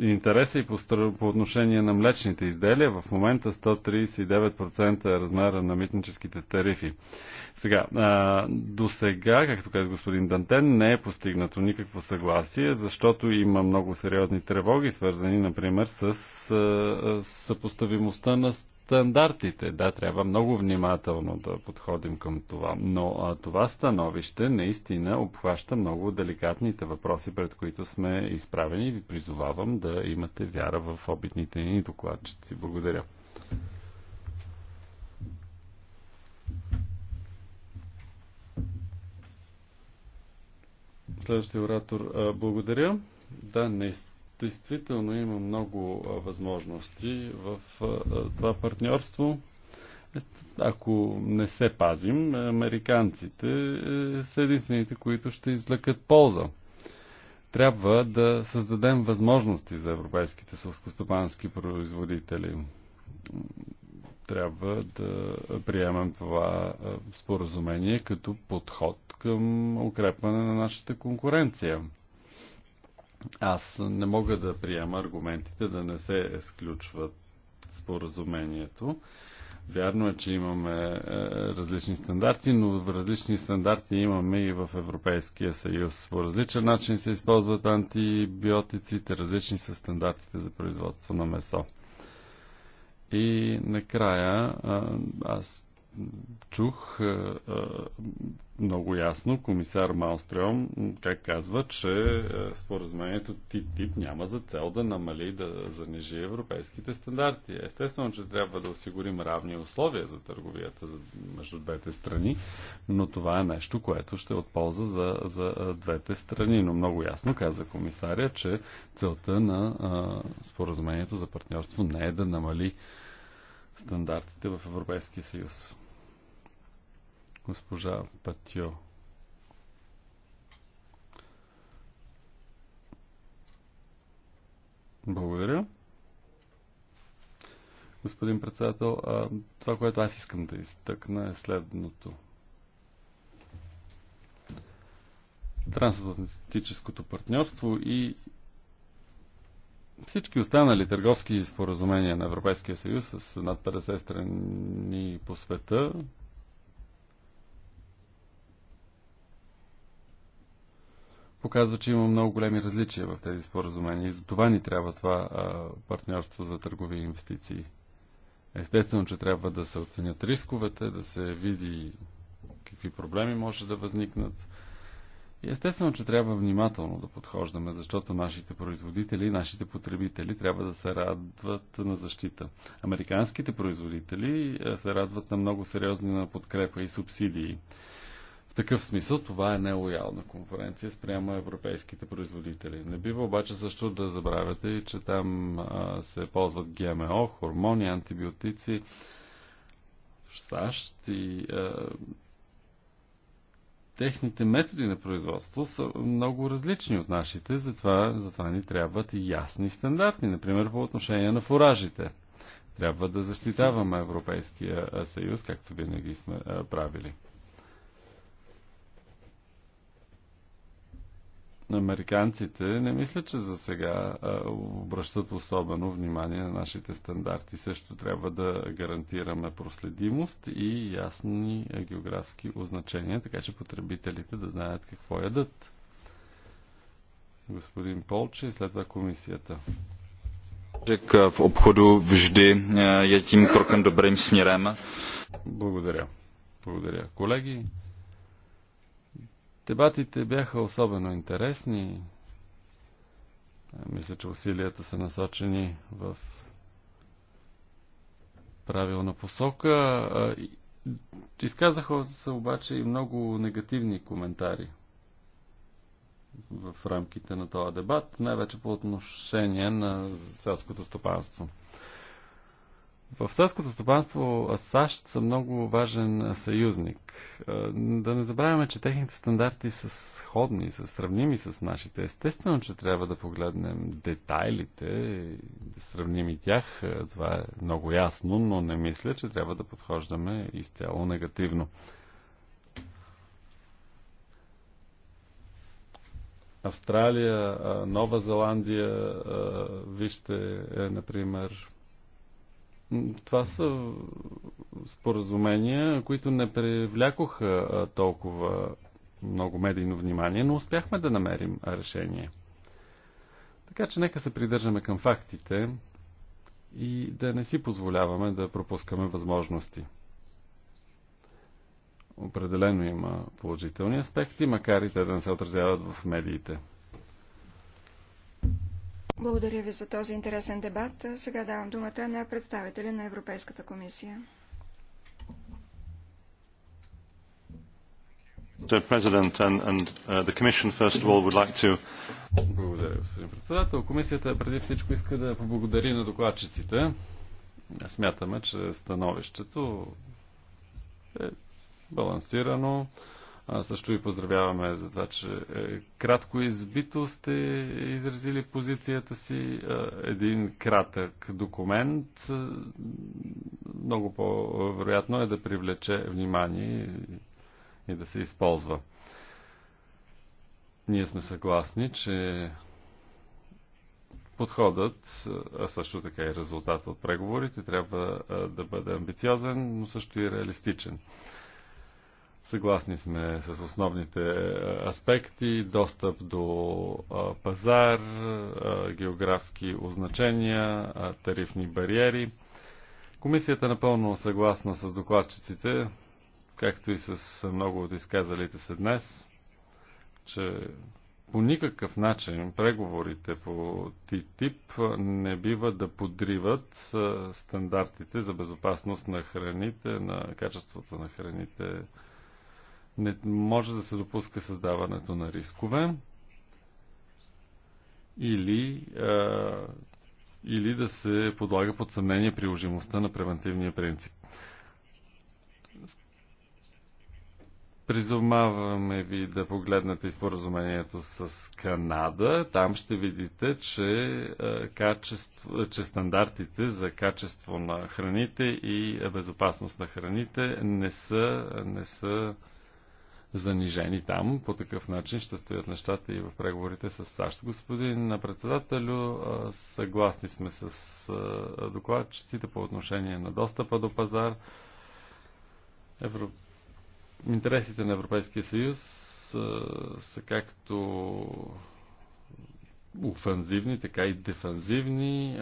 интереса и по, по отношение на млечните изделия. В момента 139% е размера на митническите тарифи. Сега, а, до сега, както каза господин Дантен, не е постигнато никакво съгласие, защото има много сериозни тревоги, свързани, например, с а, съпоставимостта на стандартите. Да, трябва много внимателно да подходим към това, но а, това становище наистина обхваща много деликатните въпроси, пред които сме изправени и ви призовавам да имате вяра в обитните ни докладчици. Благодаря. Следващия оратор. Благодаря. Да, наистина Действително има много възможности в това партньорство. Ако не се пазим, американците е, са единствените, които ще излекат полза. Трябва да създадем възможности за европейските сълскостопански производители. Трябва да приемем това споразумение като подход към укрепване на нашата конкуренция аз не мога да приема аргументите да не се изключват споразумението. Вярно е, че имаме е, различни стандарти, но в различни стандарти имаме и в Европейския съюз. По различен начин се използват антибиотиците, различни са стандартите за производство на месо. И накрая аз чух е, е, много ясно комисар Малстрем как казва, че е, споразумението ТИП няма за цел да намали да занижи европейските стандарти. Естествено, че трябва да осигурим равни условия за търговията между двете страни, но това е нещо, което ще е от полза за, за двете страни. Но много ясно каза комисаря, че целта на споразумението за партньорство не е да намали стандартите в Европейския съюз. Госпожа Патио. Благодаря. Господин председател, това, което аз искам да изтъкна е следното. Трансатлантическото партньорство и всички останали търговски споразумения на Европейския съюз с над 50 страни по света показва, че има много големи различия в тези споразумения и за това ни трябва това а, партньорство за търгови инвестиции. Естествено, че трябва да се оценят рисковете, да се види какви проблеми може да възникнат, Естествено, че трябва внимателно да подхождаме, защото нашите производители и нашите потребители трябва да се радват на защита. Американските производители е, се радват на много сериозни на подкрепа и субсидии. В такъв смисъл това е нелоялна конкуренция спрямо европейските производители. Не бива обаче също да забравяте, че там е, се ползват ГМО, хормони, антибиотици в САЩ и е, техните методи на производство са много различни от нашите, затова, затова ни трябват и ясни стандарти, например по отношение на фуражите. Трябва да защитаваме Европейския съюз, както винаги сме правили. американците не мисля, че за сега обръщат особено внимание на нашите стандарти. Също трябва да гарантираме проследимост и ясни географски означения, така че потребителите да знаят какво ядат. Господин Полче и след това комисията. В обходу вжди е тим кроком добрим смирем. Благодаря. Благодаря. Колеги, Дебатите бяха особено интересни. Е, мисля, че усилията са насочени в правилна посока. Е, изказаха се обаче и много негативни коментари в рамките на този дебат, най-вече по отношение на селското стопанство. В селското стопанство САЩ са много важен съюзник. Да не забравяме, че техните стандарти са сходни, са сравними с нашите. Естествено, че трябва да погледнем детайлите, да сравним и тях. Това е много ясно, но не мисля, че трябва да подхождаме изцяло негативно. Австралия, Нова Зеландия, вижте, е, например, това са споразумения, които не привлякоха толкова много медийно внимание, но успяхме да намерим решение. Така че нека се придържаме към фактите и да не си позволяваме да пропускаме възможности. Определено има положителни аспекти, макар и те да не се отразяват в медиите. Благодаря ви за този интересен дебат. Сега давам думата на представителя на Европейската комисия. Uh, Благодаря, господин председател. Комисията преди всичко иска да поблагодари на докладчиците. Смятаме, че становището е балансирано, а, също ви поздравяваме за това, че е, кратко избито сте изразили позицията си. един кратък документ много по-вероятно е да привлече внимание и, и да се използва. Ние сме съгласни, че подходът, а също така и резултат от преговорите трябва да бъде амбициозен, но също и реалистичен. Съгласни сме с основните е, аспекти, достъп до е, пазар, е, географски означения, тарифни бариери. Комисията е напълно съгласна с докладчиците, както и с много от изказалите се днес, че по никакъв начин преговорите по ТИТИП не бива да подриват стандартите за безопасност на храните, на качеството на храните, не може да се допуска създаването на рискове или, а, е, или да се подлага под съмнение приложимостта на превентивния принцип. Призумаваме ви да погледнете изпоразумението с Канада. Там ще видите, че, е, качество, че стандартите за качество на храните и безопасност на храните не са, не са занижени там. По такъв начин ще стоят нещата и в преговорите с САЩ. Господин председателю, съгласни сме с докладчиците по отношение на достъпа до пазар. Евро... Интересите на Европейския съюз са, са както офанзивни, така и дефанзивни.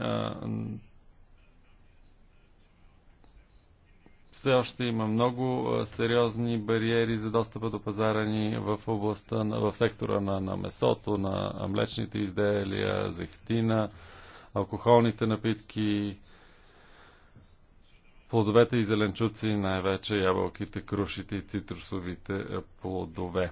все още има много сериозни бариери за достъпа до пазара ни в областта, в сектора на, на месото, на млечните изделия, зехтина, алкохолните напитки, плодовете и зеленчуци, най-вече ябълките, крушите и цитрусовите плодове.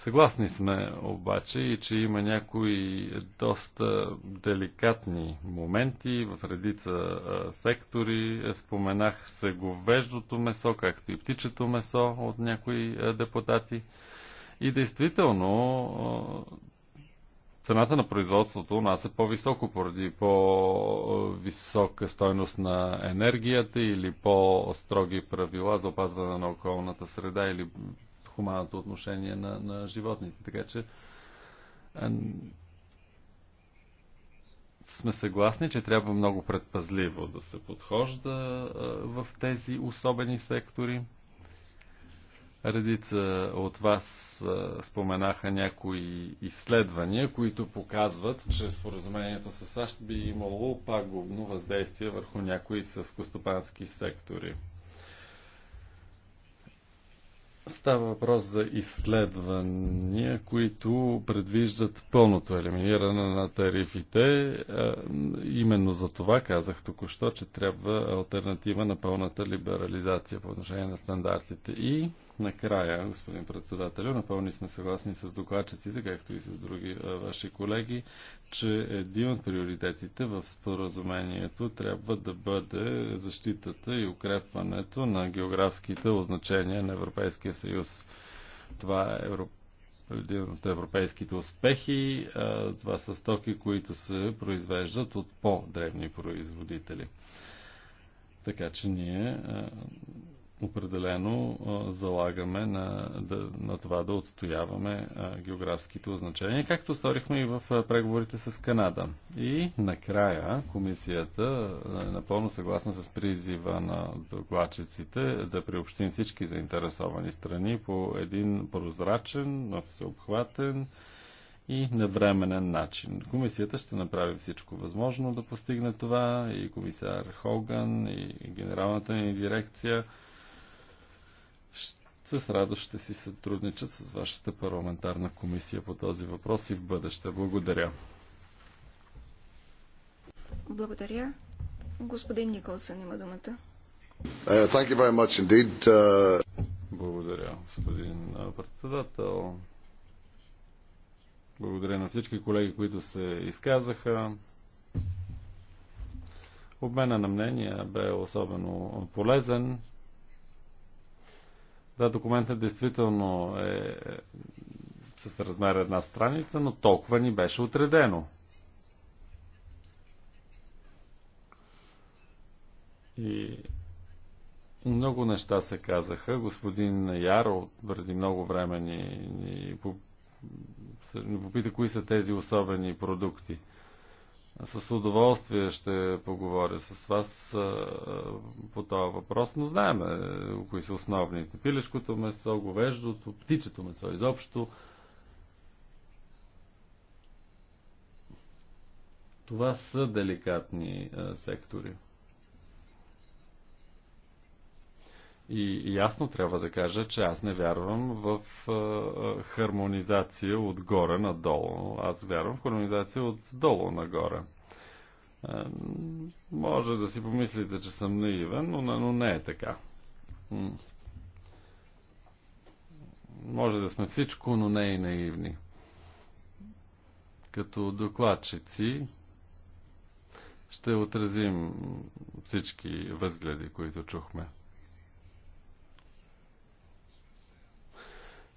Съгласни сме обаче и, че има някои доста деликатни моменти в редица сектори. Споменах се говеждото месо, както и птичето месо от някои депутати. И действително цената на производството у нас е по-високо поради по-висока стойност на енергията или по-строги правила за опазване на околната среда или хуманното отношение на, на животните. Така че сме съгласни, че трябва много предпазливо да се подхожда в тези особени сектори. Редица от вас споменаха някои изследвания, които показват, че споразумението с САЩ би имало пагубно въздействие върху някои съвкостопански сектори. Става въпрос за изследвания, които предвиждат пълното елиминиране на тарифите. Именно за това казах току-що, че трябва альтернатива на пълната либерализация по отношение на стандартите. И Накрая, господин председателю, напълни сме съгласни с докладчиците, както и с други а, ваши колеги, че един от приоритетите в споразумението трябва да бъде защитата и укрепването на географските означения на Европейския съюз. Това е Европа един от европейските успехи. Това са стоки, които се произвеждат от по-древни производители. Така че ние определено залагаме на, да, на това да отстояваме географските означения, както сторихме и в преговорите с Канада. И накрая комисията е напълно съгласна с призива на докладчиците да приобщим всички заинтересовани страни по един прозрачен, всеобхватен и навременен начин. Комисията ще направи всичко възможно да постигне това и комисар Хоган и генералната ни дирекция – ще с радост ще си сътрудничат с вашата парламентарна комисия по този въпрос и в бъдеще. Благодаря. Благодаря. Господин Николсън има думата. Uh... uh Благодаря, господин председател. Благодаря на всички колеги, които се изказаха. Обмена на мнения бе особено полезен. Да, документът действително е, е, е с размер една страница, но толкова ни беше отредено. И много неща се казаха. Господин Яро преди много време ни, ни, ни попита кои са тези особени продукти – с удоволствие ще поговоря с вас по този въпрос, но знаем е, кои са основните. Пилешкото месо, говеждото, птичето месо изобщо. Това са деликатни сектори. И ясно трябва да кажа, че аз не вярвам в а, хармонизация отгоре надолу. Аз вярвам в хармонизация отдолу нагоре. А, може да си помислите, че съм наивен, но, но не е така. Може да сме всичко, но не и наивни. Като докладчици ще отразим всички възгледи, които чухме.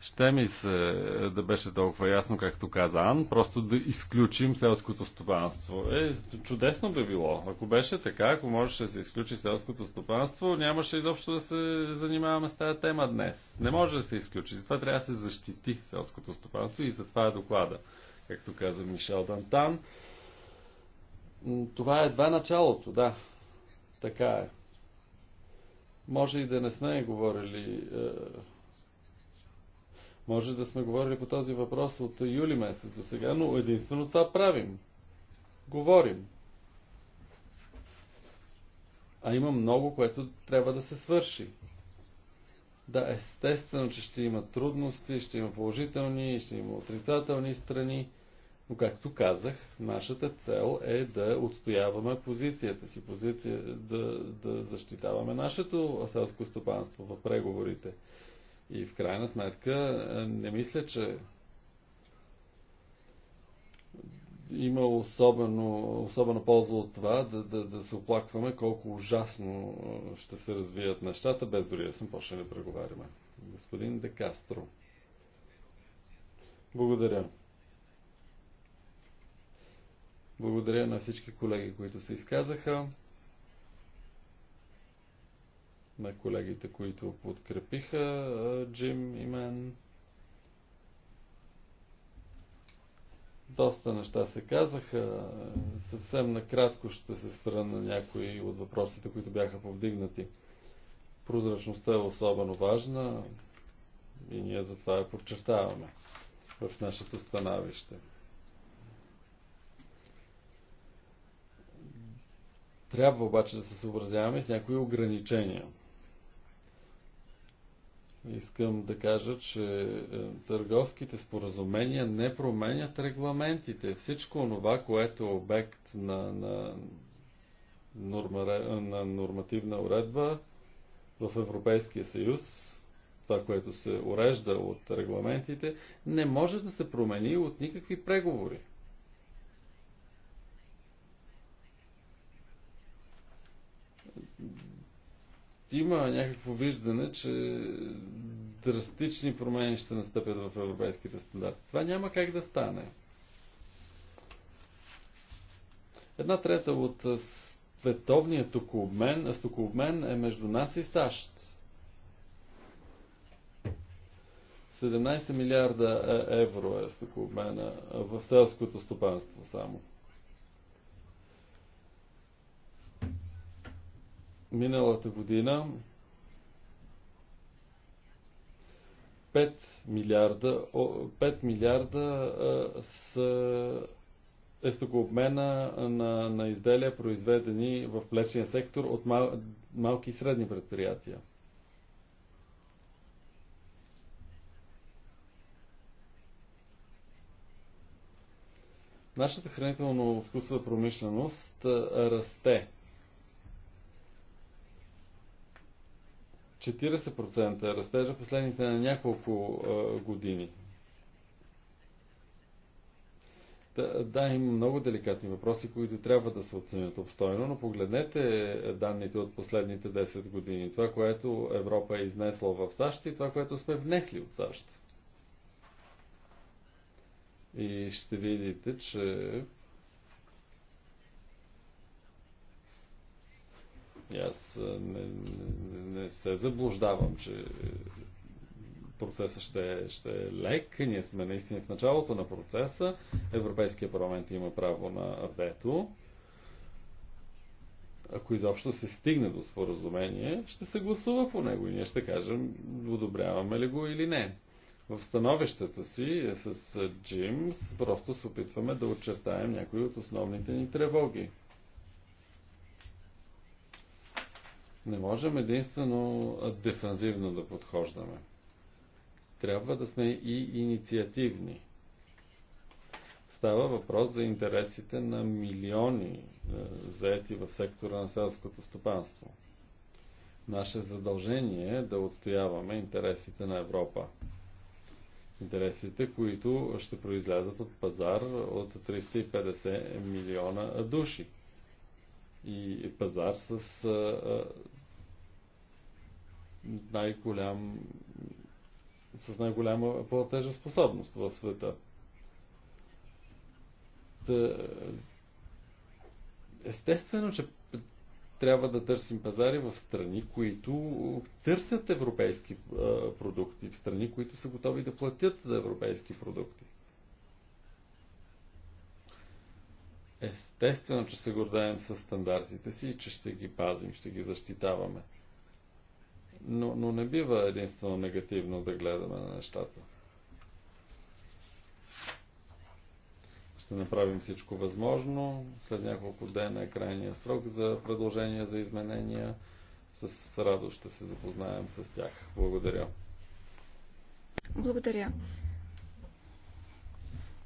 Ще ми се е, да беше толкова ясно, както каза Ан, просто да изключим селското стопанство. Е, чудесно би било. Ако беше така, ако можеше да се изключи селското стопанство, нямаше изобщо да се занимаваме с тази тема днес. Не може да се изключи. Затова трябва да се защити селското стопанство и затова е доклада. Както каза Мишел Дантан. Това е едва началото, да. Така е. Може и да не сме говорили е, може да сме говорили по този въпрос от юли месец до сега, но единствено това правим. Говорим. А има много, което трябва да се свърши. Да, естествено, че ще има трудности, ще има положителни, ще има отрицателни страни, но както казах, нашата цел е да отстояваме позицията си, позиция, да, да защитаваме нашето селско стопанство в преговорите. И в крайна сметка е, не мисля, че има особено, особена полза от това да, да, да се оплакваме колко ужасно е, ще се развият нещата, без дори да съм почнали да преговаряме. Господин Декастро. Благодаря. Благодаря на всички колеги, които се изказаха на колегите, които подкрепиха Джим и мен. Доста неща се казаха. Съвсем накратко ще се спра на някои от въпросите, които бяха повдигнати. Прозрачността е особено важна и ние затова я подчертаваме в нашето становище. Трябва обаче да се съобразяваме с някои ограничения – Искам да кажа, че е, търговските споразумения не променят регламентите. Всичко това, което е обект на, на, норма, на нормативна уредба в Европейския съюз, това, което се урежда от регламентите, не може да се промени от никакви преговори. има някакво виждане, че драстични промени ще настъпят в европейските стандарти. Това няма как да стане. Една трета от световния а стокообмен е между нас и САЩ. 17 милиарда е, евро е стокообмена в селското стопанство само. Миналата година 5 милиарда, 5 милиарда са естокообмена на, на изделия, произведени в плечния сектор от мал, малки и средни предприятия. Нашата хранително-вкусова промишленост расте. 40% растежа последните на няколко а, години. Да, да, има много деликатни въпроси, които трябва да се оценят обстойно, но погледнете е, данните от последните 10 години. Това, което Европа е изнесла в САЩ и това, което сме внесли от САЩ. И ще видите, че И аз не, не, не се заблуждавам, че процесът ще, ще е лек. Ние сме наистина в началото на процеса. Европейския парламент има право на вето. Ако изобщо се стигне до споразумение, ще се гласува по него и ние ще кажем, одобряваме ли го или не. В становището си е, с Джимс просто се опитваме да очертаем някои от основните ни тревоги. Не можем единствено дефанзивно да подхождаме. Трябва да сме и инициативни. Става въпрос за интересите на милиони е, заети в сектора на селското стопанство. Наше задължение е да отстояваме интересите на Европа. Интересите, които ще произлязат от пазар от 350 милиона души. И пазар с е, е, най-голям с най-голяма платежа способност в света. Та, естествено, че трябва да търсим пазари в страни, които търсят европейски продукти, в страни, които са готови да платят за европейски продукти. Естествено, че се гордаем с стандартите си и че ще ги пазим, ще ги защитаваме но, но не бива единствено негативно да гледаме на нещата. Ще направим всичко възможно. След няколко дена е крайния срок за предложения за изменения. С радост ще се запознаем с тях. Благодаря. Благодаря.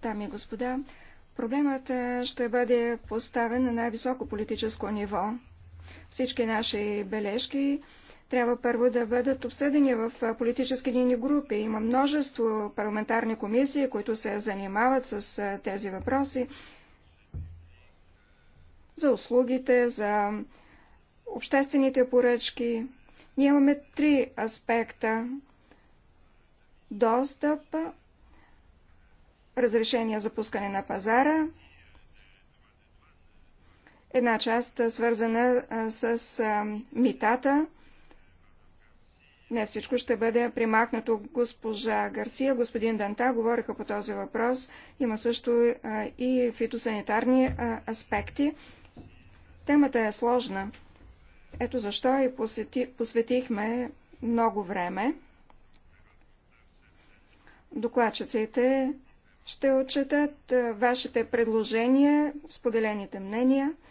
Дами и господа, проблемът е, ще бъде поставен на най-високо политическо ниво. Всички наши бележки трябва първо да бъдат обсъдени в политически ни групи. Има множество парламентарни комисии, които се занимават с тези въпроси за услугите, за обществените поръчки. Ние имаме три аспекта. Достъп, разрешение за пускане на пазара, една част свързана с митата, не всичко ще бъде примахнато. Госпожа Гарсия, господин Данта говориха по този въпрос. Има също и фитосанитарни аспекти. Темата е сложна. Ето защо и посветихме много време. Докладчиците ще отчитат вашите предложения, споделените мнения –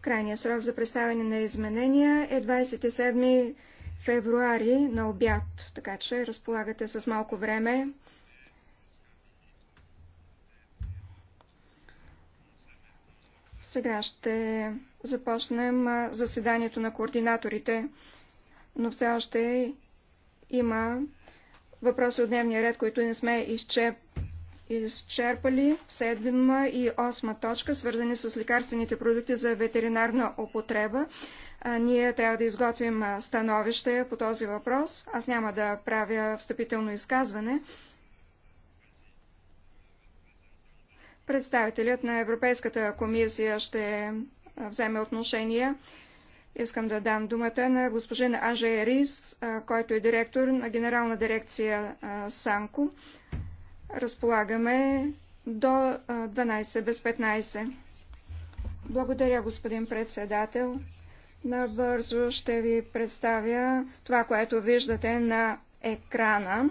Крайният срок за представяне на изменения е 27 февруари на обяд, така че разполагате с малко време. Сега ще започнем заседанието на координаторите, но все още има въпроси от дневния ред, които не сме изчепли изчерпали седма и осма точка, свързани с лекарствените продукти за ветеринарна употреба. Ние трябва да изготвим становище по този въпрос. Аз няма да правя встъпително изказване. Представителят на Европейската комисия ще вземе отношение. Искам да дам думата на госпожин Аже Рис, който е директор на Генерална дирекция Санко разполагаме до 12 без 15. Благодаря, господин председател. Набързо ще ви представя това, което виждате на екрана.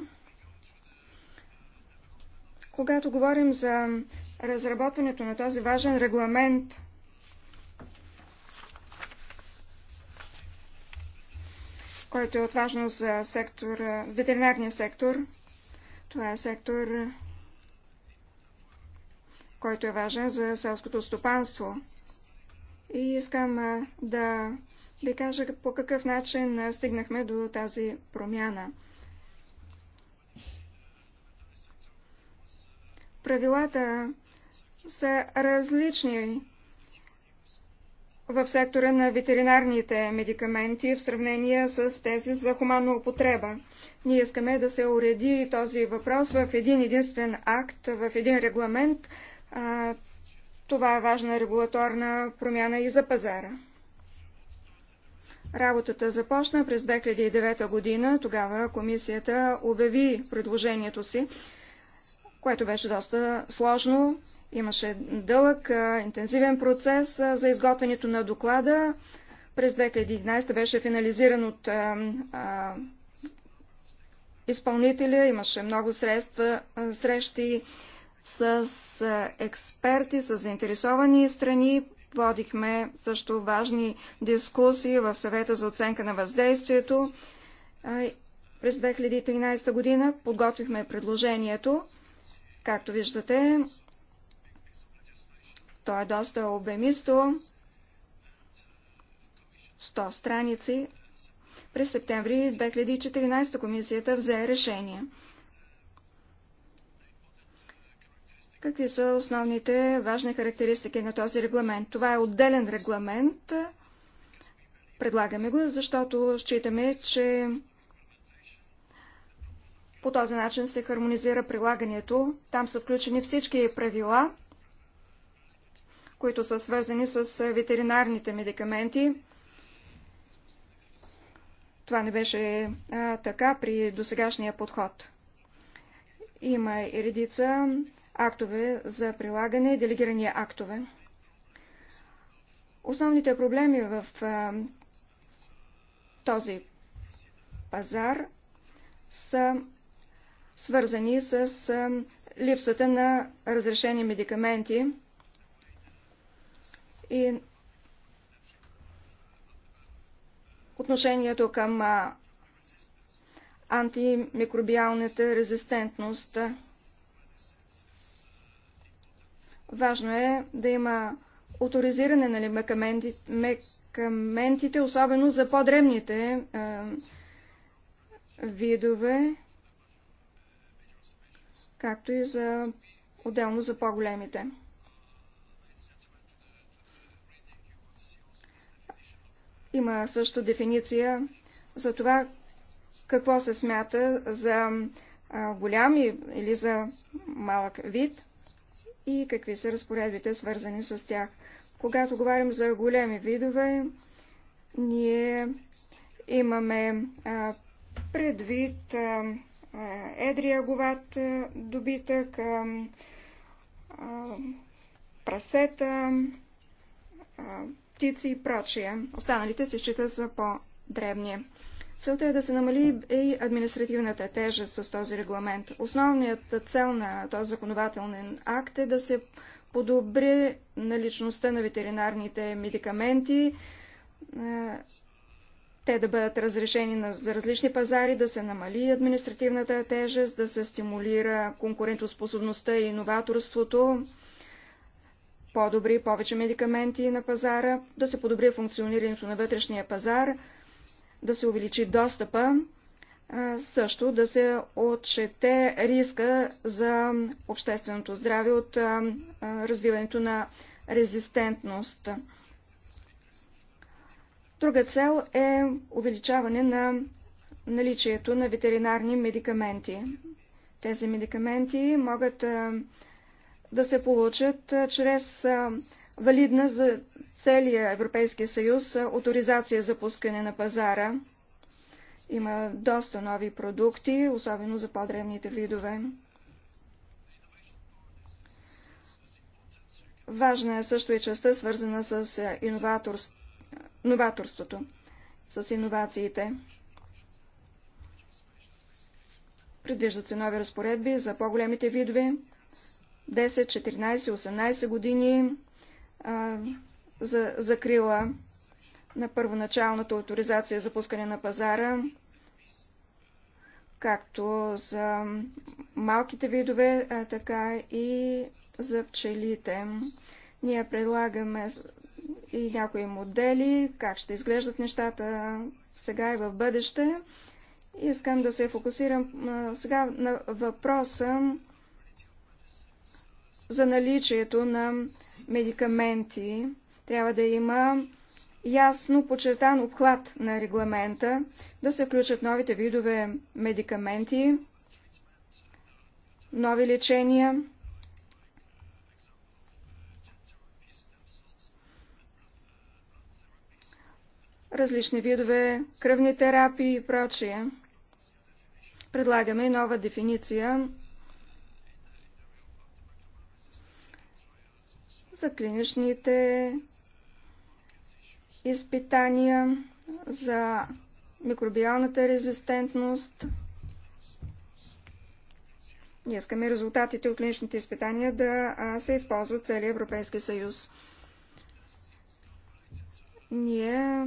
Когато говорим за разработването на този важен регламент, който е от важност за сектор, ветеринарния сектор, това е сектор, който е важен за селското стопанство. И искам да ви кажа по какъв начин стигнахме до тази промяна. Правилата са различни в сектора на ветеринарните медикаменти в сравнение с тези за хуманна употреба. Ние искаме да се уреди този въпрос в един единствен акт, в един регламент. това е важна регулаторна промяна и за пазара. Работата започна през 2009 година. Тогава комисията обяви предложението си което беше доста сложно. Имаше дълъг, интензивен процес за изготвянето на доклада. През 2011 беше финализиран от изпълнителя, имаше много средства, срещи с експерти, с заинтересовани страни. Водихме също важни дискусии в съвета за оценка на въздействието. През 2013 година подготвихме предложението. Както виждате, то е доста обемисто, 100 страници. През септември 2014 комисията взе решение. Какви са основните важни характеристики на този регламент? Това е отделен регламент. Предлагаме го, защото считаме, че по този начин се хармонизира прилагането. Там са включени всички правила, които са свързани с ветеринарните медикаменти. Това не беше а, така при досегашния подход. Има и редица актове за прилагане, делегирани актове. Основните проблеми в а, този пазар са свързани с липсата на разрешени медикаменти. И отношението към антимикробиалната резистентност. Важно е да има авторизиране на нали, медикаментите, особено за по-древните видове както и за отделно за по-големите. Има също дефиниция за това какво се смята за голям или за малък вид и какви са разпоредбите свързани с тях. Когато говорим за големи видове, ние имаме предвид е, едрия говат е, добитък, е, прасета, птици и прочие. Останалите се считат за по-древни. Целта е да се намали и административната тежест с този регламент. Основният цел на този законодателен акт е да се подобри наличността на ветеринарните медикаменти те да бъдат разрешени на, за различни пазари, да се намали административната тежест, да се стимулира конкурентоспособността и иноваторството, по-добри, повече медикаменти на пазара, да се подобри функционирането на вътрешния пазар, да се увеличи достъпа, също да се отчете риска за общественото здраве от развиването на резистентност. Друга цел е увеличаване на наличието на ветеринарни медикаменти. Тези медикаменти могат да се получат чрез валидна за целия Европейския съюз авторизация за пускане на пазара. Има доста нови продукти, особено за по-древните видове. Важна е също и частта, свързана с иноваторство новаторството, с иновациите. Предвиждат се нови разпоредби за по-големите видове 10, 14, 18 години а, за закрила на първоначалната авторизация за пускане на пазара, както за малките видове, а така и за пчелите. Ние предлагаме и някои модели, как ще изглеждат нещата сега и в бъдеще. Искам да се фокусирам сега на въпроса за наличието на медикаменти. Трябва да има ясно подчертан обхват на регламента, да се включат новите видове медикаменти, нови лечения, различни видове кръвни терапии и прочие. Предлагаме нова дефиниция за клиничните изпитания, за микробиалната резистентност. Ние искаме резултатите от клиничните изпитания да се използват целия Европейски съюз. Ние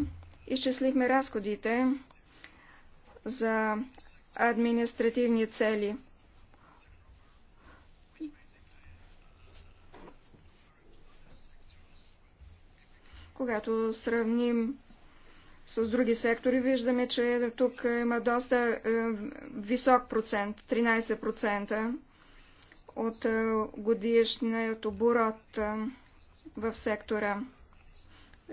изчислихме разходите за административни цели. Когато сравним с други сектори, виждаме, че тук има доста е, висок процент, 13% от е, годишният оборот е, в сектора.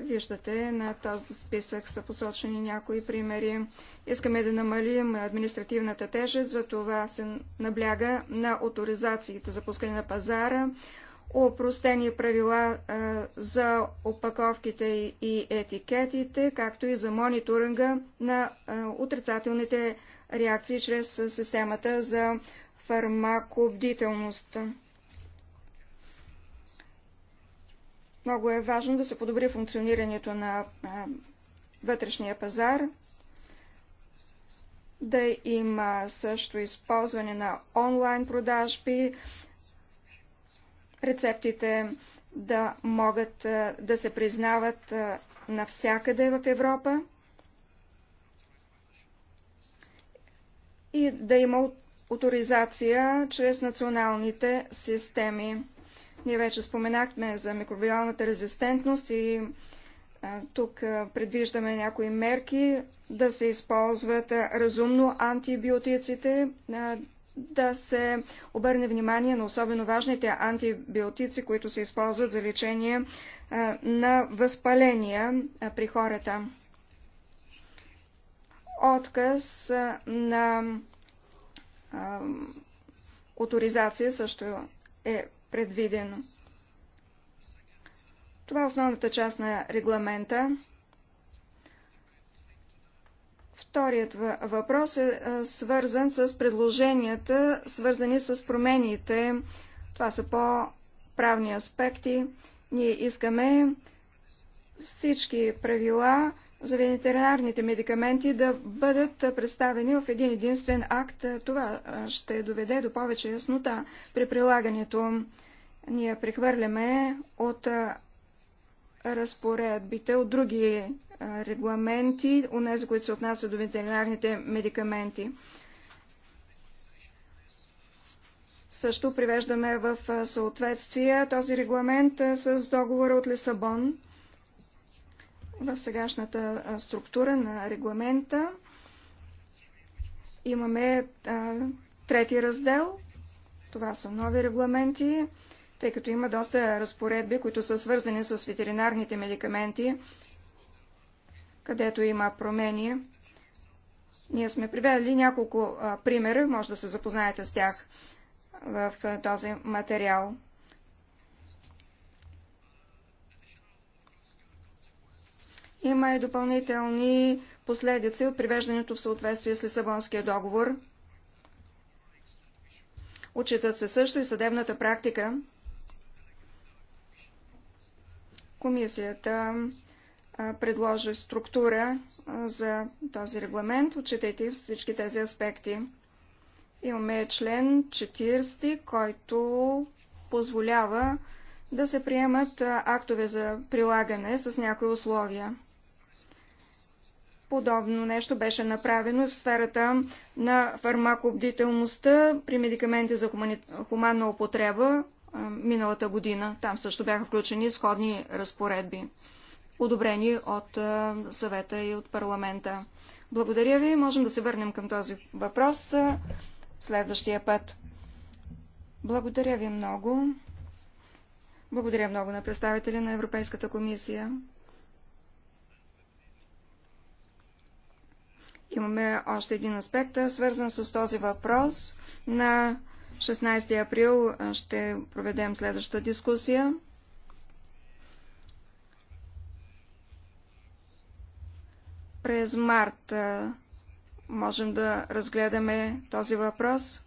Виждате, на този списък са посочени някои примери. Искаме да намалим административната тежест, за това се набляга на авторизациите за пускане на пазара, опростени правила за опаковките и етикетите, както и за мониторинга на отрицателните реакции чрез системата за фармакобдителност. Много е важно да се подобри функционирането на вътрешния пазар, да има също използване на онлайн продажби, рецептите да могат да се признават навсякъде в Европа и да има авторизация чрез националните системи. Ние вече споменахме за микробиалната резистентност и тук предвиждаме някои мерки да се използват разумно антибиотиците, да се обърне внимание на особено важните антибиотици, които се използват за лечение на възпаления при хората. Отказ на авторизация също е предвидено. Това е основната част на регламента. Вторият въпрос е свързан с предложенията, свързани с промените. Това са по-правни аспекти. Ние искаме всички правила за ветеринарните медикаменти да бъдат представени в един единствен акт. Това ще доведе до повече яснота при прилагането. Ние прехвърляме от разпоредбите, от други регламенти, от тези, които се отнасят до ветеринарните медикаменти. Също привеждаме в съответствие този регламент с договора от Лисабон в сегашната структура на регламента. Имаме трети раздел. Това са нови регламенти, тъй като има доста разпоредби, които са свързани с ветеринарните медикаменти, където има промени. Ние сме приведели няколко примера, може да се запознаете с тях в този материал. Има и допълнителни последици от привеждането в съответствие с Лисабонския договор. Отчитат се също и съдебната практика. Комисията предложи структура за този регламент. Отчитайте всички тези аспекти. Имаме член 40, който позволява да се приемат актове за прилагане с някои условия. Подобно нещо беше направено в сферата на фармакобдителността при медикаменти за хумани... хуманна употреба а, миналата година. Там също бяха включени сходни разпоредби, одобрени от а, съвета и от парламента. Благодаря ви. Можем да се върнем към този въпрос а, следващия път. Благодаря ви много. Благодаря много на представителя на Европейската комисия. Имаме още един аспект, свързан с този въпрос. На 16 април ще проведем следващата дискусия. През март можем да разгледаме този въпрос.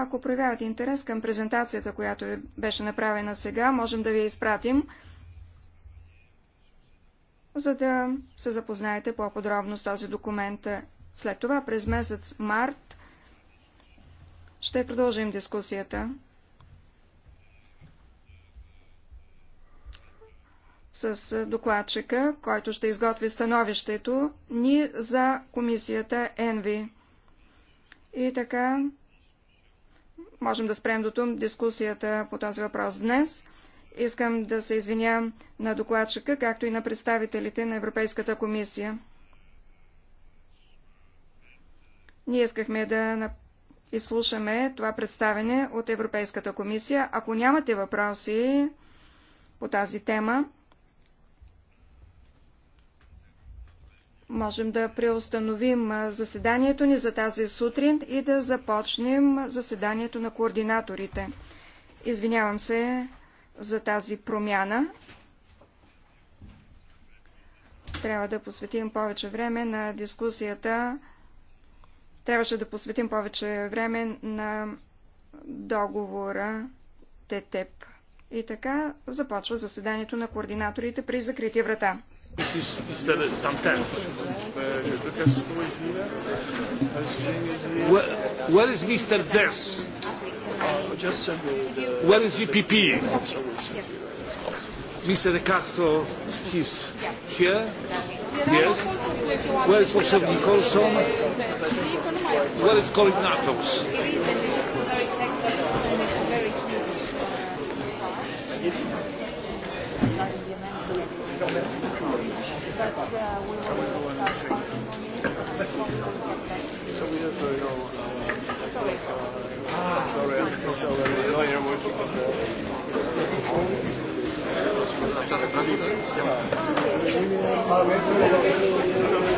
Ако проявявате интерес към презентацията, която е- беше направена сега, можем да ви я изпратим, за да се запознаете по-подробно с този документ. След това, през месец март, ще продължим дискусията с докладчика, който ще изготви становището ни за комисията ЕНВИ. И така, можем да спрем до тум дискусията по този въпрос днес. Искам да се извиня на докладчика, както и на представителите на Европейската комисия. Ние искахме да изслушаме това представене от Европейската комисия. Ако нямате въпроси по тази тема, можем да преустановим заседанието ни за тази сутрин и да започнем заседанието на координаторите. Извинявам се за тази промяна. Трябва да посветим повече време на дискусията. Трябваше да посветим повече време на договора ТТЕП. И така започва заседанието на координаторите при закрити врата. Where is Mr. Des? Where is EPP? Mr. De Castro, he's here. Yes. Where is Professor Nicholson? Where is Colin Natos? Thank you. but uh, we will start So we have to know. Sorry. Ah, sorry, because our lawyer working on the drawings. After the